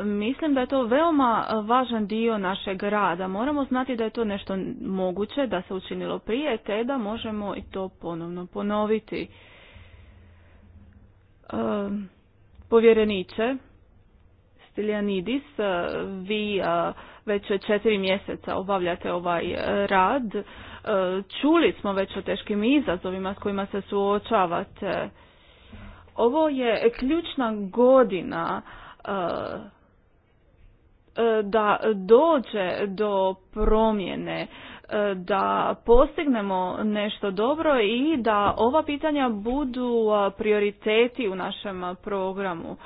Speaker 3: Mislim da je to veoma važan dio našeg rada. Moramo znati da je to nešto moguće, da se učinilo prije, te da možemo i to ponovno ponoviti. Povjereniče, Stiljanidis, vi već četiri mjeseca obavljate ovaj rad Čuli smo već o teškim izazovima s kojima se suočavate. Ovo je ključna godina e, e, da dođe do promjene, e, da postignemo nešto dobro i da ova pitanja budu prioriteti u našem programu.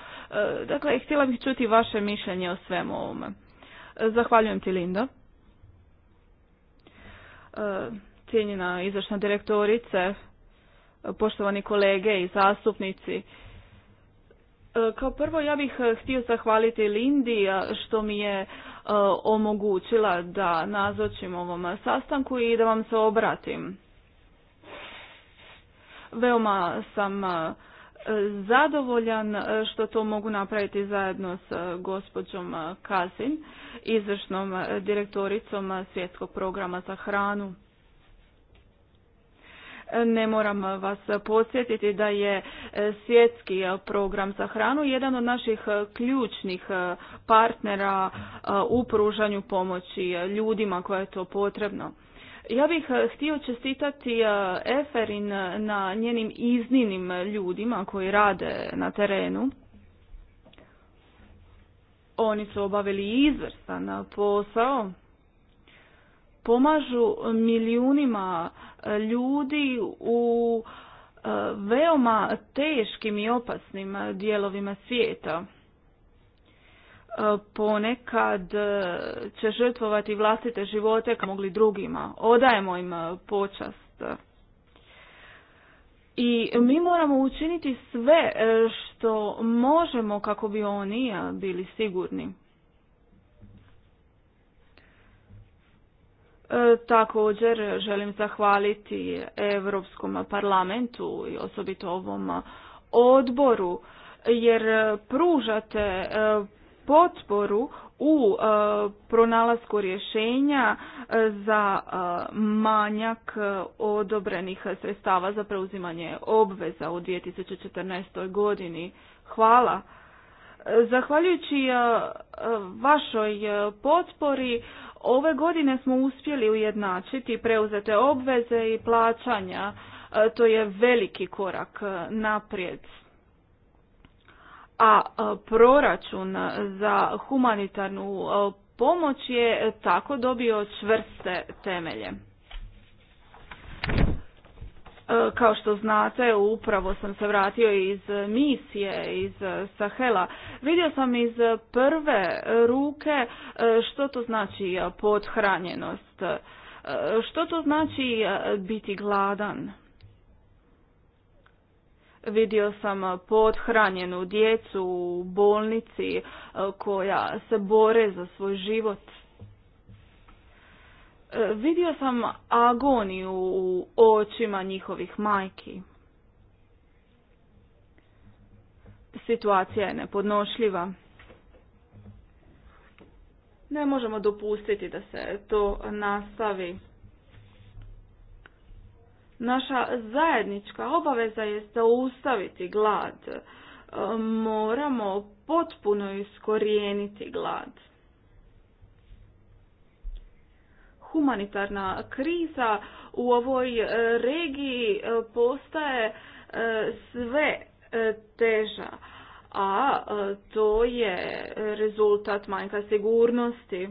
Speaker 3: Dakle, htjela bih čuti vaše mišljenje o svemu ovome. Zahvaljujem ti, Linda. E, cijenjena izvršna direktorice, e, poštovani kolege i zastupnici. E, kao prvo ja bih htio zahvaliti Lindi što mi je omogućila da nazočim ovom sastanku i da vam se obratim. Veoma sam zadovoljan e, što to mogu napraviti zajedno s e, gospođom e, kasin izvršnom direktoricom svjetskog programa za hranu. Ne moram vas podsjetiti da je svjetski program za hranu jedan od naših ključnih partnera u pružanju pomoći ljudima koje je to potrebno. Ja bih eh, htio čestitati eh, Eferin eh, na njenim iznimnim ljudima koji rade na terenu. Oni su obavili izvrstan posao. Pomažu milijunima ljudi u veoma teškim i opasnim dijelovima svijeta ponekad e, će žrtvovati vlastite živote kao mogli drugima. Odajemo im e, počast. I mi moramo učiniti sve e, što možemo kako bi oni bili sigurni. Također želim zahvaliti Europskom parlamentu i osobito ovom odboru jer pružate potporu u e, pronalasku rješenja e, za e, manjak odobrenih sredstava za preuzimanje obveza u 2014. godini. Hvala. Zahvaljujući vašoj potpori ove godine smo uspjeli ujednačiti preuzete obveze i plaćanja. To je veliki korak naprijed a e, proračun za humanitarnu e, pomoć je tako dobio čvrste temelje. E, kao što znate, upravo sam se vratio iz misije, iz Sahela. Vidio sam iz prve ruke što to znači podhranjenost, što to znači biti gladan. Vidio sam podhranjenu djecu u bolnici e, koja se bore za svoj život. E, vidio sam agoniju u očima njihovih majki. Situacija je nepodnošljiva. Ne možemo dopustiti da se to nastavi. Naša zajednička obaveza je zaustaviti glad. E, moramo potpuno iskorijeniti glad. Humanitarna kriza u ovoj e, regiji e, postaje sve teža, a to je rezultat manjka sigurnosti.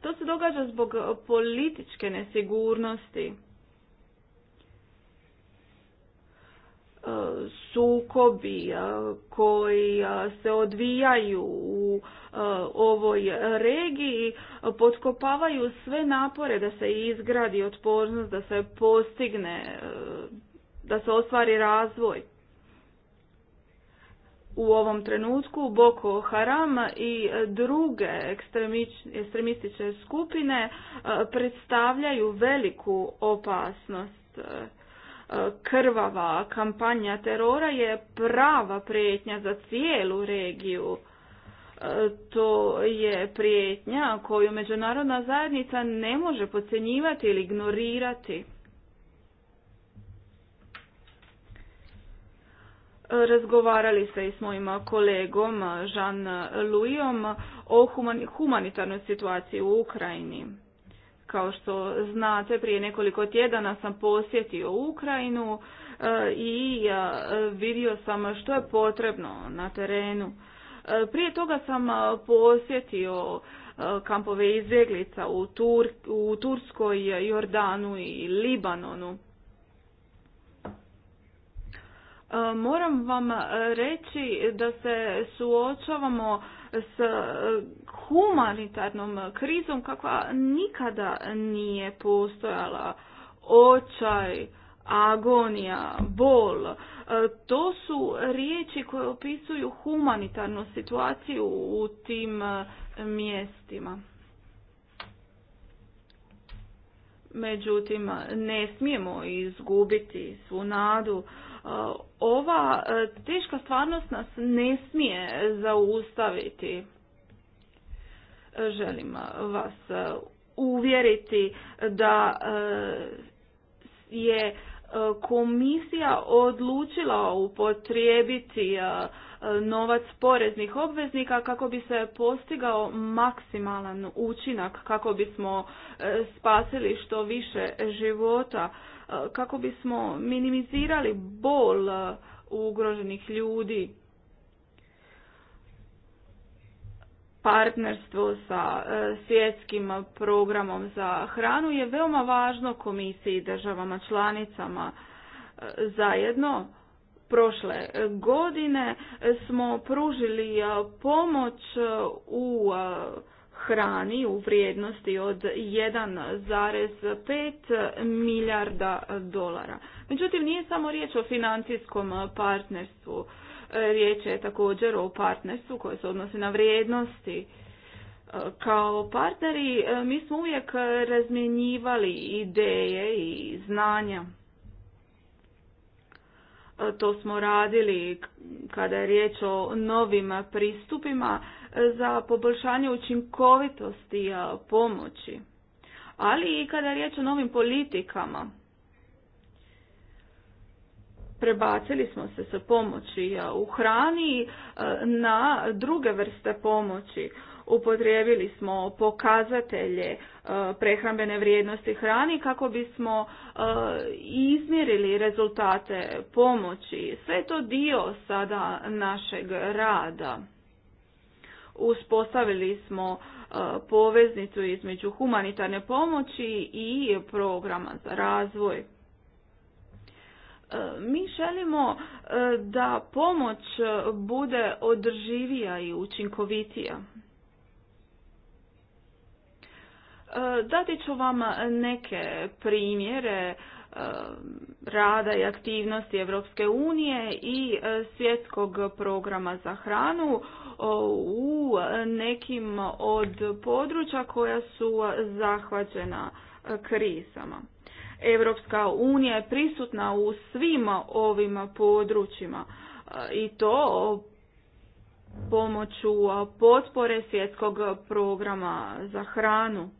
Speaker 3: To se događa zbog političke nesigurnosti. sukobi koji se odvijaju u ovoj regiji potkopavaju sve napore da se izgradi otpornost, da se postigne, da se ostvari razvoj. U ovom trenutku Boko Haram i druge ekstremistične skupine predstavljaju veliku opasnost krvava kampanja terora je prava prijetnja za cijelu regiju. E, to je prijetnja koju međunarodna zajednica ne može podcjenjivati ili ignorirati. E, razgovarali ste i s mojim kolegom Jean Louisom o humanitarnoj situaciji u Ukrajini. Kao što znate, prije nekoliko tjedana sam posjetio Ukrajinu e, i e, vidio sam što je potrebno na terenu. E, prije toga sam posjetio kampove izbjeglica u, Tur, u Turskoj, Jordanu i Libanonu. Moram vam reći da se suočavamo s humanitarnom krizom kakva nikada nije postojala. Očaj, agonija, bol, e, to su riječi koje opisuju humanitarnu situaciju u tim e, mjestima. Međutim, ne smijemo izgubiti svu nadu. E, ova teška stvarnost nas ne smije zaustaviti. Želim vas e, uvjeriti da e, je e, komisija odlučila upotrijebiti novac poreznih obveznika kako bi se postigao maksimalan učinak, kako bismo spasili što više života, kako bismo minimizirali bol ugroženih ljudi. partnerstvo sa e, svjetskim programom za hranu je veoma važno komisiji i državama članicama e, zajedno. Prošle godine smo pružili e, pomoć u hrani u vrijednosti od 1,5 milijarda dolara. Međutim, nije samo riječ o financijskom partnerstvu Riječ je također o partnerstvu koje se odnosi na vrijednosti. E, kao partneri e, mi smo uvijek razmjenjivali ideje i znanja. E, to smo radili kada je riječ o novim pristupima za poboljšanje učinkovitosti pomoći, ali i kada je riječ o novim politikama prebacili smo se sa pomoći u hrani e, na druge vrste pomoći. Upotrijebili smo pokazatelje e, prehrambene vrijednosti hrani kako bismo e, izmjerili rezultate pomoći. Sve to dio sada našeg rada. Uspostavili smo poveznicu između humanitarne pomoći i programa za razvoj. E, mi želimo e, da pomoć e, bude održivija i učinkovitija. Dati ću vam neke primjere rada i aktivnosti Europske unije i svjetskog programa za hranu u nekim od područja koja su zahvaćena krizama. Europska unija je prisutna u svim ovim područjima e, i to pomoću potpore svjetskog programa za hranu,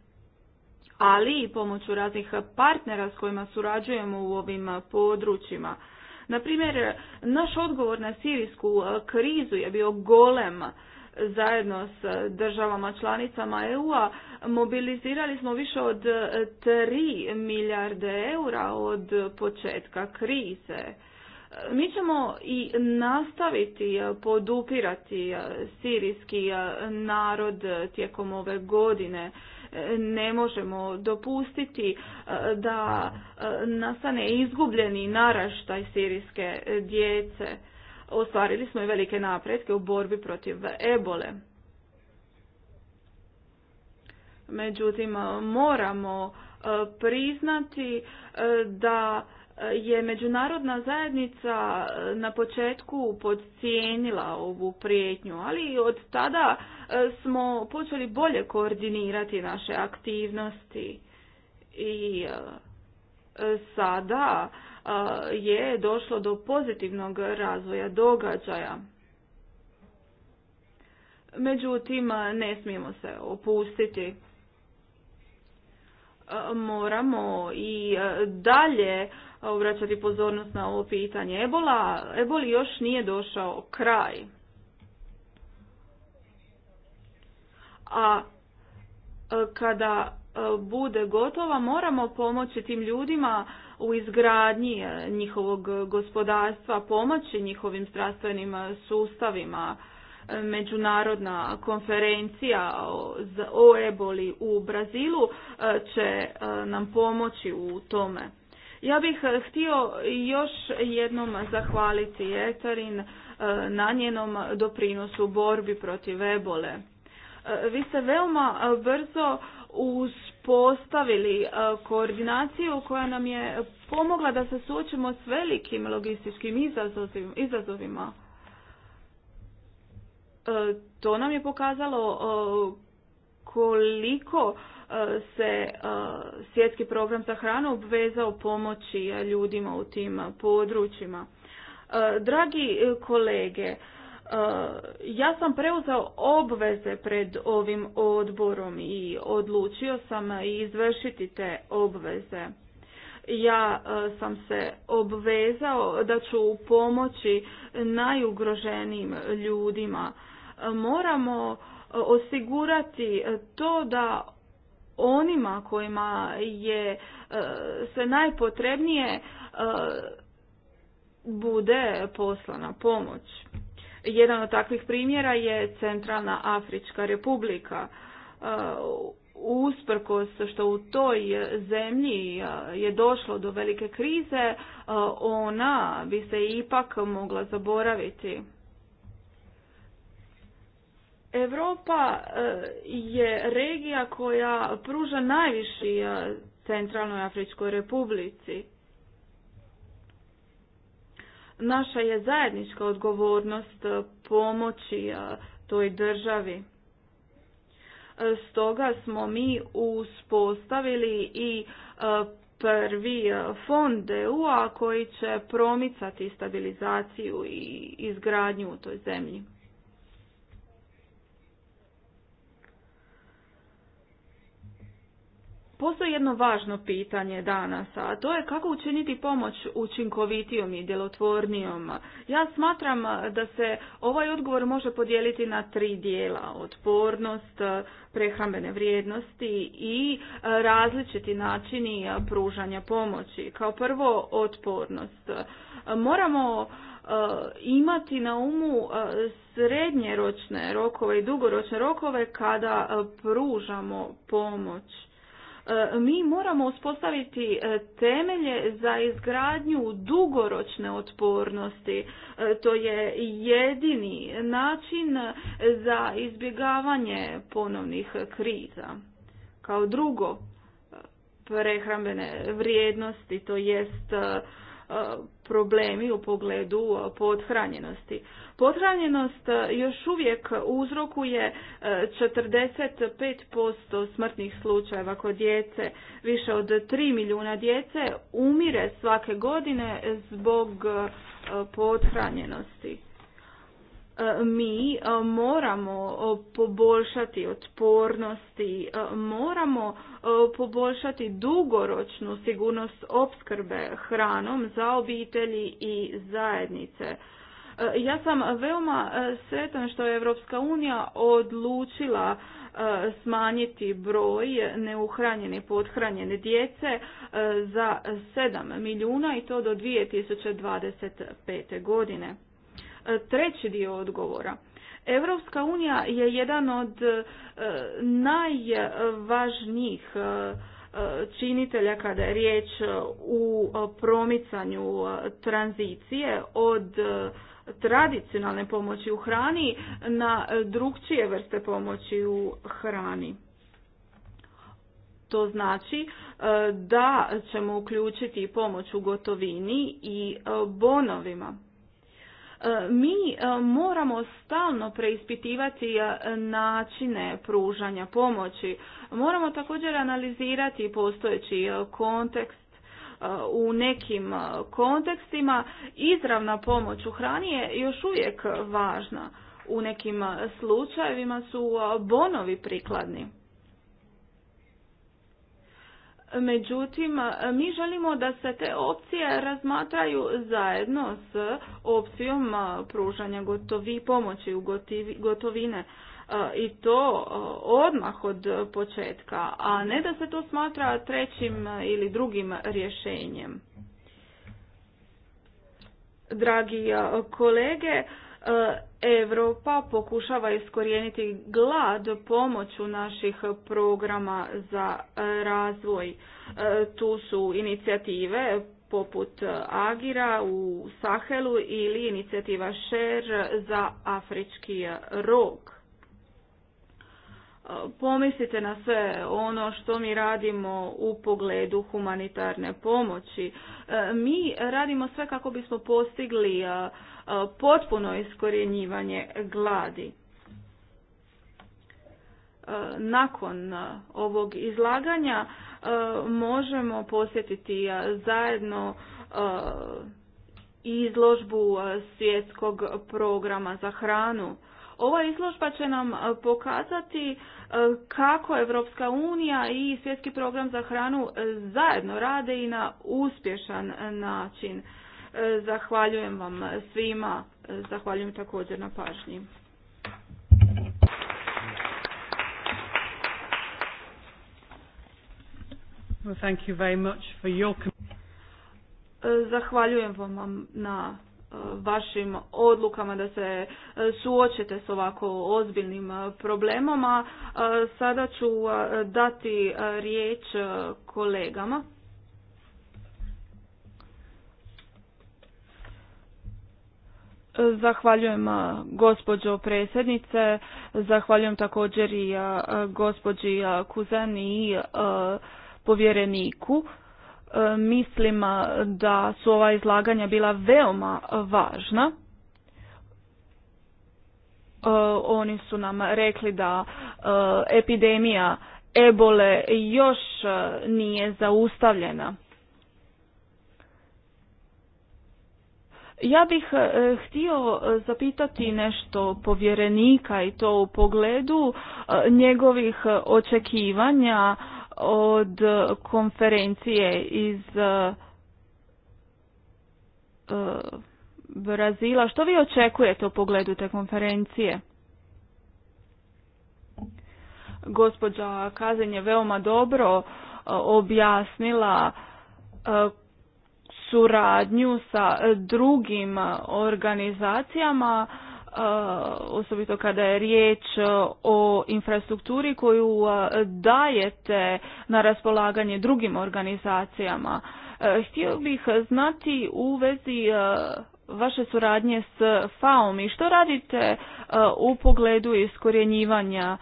Speaker 3: ali i pomoću raznih partnera s kojima surađujemo u ovim područjima. Na primjer, naš odgovor na sirijsku krizu je bio golem zajedno s državama članicama EU-a mobilizirali smo više od 3 milijarde eura od početka krize. Mi ćemo i nastaviti podupirati sirijski narod tijekom ove godine. Ne možemo dopustiti da nastane izgubljeni naraštaj sirijske djece ostvarili smo i velike napretke u borbi protiv ebole. Međutim, moramo e, priznati e, da je međunarodna zajednica e, na početku podcijenila ovu prijetnju, ali od tada smo počeli bolje koordinirati naše aktivnosti i sada je došlo do pozitivnog razvoja događaja. Međutim, ne smijemo se opustiti. Moramo i dalje obraćati pozornost na ovo pitanje. Ebola, eboli još nije došao kraj. A kada bude gotova moramo pomoći tim ljudima u izgradnji e, njihovog gospodarstva, pomoći njihovim zdravstvenim e, sustavima. E, međunarodna konferencija o eboli u Brazilu će nam pomoći u tome. Ja bih htio još jednom zahvaliti Etarin na njenom doprinosu borbi protiv ebole. Vi ste veoma brzo uz postavili e, koordinaciju koja nam je pomogla da se suočimo s velikim logističkim izazovima. E, to nam je pokazalo e, koliko se svjetski program za hranu obvezao pomoći ljudima u tim područjima. Dragi kolege, Eh, ja sam preuzeo obveze pred ovim odborom i odlučio sam izvršiti te obveze. Ja eh, sam se obvezao da ću pomoći najugroženijim ljudima. Eh, moramo osigurati to da onima kojima je se najpotrebnije bude poslana pomoć. Jedan od takvih primjera je Centralna Afrička republika. E, usprkos što u toj zemlji e, je došlo do velike krize, e, ona bi se ipak mogla zaboraviti. Europa je regija koja pruža najviši Centralnoj Afričkoj republici. Naša je zajednička odgovornost e, pomoći e, toj državi. E, stoga smo mi uspostavili i prvi fond EU-a koji će promicati stabilizaciju i izgradnju u toj zemlji. Postoji jedno važno pitanje danas, a to je kako učiniti pomoć učinkovitijom i djelotvornijom. Ja smatram da se ovaj odgovor može podijeliti na tri dijela. Otpornost, prehrambene vrijednosti i e, različiti načini pružanja pomoći. Kao prvo, otpornost. Moramo e, imati na umu e, srednje ročne rokove i dugoročne rokove kada pružamo pomoć E, mi moramo uspostaviti e, temelje za izgradnju dugoročne otpornosti. E, to je jedini način za izbjegavanje ponovnih kriza. Kao drugo, prehrambene vrijednosti, to jest problemi u pogledu podhranjenosti. Pothranjenost e, još uvijek uzrokuje 45% e, smrtnih slučajeva kod djece. Više od 3 milijuna djece umire svake godine zbog e, podhranjenosti mi moramo poboljšati otpornosti, moramo poboljšati dugoročnu sigurnost opskrbe hranom za obitelji i zajednice. E, ja sam veoma e, sretan što je Evropska unija odlučila e, smanjiti broj neuhranjene i podhranjene djece za 7 milijuna i to do 2025. godine. Treći dio odgovora. Evropska unija je jedan od najvažnijih činitelja kada je riječ u promicanju tranzicije od tradicionalne pomoći u hrani na e, drugčije vrste pomoći u hrani. To znači e, da ćemo uključiti pomoć u gotovini i e, bonovima. Mi moramo stalno preispitivati načine pružanja pomoći. Moramo također analizirati postojeći kontekst u nekim kontekstima izravna pomoć u hrani je još uvijek važna. U nekim slučajevima su bonovi prikladni. Međutim, mi želimo da se te opcije razmatraju zajedno s opcijom pružanja gotovi pomoći u gotovine i to odmah od početka, a ne da se to smatra trećim ili drugim rješenjem. Dragi kolege, Europa pokušava iskorijeniti glad pomoću naših programa za razvoj. Tu su inicijative poput Agira u Sahelu ili inicijativa Share za afrički rok pomislite na sve ono što mi radimo u pogledu humanitarne pomoći. E, mi radimo sve kako bismo postigli e, potpuno iskorjenjivanje gladi. E, nakon ovog izlaganja možemo posjetiti zajedno izložbu svjetskog programa za hranu. Ova izložba će nam pokazati E, kako Evropska unija i svjetski program za hranu e, zajedno rade i na uspješan e, način. Zahvaljujem vam svima, zahvaljujem također na pažnji. very much for your... Zahvaljujem vam na vašim odlukama da se e, suočete s ovako ozbiljnim e, problemama. E, sada ću dati riječ kolegama. Zahvaljujem gospođo predsjednice, zahvaljujem također i gospođi Kuzani i povjereniku. E, mislim e, da su ova izlaganja bila veoma važna. E, oni su nam rekli da epidemija ebole još nije zaustavljena. Ja bih htio zapitati nešto povjerenika i to u pogledu njegovih očekivanja od e, konferencije iz e, e, Brazila. Što vi očekujete u pogledu te konferencije? Gospođa Kazen je veoma dobro objasnila suradnju sa drugim organizacijama osobito kada je riječ o infrastrukturi koju dajete na raspolaganje drugim organizacijama. Htio bih znati u vezi vaše suradnje s FAOM i što radite u pogledu iskorjenjivanja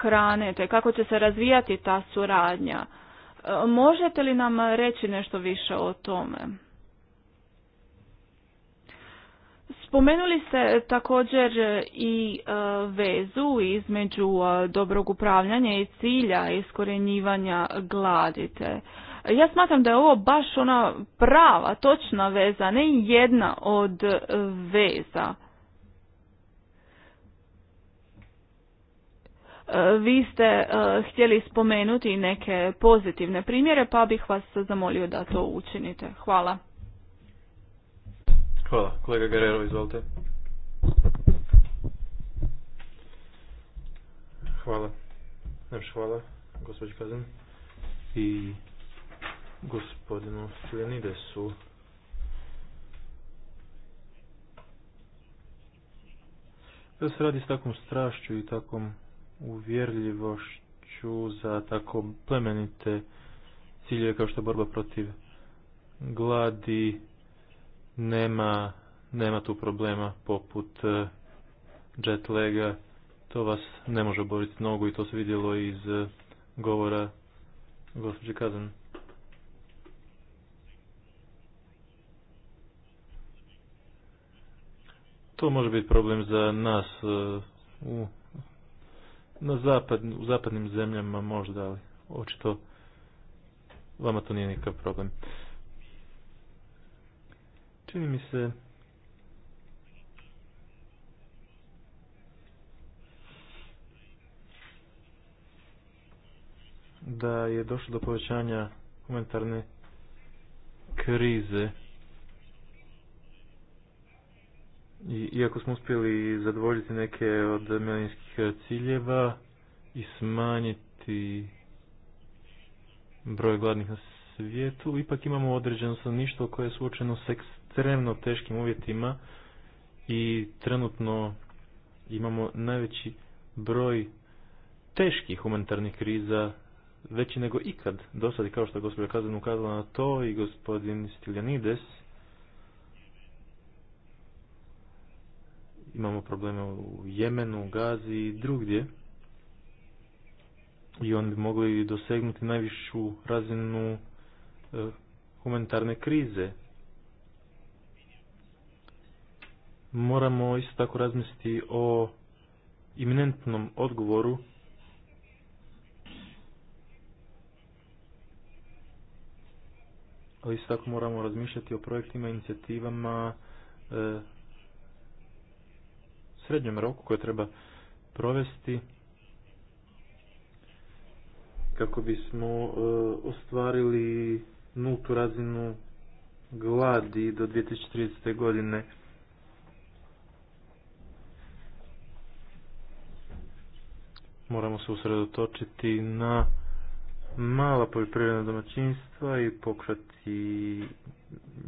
Speaker 3: hrane te kako će se razvijati ta suradnja. Možete li nam reći nešto više o tome? Spomenuli ste također i e, vezu između e, dobrog upravljanja i cilja iskorjenjivanja gladite. Ja smatram da je ovo baš ona prava, točna veza, ne jedna od veza. E, vi ste htjeli spomenuti neke pozitivne primjere, pa bih vas zamolio da to učinite. Hvala.
Speaker 2: Hvala. Kolega Guerrero, izvolite. Hvala. hvala, gospođi Kazan i gospodinu Slenidesu. Da se radi s takvom strašću i takvom uvjerljivošću za tako plemenite ciljeve kao što je borba protiv gladi, nema, nema tu problema poput e, jet lega, To vas ne može boriti nogu i to se vidjelo iz e, govora gospođe Kazan. To može biti problem za nas e, u, na zapad, u zapadnim zemljama možda, ali očito vama to nije nikakav problem. Čini mi se da je došlo do povećanja humanitarne krize. I, iako smo uspjeli zadovoljiti neke od milijenskih ciljeva i smanjiti broj gladnih na svijetu, ipak imamo određeno stanovništvo koje je suočeno s ekstremno teškim uvjetima i trenutno imamo najveći broj teških humanitarnih kriza veći nego ikad do sad kao što je gospođa Kazan ukazala na to i gospodin Stiljanides imamo probleme u Jemenu, u Gazi i drugdje i oni bi mogli dosegnuti najvišu razinu e, humanitarne krize moramo isto tako razmisliti o iminentnom odgovoru ali isto tako moramo razmišljati o projektima, inicijativama e, srednjem roku koje treba provesti kako bismo e, ostvarili nultu razinu gladi do 2030. godine. moramo se usredotočiti na mala poljoprivredna domaćinstva i pokrati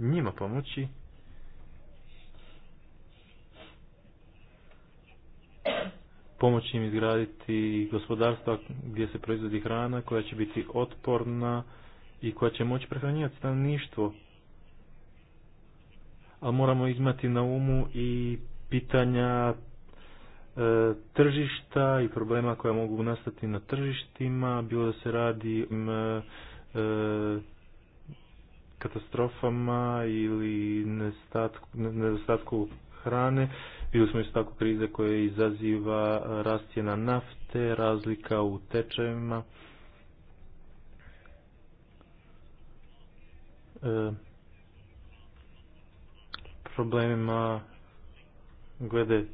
Speaker 2: njima pomoći. Pomoći im izgraditi gospodarstva gdje se proizvodi hrana koja će biti otporna i koja će moći prehranjivati stanovništvo. Ali moramo izmati na umu i pitanja E, tržišta i problema koja mogu nastati na tržištima, bilo da se radi e, katastrofama ili nedostatku hrane. Bilo smo isto tako krize koje izaziva rastjena nafte, razlika u tečajima. E, problemima glede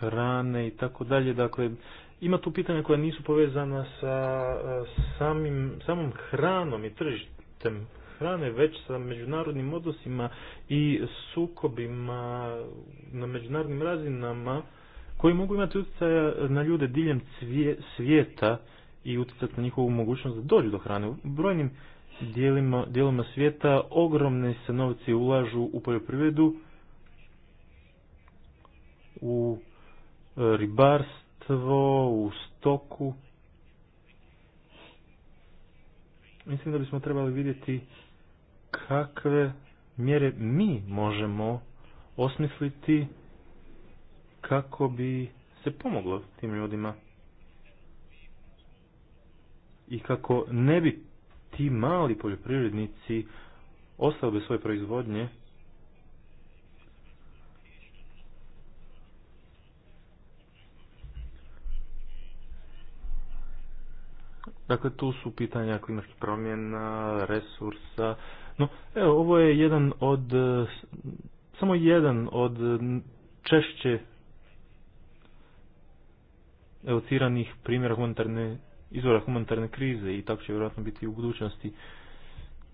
Speaker 2: hrane i tako dalje. Dakle, ima tu pitanja koja nisu povezana sa e, samim, samom hranom i tržištem hrane, već sa međunarodnim odnosima i sukobima na međunarodnim razinama koji mogu imati utjecaja na ljude diljem svijeta i utjecati na njihovu mogućnost da dođu do hrane. U brojnim dijelima, dijelima svijeta ogromne se novci ulažu u poljoprivredu, u ribarstvo, u stoku. Mislim da bismo trebali vidjeti kakve mjere mi možemo osmisliti kako bi se pomoglo tim ljudima i kako ne bi ti mali poljoprivrednici ostali bez svoje proizvodnje Dakle, tu su pitanja klimatskih promjena, resursa. No, evo, ovo je jedan od, e, samo jedan od češće evociranih primjera humanitarne, izvora humanitarne krize i tako će vjerojatno biti u budućnosti.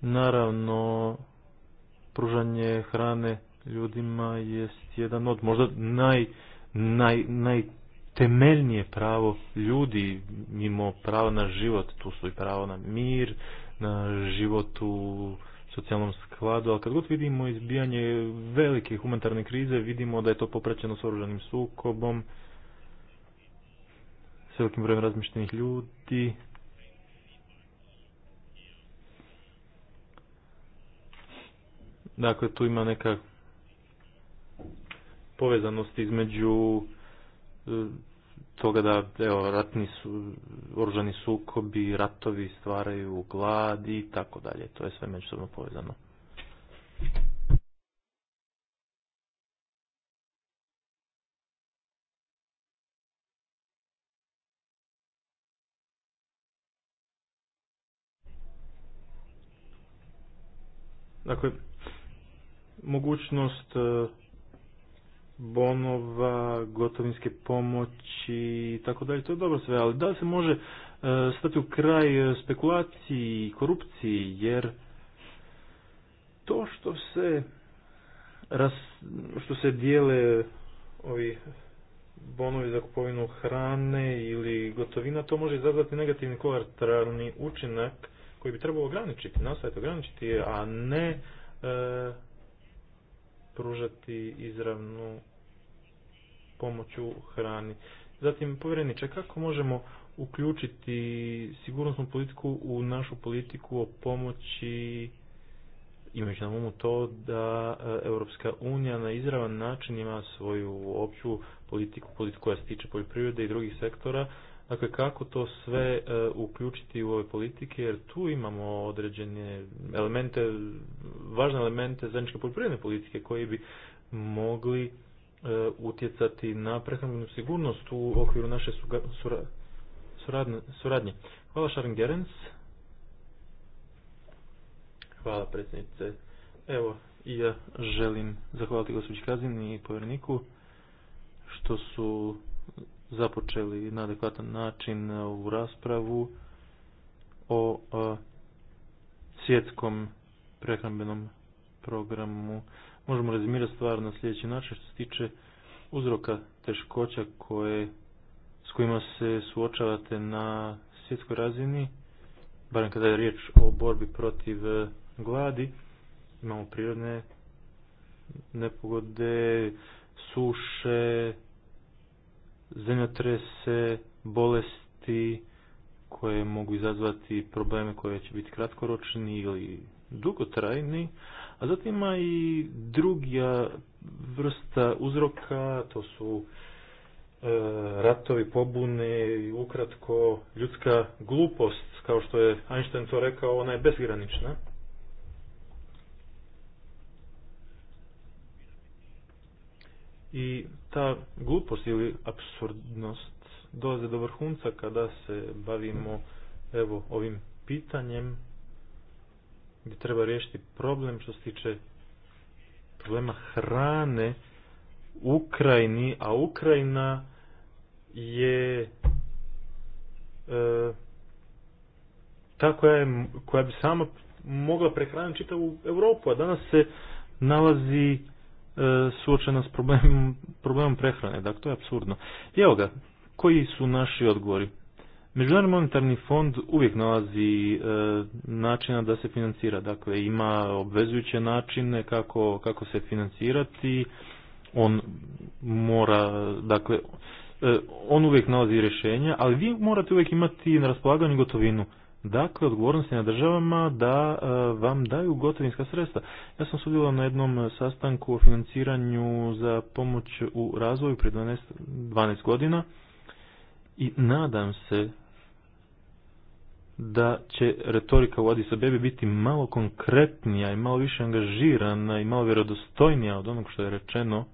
Speaker 2: Naravno, pružanje hrane ljudima jest jedan od možda naj, naj, naj temeljnije pravo ljudi mimo pravo na život, tu su i pravo na mir, na život u socijalnom skladu, ali kad god vidimo izbijanje velike humanitarne krize, vidimo da je to popraćeno s oružanim sukobom, s velikim brojem razmišljenih ljudi. Dakle, tu ima neka povezanost između e, toga da evo, ratni su, oružani sukobi, ratovi stvaraju glad i tako dalje. To je sve međusobno povezano. Dakle, mogućnost e, bonova, gotovinske pomoći i tako dalje, to je dobro sve, ali da li se može e, stati u kraj e, spekulaciji i korupciji, jer to što se što se dijele ovi bonovi za kupovinu hrane ili gotovina, to može izazvati negativni kolateralni učinak koji bi trebalo ograničiti, nastaviti ograničiti, a ne e, pružati izravnu pomoć u hrani. Zatim, povjereniče, kako možemo uključiti sigurnosnu politiku u našu politiku o pomoći imajući na umu to da e, Europska unija na izravan način ima svoju opću politiku, politiku koja se tiče poljoprivrede i drugih sektora, Dakle, kako to sve e, uključiti u ove politike, jer tu imamo određene elemente, važne elemente zajedničke poljoprivredne politike koji bi mogli e, utjecati na prehrambenu sigurnost u okviru naše suradnje. Hvala Šarin Gerens. Hvala predsjednice. Evo, ja želim zahvaliti gospođi Kazini i povjerniku što su započeli na adekvatan način e, u raspravu o e, svjetskom prehrambenom programu. Možemo rezimirati stvar na sljedeći način što se tiče uzroka teškoća koje, s kojima se suočavate na svjetskoj razini, barem kada je riječ o borbi protiv e, gladi, imamo prirodne nepogode, suše, zemljotrese, bolesti koje mogu izazvati probleme koje će biti kratkoročni ili dugotrajni, a zatim ima i druga vrsta uzroka, to su e, ratovi, pobune i ukratko ljudska glupost, kao što je Einstein to rekao, ona je bezgranična. I ta glupost ili absurdnost dolaze do vrhunca kada se bavimo evo ovim pitanjem gdje treba riješiti problem što se tiče problema hrane u Ukrajini, a Ukrajina je e, ta koja, je, koja bi sama mogla prehraniti čitavu Europu, a danas se nalazi E, suočena s problemom, problemom prehrane. Dakle, to je absurdno. I evo ga, koji su naši odgovori? Međunarodni monetarni fond uvijek nalazi e, načina da se financira. Dakle, ima obvezujuće načine kako, kako se financirati. On mora, dakle, e, on uvijek nalazi rješenja, ali vi morate uvijek imati na raspolaganju gotovinu. Dakle, odgovornost je na državama da e, vam daju gotovinska sredstva. Ja sam sudjelovao na jednom sastanku o financiranju za pomoć u razvoju prije 12, 12 godina i nadam se da će retorika u Addis Bebi biti malo konkretnija i malo više angažirana i malo vjerodostojnija od onog što je rečeno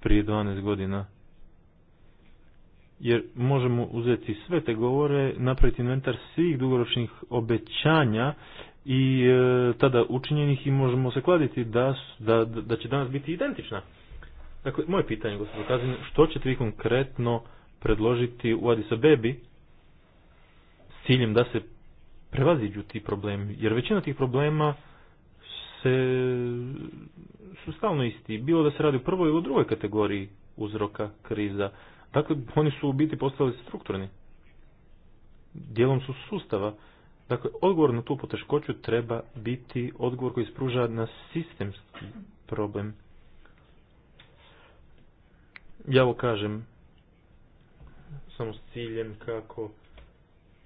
Speaker 2: prije 12 godina jer možemo uzeti sve te govore, napraviti inventar svih dugoročnih obećanja i e, tada učinjenih i možemo se kladiti da, da, da će danas biti identična. Dakle, moje pitanje, gospodin Kazin, što ćete vi konkretno predložiti u Addis Abebi s ciljem da se prevaziđu ti problemi? Jer većina tih problema se, su stalno isti. Bilo da se radi u prvoj ili u drugoj kategoriji uzroka kriza. Dakle, oni su u biti postali strukturni. Dijelom su sustava. Dakle, odgovor na tu poteškoću treba biti odgovor koji spruža na sistemski problem. Ja ovo kažem samo s ciljem kako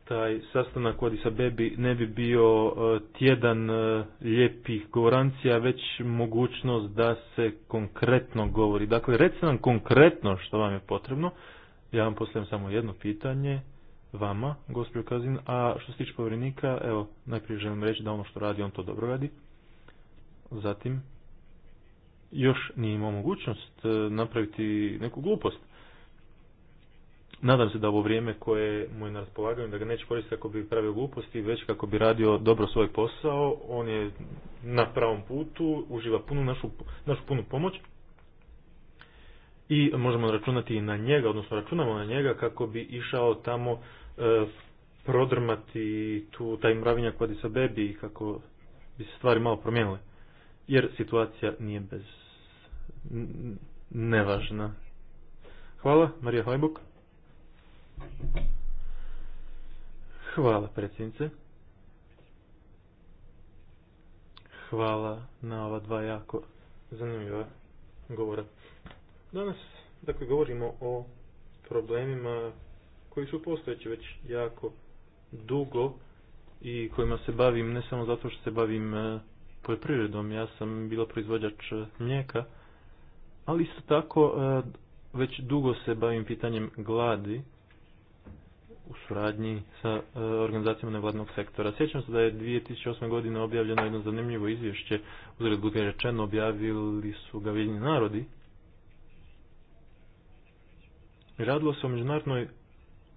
Speaker 2: taj sastanak u Bebi ne bi bio e, tjedan e, lijepih govorancija, već mogućnost da se konkretno govori. Dakle, recite nam konkretno što vam je potrebno. Ja vam postavljam samo jedno pitanje vama, gospođo Kazin, a što se tiče povjerenika, evo, najprije želim reći da ono što radi, on to dobro radi. Zatim, još nije imao mogućnost e, napraviti neku glupost. Nadam se da ovo vrijeme koje mu je na raspolaganju, da ga neće koristiti kako bi pravio gluposti, već kako bi radio dobro svoj posao. On je na pravom putu, uživa punu našu, našu punu pomoć i možemo računati na njega, odnosno računamo na njega kako bi išao tamo e, prodrmati tu, taj mravinjak vadi sa bebi i kako bi se stvari malo promijenile. Jer situacija nije bez nevažna. Hvala, Marija Hajbuk. Hvala predsjednice. Hvala na ova dva jako zanimljiva govora. Danas, dakle, govorimo o problemima koji su postojeći već jako dugo i kojima se bavim ne samo zato što se bavim e, poljoprivredom, ja sam bila proizvođač e, mlijeka, ali isto tako e, već dugo se bavim pitanjem gladi u suradnji sa e, organizacijama nevladnog sektora. Sjećam se da je 2008. godine objavljeno jedno zanimljivo izvješće, uzred budu rečeno, objavili su ga narodi. Radilo se o međunarodnoj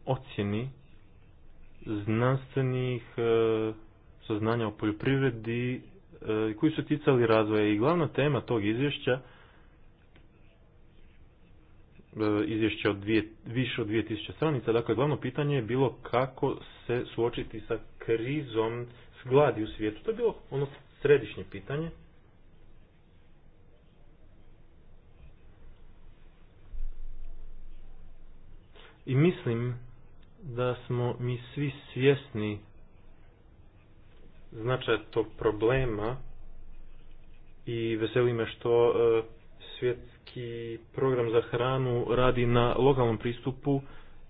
Speaker 2: ocjeni znanstvenih e, saznanja o poljoprivredi e, koji su ticali razvoja i glavna tema tog izvješća E, izvješće od dvije, više od 2000 stranica. Dakle, glavno pitanje je bilo kako se suočiti sa krizom gladi u svijetu. To je bilo ono središnje pitanje. I mislim da smo mi svi svjesni značaj tog problema i veseli me što e, svijet i program za hranu radi na lokalnom pristupu,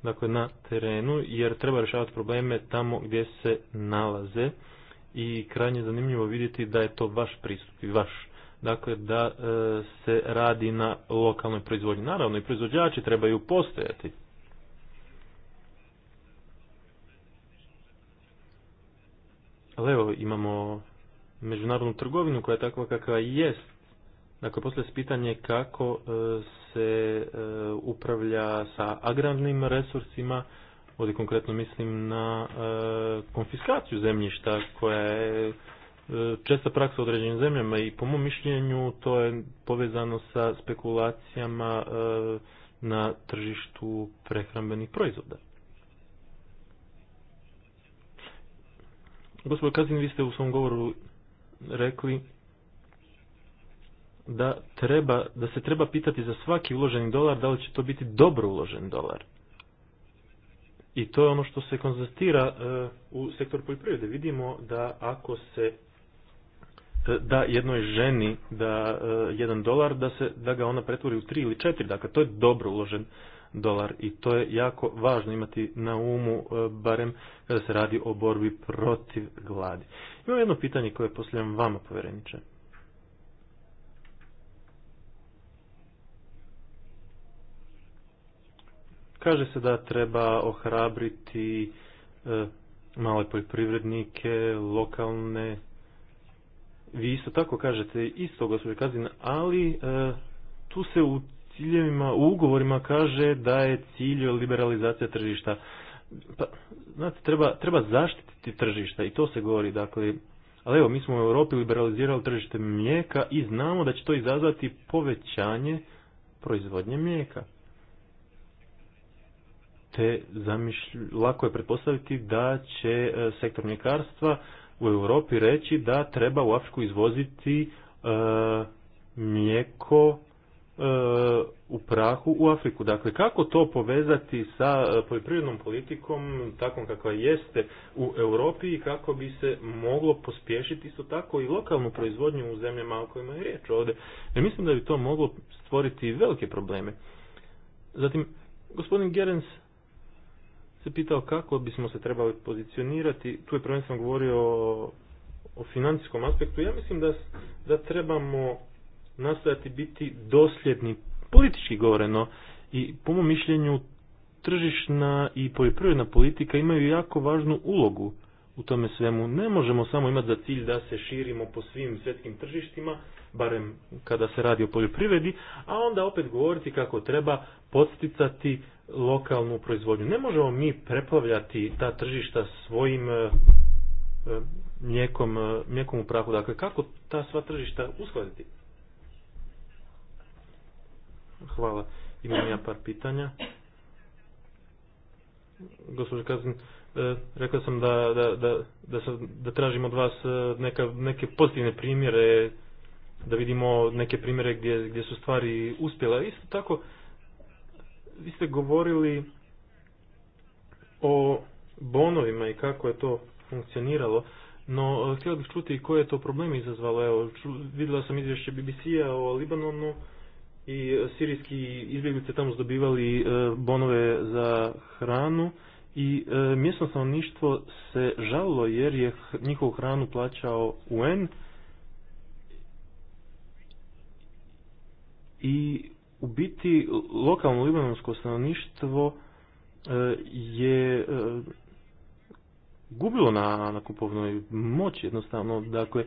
Speaker 2: dakle na terenu, jer treba rješavati probleme tamo gdje se nalaze i krajnje zanimljivo vidjeti da je to vaš pristup i vaš dakle da e, se radi na lokalnoj proizvodnji. Naravno i proizvođači trebaju postojati. Ali evo imamo međunarodnu trgovinu koja je takva kakva jest Dakle, poslije se pitanje kako e, se e, upravlja sa agrarnim resursima, ovdje konkretno mislim na e, konfiskaciju zemljišta koja je česta praksa u određenim zemljama i po mom mišljenju to je povezano sa spekulacijama na tržištu prehrambenih proizvoda. Gospod Kazin, vi ste u svom govoru rekli da, treba, da se treba pitati za svaki uloženi dolar da li će to biti dobro uložen dolar. I to je ono što se konzistira e, u sektor poljoprivrede. Vidimo da ako se e, da jednoj ženi da e, jedan dolar, da, se, da ga ona pretvori u tri ili četiri. Dakle, to je dobro uložen dolar i to je jako važno imati na umu, barem kada se radi o borbi protiv gladi. Imam jedno pitanje koje posljedam vama, povjereniče. Kaže se da treba ohrabriti e, male poljoprivrednike, lokalne. Vi isto tako kažete isto, gospođe Kazin, ali e, tu se u ciljevima, u ugovorima kaže da je cilj liberalizacija tržišta. Pa, znate, treba, treba zaštititi tržišta i to se govori, dakle, ali evo, mi smo u Europi liberalizirali tržište mlijeka i znamo da će to izazvati povećanje proizvodnje mlijeka te zamišlj... lako je pretpostaviti da će e, sektor mljekarstva u Europi reći da treba u Afriku izvoziti e, mlijeko e, u prahu u Afriku. Dakle, kako to povezati sa e, poljoprivrednom politikom takvom kakva jeste u Europi i kako bi se moglo pospješiti isto tako i lokalnu proizvodnju u zemljama o kojima je riječ ovdje. Ja mislim da bi to moglo stvoriti velike probleme. Zatim, gospodin Gerens se pitao kako bismo se trebali pozicionirati. Tu je prvenstveno govorio o, financijskom aspektu. Ja mislim da, da trebamo nastojati biti dosljedni, politički govoreno, i po mom mišljenju tržišna i poljoprivredna politika imaju jako važnu ulogu u tome svemu. Ne možemo samo imati za cilj da se širimo po svim svjetskim tržištima, barem kada se radi o poljoprivredi, a onda opet govoriti kako treba posticati lokalnu proizvodnju. Ne možemo mi preplavljati ta tržišta svojim e, e, e, mlijekom, u prahu. Dakle, kako ta sva tržišta uskladiti? Hvala. Imam ja par pitanja. Gospođo Kazin, rekao sam da, da, da, da, sam, da tražim od vas neka, neke pozitivne primjere, da vidimo neke primjere gdje, gdje su stvari uspjela. Isto tako, vi ste govorili o bonovima i kako je to funkcioniralo, no e, htio bih čuti koje je to problem izazvalo. Evo, vidjela sam izvješće BBC-a o Libanonu i sirijski izbjeglice tamo zdobivali e, bonove za hranu i e, mjesno stanovništvo se žalilo jer je njihovu hranu plaćao UN i u biti lokalno libanonsko stanovništvo e, je e, gubilo na, na kupovnoj moći jednostavno, dakle,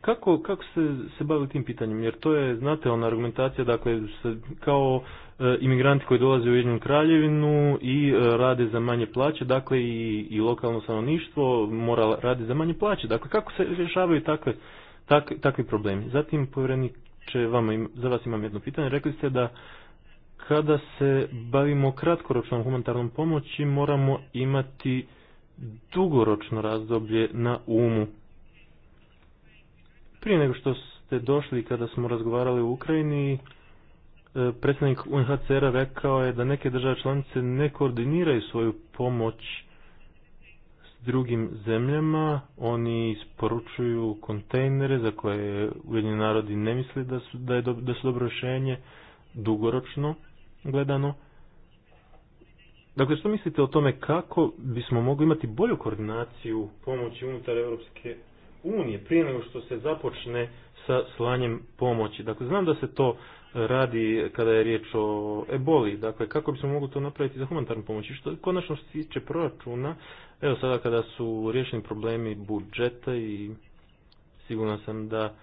Speaker 2: kako, kako se, se bavi tim pitanjem? Jer to je, znate, ona argumentacija, dakle, kao e, imigranti koji dolaze u Jednu kraljevinu i rade za manje plaće, dakle, i, i lokalno stanovništvo mora radi za manje plaće. Dakle, kako se rješavaju takve, takvi problemi? Zatim, povjerenik će vama, za vas imam jedno pitanje. Rekli ste da kada se bavimo kratkoročnom humanitarnom pomoći moramo imati dugoročno razdoblje na umu. Prije nego što ste došli kada smo razgovarali u Ukrajini, e, predsjednik UNHCR-a rekao je da neke države članice ne koordiniraju svoju pomoć drugim zemljama, oni isporučuju kontejnere za koje Ujedinjeni narodi ne misle da su, da je, da su dobro rješenje dugoročno gledano. Dakle, što mislite o tome kako bismo mogli imati bolju koordinaciju pomoći unutar Europske unije prije nego što se započne sa slanjem pomoći? Dakle, znam da se to radi kada je riječ o eboli. Dakle, kako bi se mogli to napraviti za humanitarnu pomoć? I što konačno se tiče proračuna, evo sada kada su riješeni problemi budžeta i siguran sam da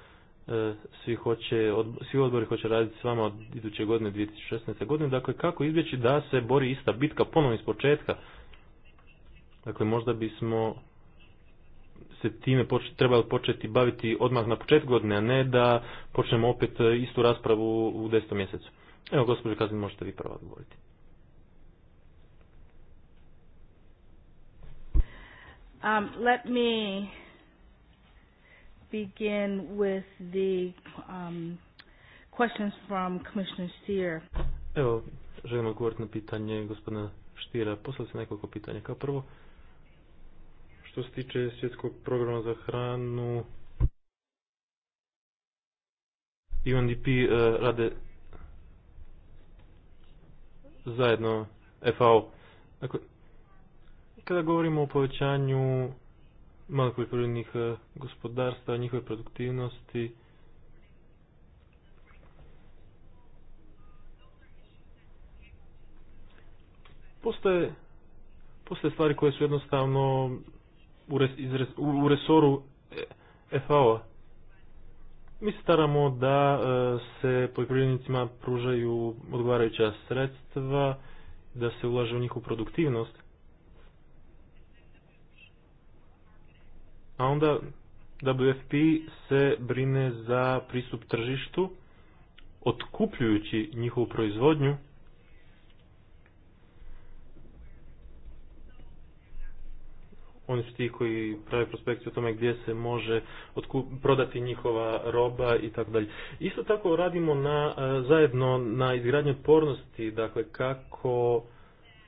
Speaker 2: e, svi, hoće, svi odbori hoće raditi s vama od iduće godine 2016. godine. Dakle, kako izbjeći da se bori ista bitka ponovno iz početka? Dakle, možda bismo se time poč trebali početi baviti odmah na početku godine, a ne da počnemo opet e, istu raspravu u desetom mjesecu. Evo, gospođo Kazin, možete vi prvo odgovoriti.
Speaker 3: Um, let me begin with the um, questions from Commissioner Steer.
Speaker 2: Evo, želim odgovoriti na pitanje gospodina Štira. Poslali se nekoliko pitanja. Kao prvo, što se tiče svjetskog programa za hranu, i UNDP e, rade zajedno FAO. Dakle, kada govorimo o povećanju malih poljoprivrednih e, gospodarstva, njihove produktivnosti, postoje, postoje stvari koje su jednostavno u, u, resoru e, FAO. Mi staramo da e, se poljoprivrednicima pružaju odgovarajuća sredstva, da se ulaže u njihovu produktivnost. A onda WFP se brine za pristup tržištu, otkupljujući njihovu proizvodnju, Oni su ti koji prave prospekciju o tome gdje se može prodati njihova roba i tako dalje. Isto tako radimo na, e, zajedno na izgradnju otpornosti, dakle kako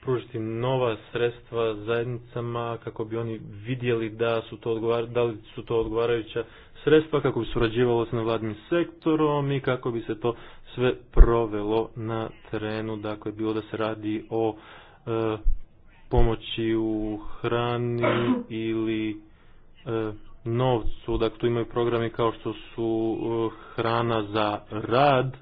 Speaker 2: pružiti nova sredstva zajednicama kako bi oni vidjeli da su to odgovara, da li su to odgovarajuća sredstva kako bi surađivalo s vladnim sektorom i kako bi se to sve provelo na terenu, dakle bilo da se radi o e, pomoći u hrani ili e, novcu, dakle tu imaju programe kao što su e, hrana za rad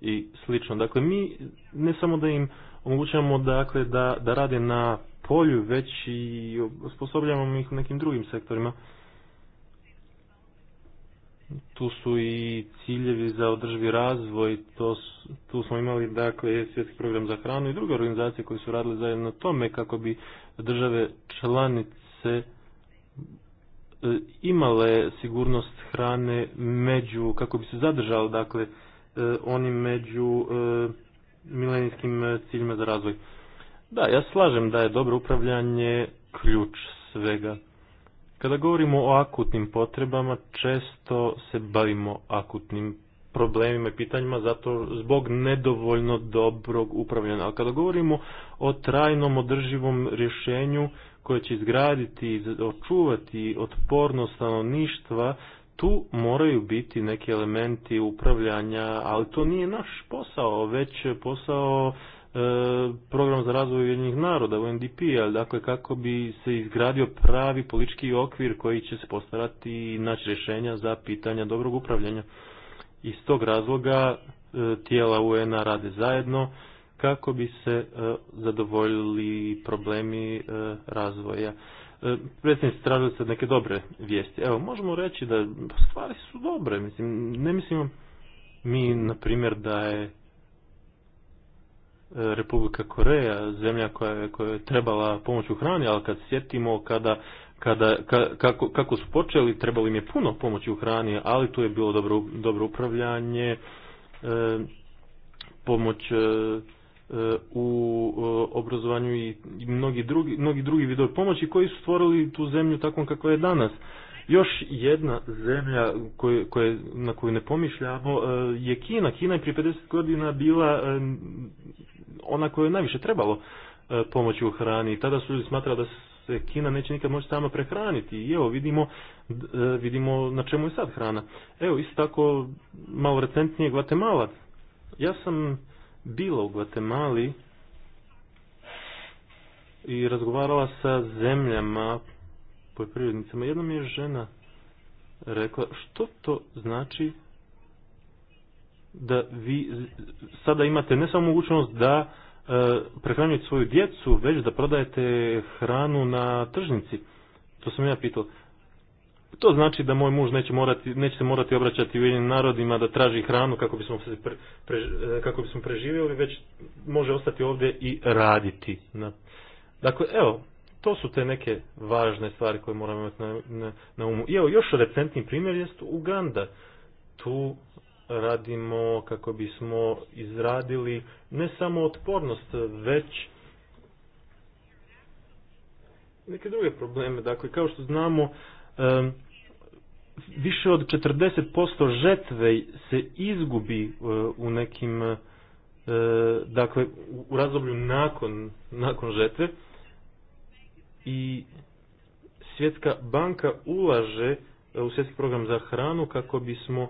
Speaker 2: i slično. Dakle, mi ne samo da im omogućavamo dakle, da, da rade na polju, već i osposobljavamo ih u nekim drugim sektorima tu su i ciljevi za održivi razvoj, to, tu smo imali dakle svjetski program za hranu i druge organizacije koje su radile zajedno na tome kako bi države članice e, imale sigurnost hrane među, kako bi se zadržalo dakle e, oni među e, milenijskim ciljima za razvoj. Da, ja slažem da je dobro upravljanje ključ svega. Kada govorimo o akutnim potrebama, često se bavimo akutnim problemima i pitanjima zato zbog nedovoljno dobrog upravljanja. A kada govorimo o trajnom održivom rješenju koje će izgraditi i očuvati otpornost stanovništva, tu moraju biti neki elementi upravljanja, ali to nije naš posao, već posao E, program za razvoj jednih naroda, UNDP, ali dakle kako bi se izgradio pravi politički okvir koji će se postarati i naći rješenja za pitanja dobrog upravljanja. Iz tog razloga e, tijela UN-a rade zajedno kako bi se e, zadovoljili problemi razvoja. Predsjednici tražili ste neke dobre vijesti. Evo, možemo reći da stvari su dobre. Mislim, ne mislimo mi, na primjer, da je Republika Koreja, zemlja koja je, koja je trebala pomoć u hrani, ali kad sjetimo kada, kada, ka, kako, kako su počeli, trebali im je puno pomoći u hrani, ali tu je bilo dobro, dobro upravljanje, e, pomoć e, e, u obrazovanju i mnogi drugi, mnogi drugi vidovi pomoći koji su stvorili tu zemlju takvom kakva je danas. Još jedna zemlja koje, koje, na koju ne pomišljamo je Kina. Kina je prije 50 godina bila ona koju je najviše trebalo e, pomoći u hrani. tada su ljudi smatrali da se Kina neće nikad moći sama prehraniti. I evo vidimo, e, vidimo na čemu je sad hrana. Evo isto tako malo recentnije Guatemala. Ja sam bila u Gvatemali i razgovarala sa zemljama poljoprivrednicama. Jedna mi je žena rekla što to znači da vi sada imate ne samo mogućnost da e, prehranjujete svoju djecu, već da prodajete hranu na tržnici. To sam ja pitao. To znači da moj muž neće, morati, neće se morati obraćati jednim narodima da traži hranu kako bismo, e, kako bismo preživjeli, već može ostati ovdje i raditi. Dakle, evo, to su te neke važne stvari koje moramo imati na, na, na umu. I evo, još recentni primjer jest Uganda. Tu radimo kako bismo izradili ne samo otpornost, već neke druge probleme. Dakle, kao što znamo, više od 40% žetve se izgubi e, u nekim, e, dakle, u razdoblju nakon, nakon žetve i Svjetska banka ulaže u svjetski program za hranu kako bismo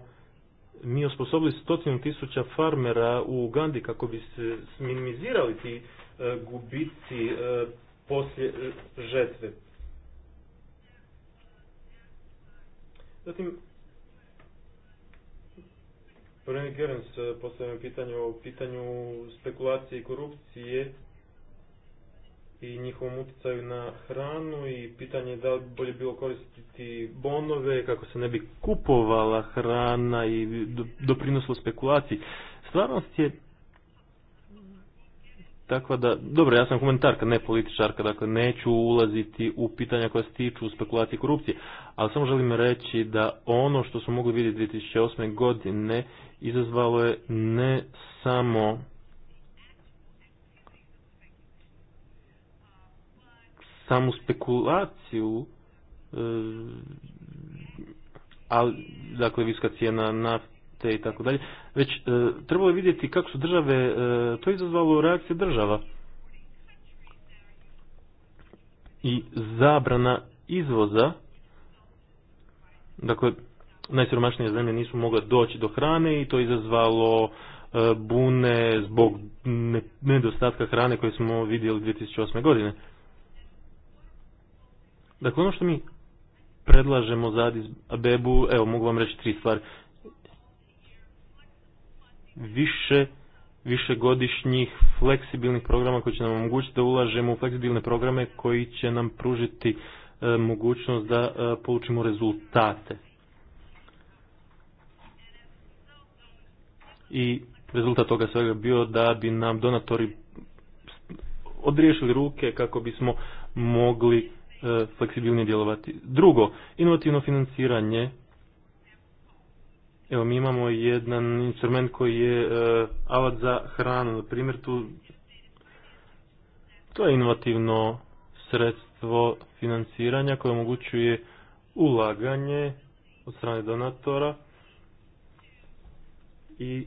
Speaker 2: mi osposobili stotinu tisuća farmera u Ugandi kako bi se minimizirali ti e, gubici e, poslije e, žetve. Zatim, Prvi Gerens postavljam pitanje o pitanju spekulacije i korupcije i njihovom utjecaju na hranu i pitanje je da li bolje bilo koristiti bonove kako se ne bi kupovala hrana i doprinosilo spekulaciji. Stvarnost je takva da, dobro, ja sam komentarka, ne političarka, dakle neću ulaziti u pitanja koja se tiču spekulacije i korupcije, ali samo želim reći da ono što smo mogli vidjeti 2008. godine izazvalo je ne samo samu spekulaciju, e, ali, dakle, viska cijena nafte i tako dalje, već e, trebalo je vidjeti kako su države, e, to je izazvalo reakcije država. I zabrana izvoza, dakle, najsiromašnije zemlje nisu mogle doći do hrane i to je izazvalo bune zbog nedostatka hrane koje smo vidjeli 2008. godine. Dakle, ono što mi predlažemo za Abebu, evo mogu vam reći tri stvari. Više godišnjih fleksibilnih programa koji će nam omogućiti da ulažemo u fleksibilne programe koji će nam pružiti e, mogućnost da e, polučimo rezultate. I rezultat toga svega bio da bi nam donatori odriješili ruke kako bismo mogli E, fleksibilnije djelovati. Drugo, inovativno financiranje. Evo, mi imamo jedan instrument koji je e, alat za hranu. Na primjer, tu to je inovativno sredstvo financiranja koje omogućuje ulaganje od strane donatora i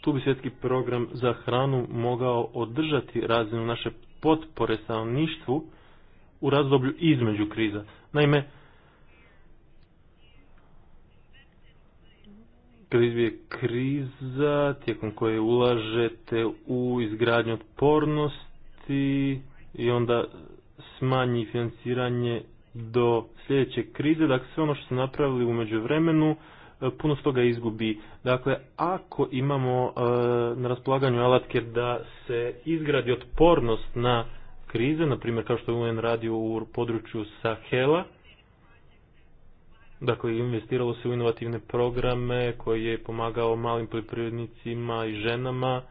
Speaker 2: tu bi svjetski program za hranu mogao održati razinu naše potpore stanovništvu u razdoblju između kriza. Naime, je kriza tijekom koje ulažete u izgradnju otpornosti i onda smanji financiranje do sljedeće krize. Dakle, sve ono što ste napravili u međuvremenu, e, puno s toga izgubi. Dakle, ako imamo e, na raspolaganju alatke da se izgradi otpornost na krize, na primjer kao što je UN radio u području Sahela, Dakle, investiralo se u inovativne programe koji je pomagao malim poljoprivrednicima i ženama.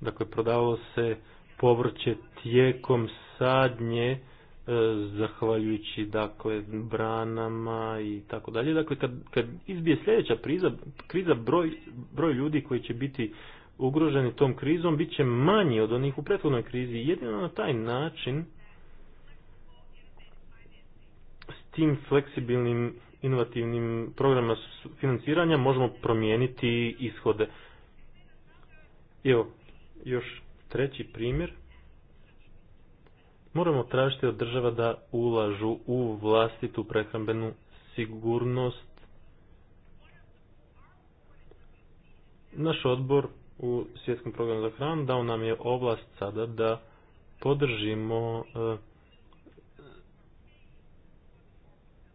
Speaker 2: Dakle, prodavalo se povrće tijekom sadnje e, zahvaljujući dakle branama i tako dalje. Dakle, kad, kad izbije sljedeća priza, kriza, broj, broj ljudi koji će biti ugroženi tom krizom bit će manji od onih u prethodnoj krizi. Jedino na taj način s tim fleksibilnim inovativnim programima financiranja možemo promijeniti ishode. Evo, još treći primjer. Moramo tražiti od država da ulažu u vlastitu prehrambenu sigurnost. Naš odbor u svjetskom programu za hranu dao nam je oblast sada da podržimo e,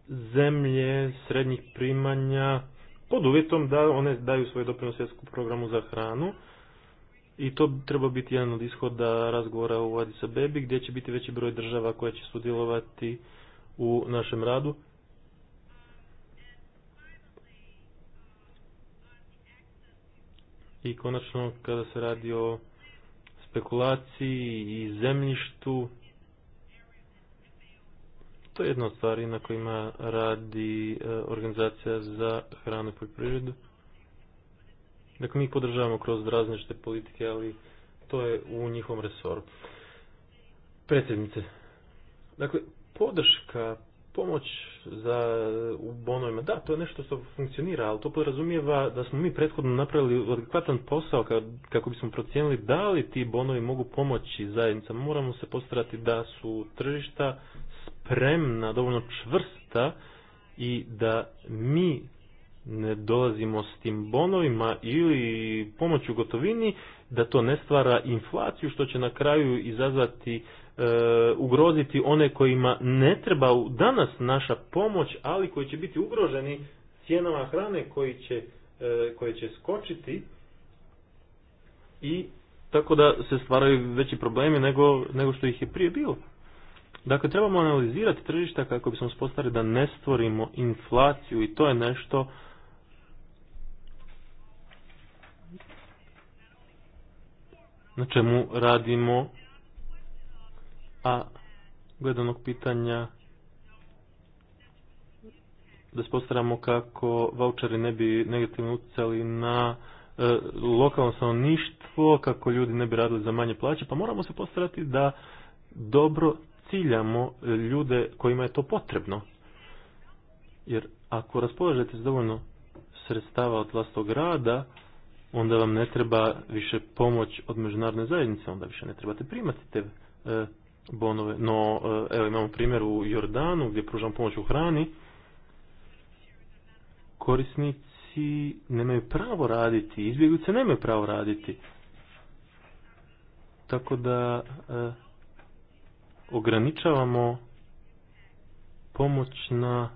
Speaker 2: zemlje srednjih primanja pod uvjetom da one daju svoj doprinos svjetskom programu za hranu i to treba biti jedan od ishoda razgovora u Addis BEBI gdje će biti veći broj država koje će sudjelovati u našem radu I konačno kada se radi o spekulaciji i zemljištu, to je jedna od stvari na kojima radi e, organizacija za hranu i poljoprivredu. Dakle, mi podržavamo kroz različite politike, ali to je u njihovom resoru. Predsjednice, dakle, podrška pomoć za, u bonovima, da, to je nešto što funkcionira, ali to podrazumijeva da smo mi prethodno napravili adekvatan posao kako bismo procijenili da li ti bonovi mogu pomoći zajednicama. Moramo se postarati da su tržišta spremna, dovoljno čvrsta i da mi ne dolazimo s tim bonovima ili u gotovini da to ne stvara inflaciju što će na kraju izazvati E, ugroziti one kojima ne treba danas naša pomoć, ali koji će biti ugroženi cijenama hrane koji će, e, koje će skočiti i tako da se stvaraju veći problemi nego, nego što ih je prije bilo. Dakle, trebamo analizirati tržišta kako bismo spostali da ne stvorimo inflaciju i to je nešto na čemu radimo a gledanog pitanja da spostavljamo kako vaučari ne bi negativno utjecali na e, lokalno stanovništvo, kako ljudi ne bi radili za manje plaće, pa moramo se postarati da dobro ciljamo ljude kojima je to potrebno. Jer ako raspolažete dovoljno sredstava od vlastog rada, onda vam ne treba više pomoć od međunarodne zajednice, onda više ne trebate primati te e, bonove. No, e, evo imamo primjer u Jordanu gdje pružamo pomoć u hrani. Korisnici nemaju pravo raditi, izbjeglice nemaju pravo raditi. Tako da e, ograničavamo pomoć na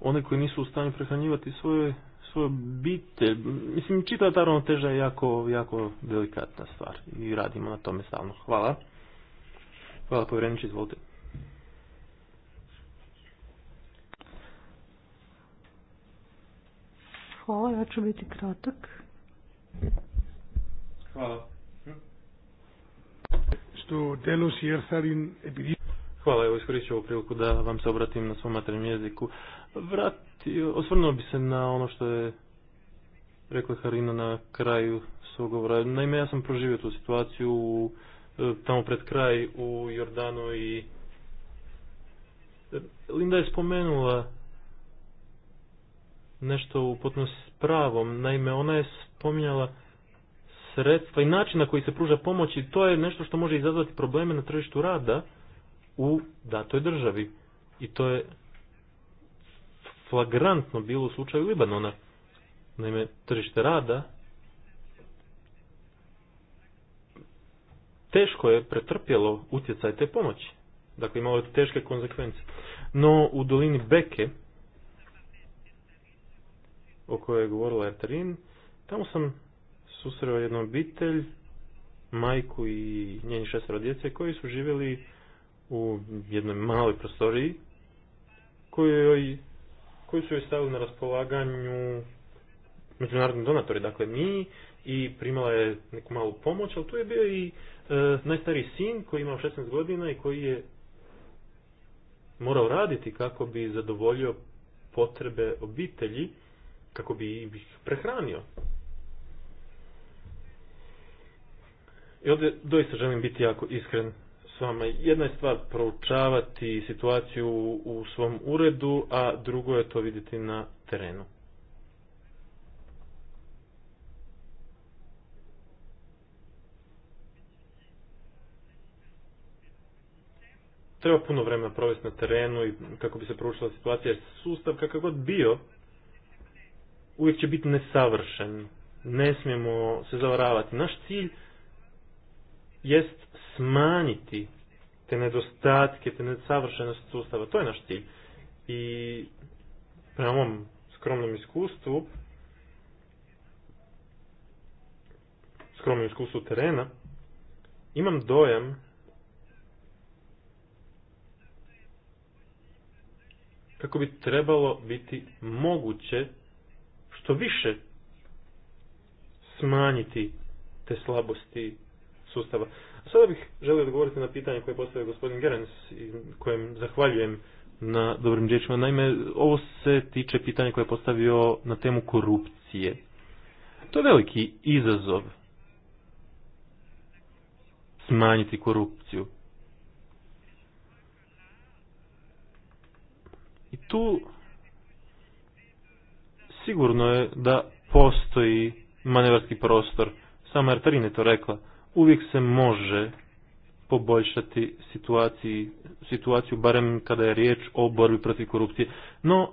Speaker 2: one koji nisu u stanju prehranjivati svoje svoje bite. Mislim, čitava ta ravnoteža je jako, jako delikatna stvar i radimo na tome stalno. Hvala. Hvala povjereniče, izvolite.
Speaker 1: Hvala, ja ću biti kratak. Hvala. Što τέλος η Έρθαριν, επειδή Hvala,
Speaker 2: evo iskoristit ću ovu priliku da vam se obratim na svom materijem jeziku. Vrati, osvrnuo bi se na ono što je rekla Harina na kraju svog govora. Naime, ja sam proživio tu situaciju e, tamo pred kraj u Jordanu i Linda je spomenula nešto u potpuno s pravom. Naime, ona je spominjala sredstva i način na koji se pruža pomoć i to je nešto što može izazvati probleme na tržištu rada u datoj državi. I to je flagrantno bilo u slučaju Libanona. Naime, tržište rada teško je pretrpjelo utjecaj te pomoći. Dakle, imalo je teške konsekvence. No, u dolini Beke, o kojoj je govorila Ertarin, tamo sam susreo jednu obitelj, majku i njeni šestero djece, koji su živjeli u jednoj maloj prostoriji koju su joj stavili na raspolaganju međunarodni donatori. Dakle, mi i primala je neku malu pomoć, ali tu je bio i e, najstariji sin koji je imao 16 godina i koji je morao raditi kako bi zadovoljio potrebe obitelji, kako bi ih prehranio. I ovdje doista želim biti jako iskren s vama. Jedna je stvar proučavati situaciju u svom uredu, a drugo je to vidjeti na terenu. treba puno vremena provesti na terenu i kako bi se proučila situacija, jer sustav kakav god bio, uvijek će biti nesavršen. Ne smijemo se zavaravati. Naš cilj jest smanjiti te nedostatke, te nesavršenost sustava. To je naš cilj. I prema ovom skromnom iskustvu, skromnom iskustvu terena, imam dojam kako bi trebalo biti moguće što više smanjiti te slabosti sustava. A sada bih želio odgovoriti na pitanje koje postavio gospodin Gerens i kojem zahvaljujem na dobrim riječima. Naime, ovo se tiče pitanja koje je postavio na temu korupcije. To je veliki izazov smanjiti korupciju. I tu sigurno je da postoji manevarski prostor. Sama je to rekla uvijek se može poboljšati situaciji, situaciju, barem kada je riječ o borbi protiv korupcije. No,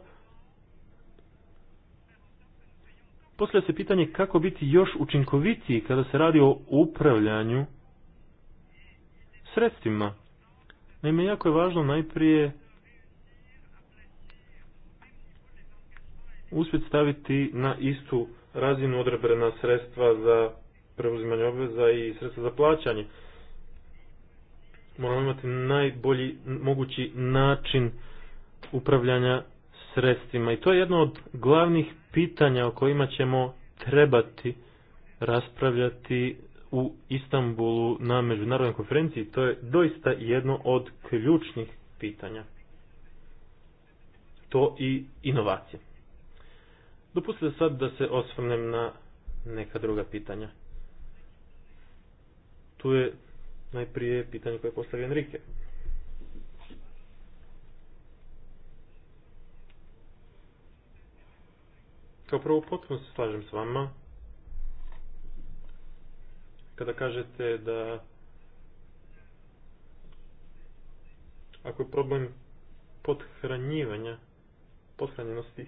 Speaker 2: poslije se pitanje kako biti još učinkovitiji kada se radi o upravljanju sredstvima. Naime, jako je važno najprije uspjeti staviti na istu razinu odrebrena sredstva za Preuzimanje obveza i sredstva za plaćanje. Moramo imati najbolji mogući način upravljanja sredstvima i to je jedno od glavnih pitanja o kojima ćemo trebati raspravljati u Istanbulu na međunarodnoj konferenciji. To je doista jedno od ključnih pitanja. To i inovacije. Dopustite sad da se osvrnem na neka druga pitanja. Tu je najprije pitanje koje je postavio Enrique. Kao prvo potpuno se slažem s vama kada kažete da ako je problem podhranjivanja, podhranjenosti,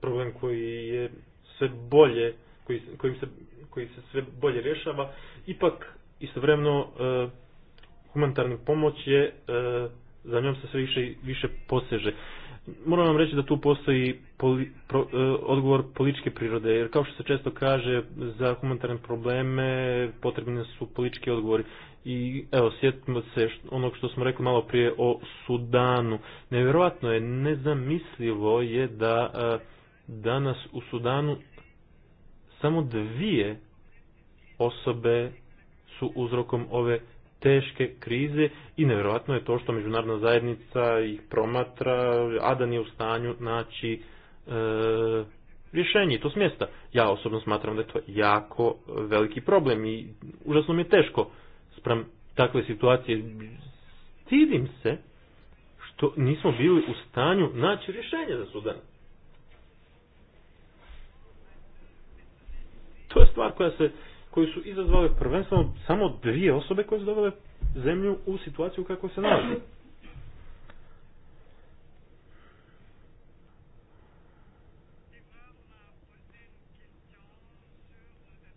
Speaker 2: problem koji je sve bolje, koji, kojim se, koji se sve bolje rješava, ipak istovremeno e, humanitarna pomoć je, e, za njom se sve više, više poseže. Moram vam reći da tu postoji pro, e, odgovor političke prirode, jer kao što se često kaže, za humanitarne probleme potrebni su politički odgovori. I evo, sjetimo se onog što smo rekli malo prije o Sudanu. Nevjerojatno je, nezamislivo je da e, danas u Sudanu samo dvije osobe su uzrokom ove teške krize i nevjerojatno je to što međunarodna zajednica ih promatra, a da nije u stanju naći e, rješenje i to s Ja osobno smatram da je to jako veliki problem i užasno mi je teško sprem takve situacije. Stidim se što nismo bili u stanju naći rješenje za Sudan. stvar koja se, koju su izazvale prvenstveno samo dvije osobe koje su dovele zemlju u situaciju kako se nalazi.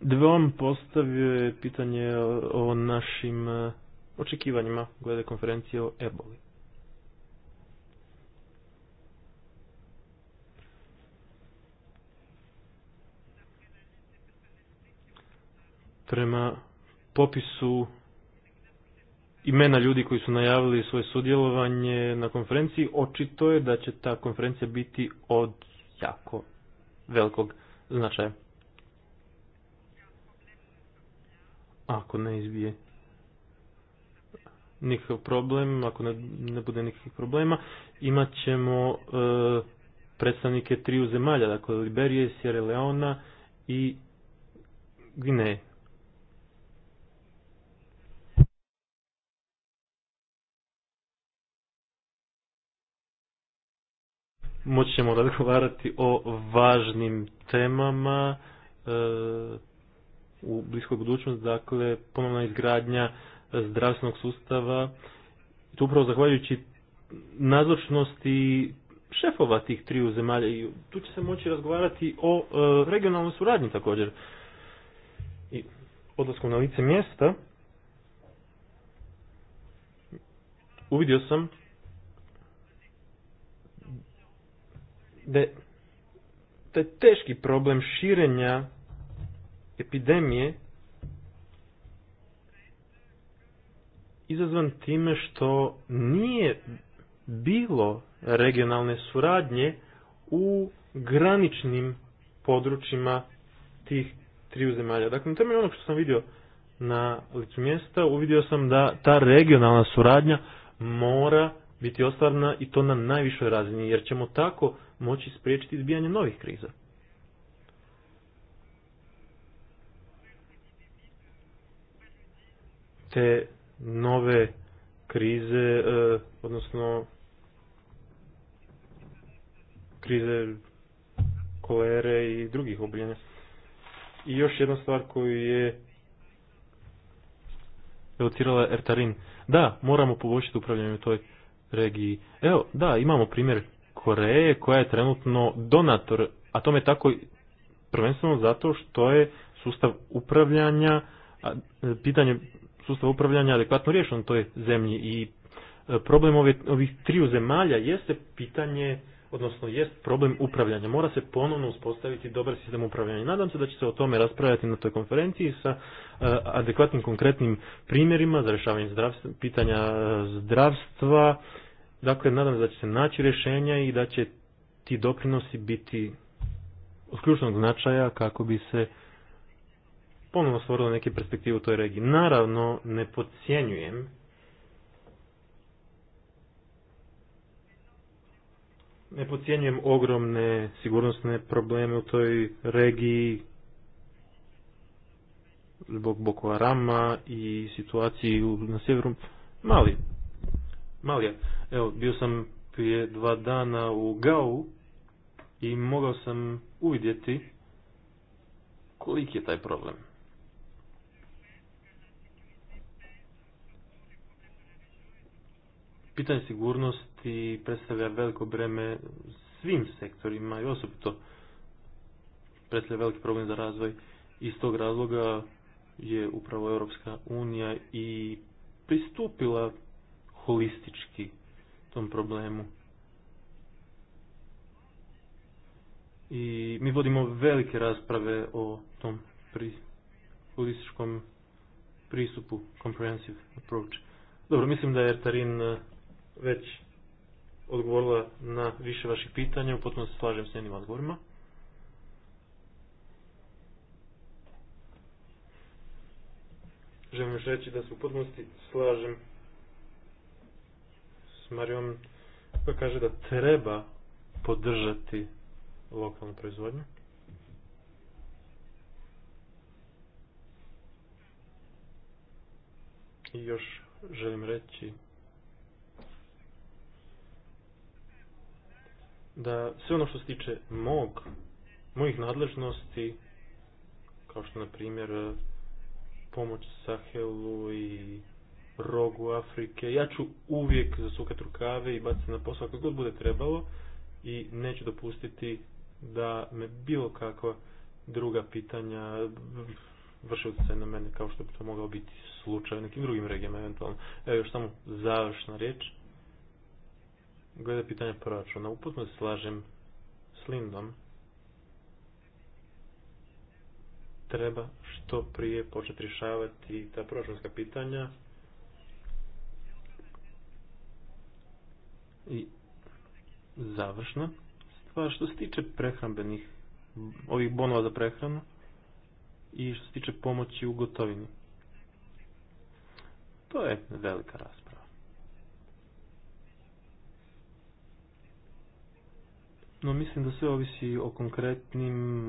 Speaker 2: Dvom postavio je pitanje o našim eh, očekivanjima glede konferencije o eboli. prema popisu imena ljudi koji su najavili svoje sudjelovanje na konferenciji, očito je da će ta konferencija biti od jako velikog značaja. Ako ne izbije nikakav problem, ako ne, bude nikakvih problema, imat ćemo e, predstavnike triju zemalja, dakle Liberije, Sierra Leona i Gvineje. moći ćemo razgovarati o važnim temama e, u bliskoj budućnosti, dakle ponovna izgradnja zdravstvenog sustava. Tu upravo zahvaljujući nazočnosti šefova tih triju zemalja i tu će se moći razgovarati o e, regionalnoj suradnji također. I odlaskom na lice mjesta uvidio sam da je taj teški problem širenja epidemije izazvan time što nije bilo regionalne suradnje u graničnim područjima tih triju zemalja. Dakle, na temelju onog što sam vidio na licu mjesta, uvidio sam da ta regionalna suradnja mora biti ostvarna i to na najvišoj razini, jer ćemo tako moći spriječiti izbijanje novih kriza. Te nove krize, e, odnosno krize kolere i drugih obiljenja. I još jedna stvar koju je evocirala Ertarin. Da, moramo poboljšati upravljanje toj regiji. Evo, da, imamo primjer Koreje koja je trenutno donator, a tome tako prvenstveno zato što je sustav upravljanja, pitanje sustava upravljanja adekvatno riješeno toj zemlji i e, problem ovih, ovih triju zemalja jeste pitanje odnosno jest problem upravljanja. Mora se ponovno uspostaviti dobar sistem upravljanja. Nadam se da će se o tome raspravljati na toj konferenciji sa e, adekvatnim konkretnim primjerima za rješavanje e, zdravstva, pitanja zdravstva Dakle, nadam se da će se naći rješenja i da će ti doprinosi biti od ključnog značaja kako bi se ponovno stvorilo neke perspektive u toj regiji. Naravno, ne podcjenjujem ne podcjenjujem ogromne sigurnosne probleme u toj regiji zbog Boko Harama i situaciji na sjeveru Mali. mali ja. Evo, bio sam prije dva dana u Gau i mogao sam uvidjeti koliki je taj problem. Pitanje sigurnosti predstavlja veliko breme svim sektorima i osobito predstavlja veliki problem za razvoj. Iz tog razloga je upravo Europska unija i pristupila holistički tom problemu. I mi vodimo velike rasprave o tom pri, holističkom pristupu, comprehensive approach. Dobro, mislim da je Tarin eh, već odgovorila na više vaših pitanja, u potpuno se slažem s njenim odgovorima. Želim još reći da se u potpunosti slažem s Marijom kaže da treba podržati lokalnu proizvodnju. I još želim reći da sve ono što se tiče mog, mojih nadležnosti, kao što na primjer pomoć Sahelu i rogu Afrike. Ja ću uvijek zasukati rukave i baciti na posao kako god bude trebalo i neću dopustiti da me bilo kakva druga pitanja vrše se na mene kao što bi to mogao biti slučaj u nekim drugim regijama eventualno. Evo još samo završna riječ. Glede pitanja proračuna. Uputno se slažem s Lindom. Treba što prije početi rješavati ta proračunska pitanja I završna stvar što se tiče prehrambenih, ovih bonova za prehranu i što se tiče pomoći u gotovini. To je velika rasprava. No mislim da sve ovisi o konkretnim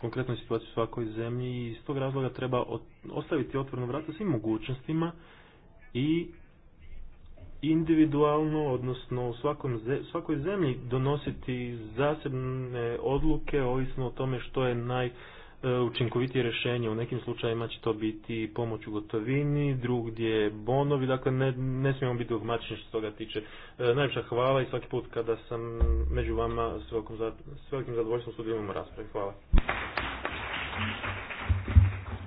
Speaker 2: konkretnoj situaciji u svakoj zemlji i iz tog razloga treba ostaviti otvoreno vrata svim mogućnostima i individualno, odnosno u svakom, svakoj zemlji donositi zasebne odluke ovisno o tome što je naj učinkovitije rješenje. U nekim slučajima će to biti pomoć u gotovini, drugdje bonovi, dakle ne, ne smijemo biti dogmatični što se toga tiče. E, hvala i svaki put kada sam među vama s velikim, zadovoljstvom sudjelujem u raspravi. Hvala.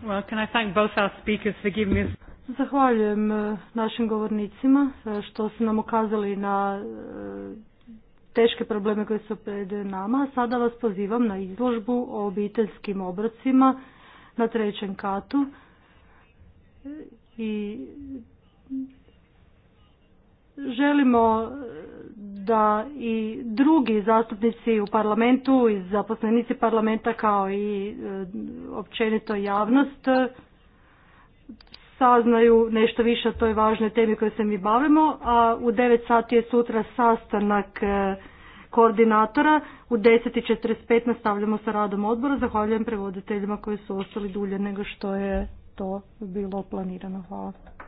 Speaker 1: Well, can I thank both our speakers for giving Zahvaljujem e, našim govornicima e, što su nam ukazali na e, teške probleme koje su pred nama. Sada vas pozivam na izložbu o obiteljskim obrocima na trećem katu. I želimo da i drugi zastupnici u parlamentu i zaposlenici parlamenta kao i općenito javnost saznaju nešto više o toj važnoj temi kojoj se mi bavimo, a u 9 sati je sutra sastanak e, koordinatora, u 10.45 nastavljamo sa radom odbora. Zahvaljujem prevoditeljima koji su ostali dulje nego što je to bilo planirano. Hvala.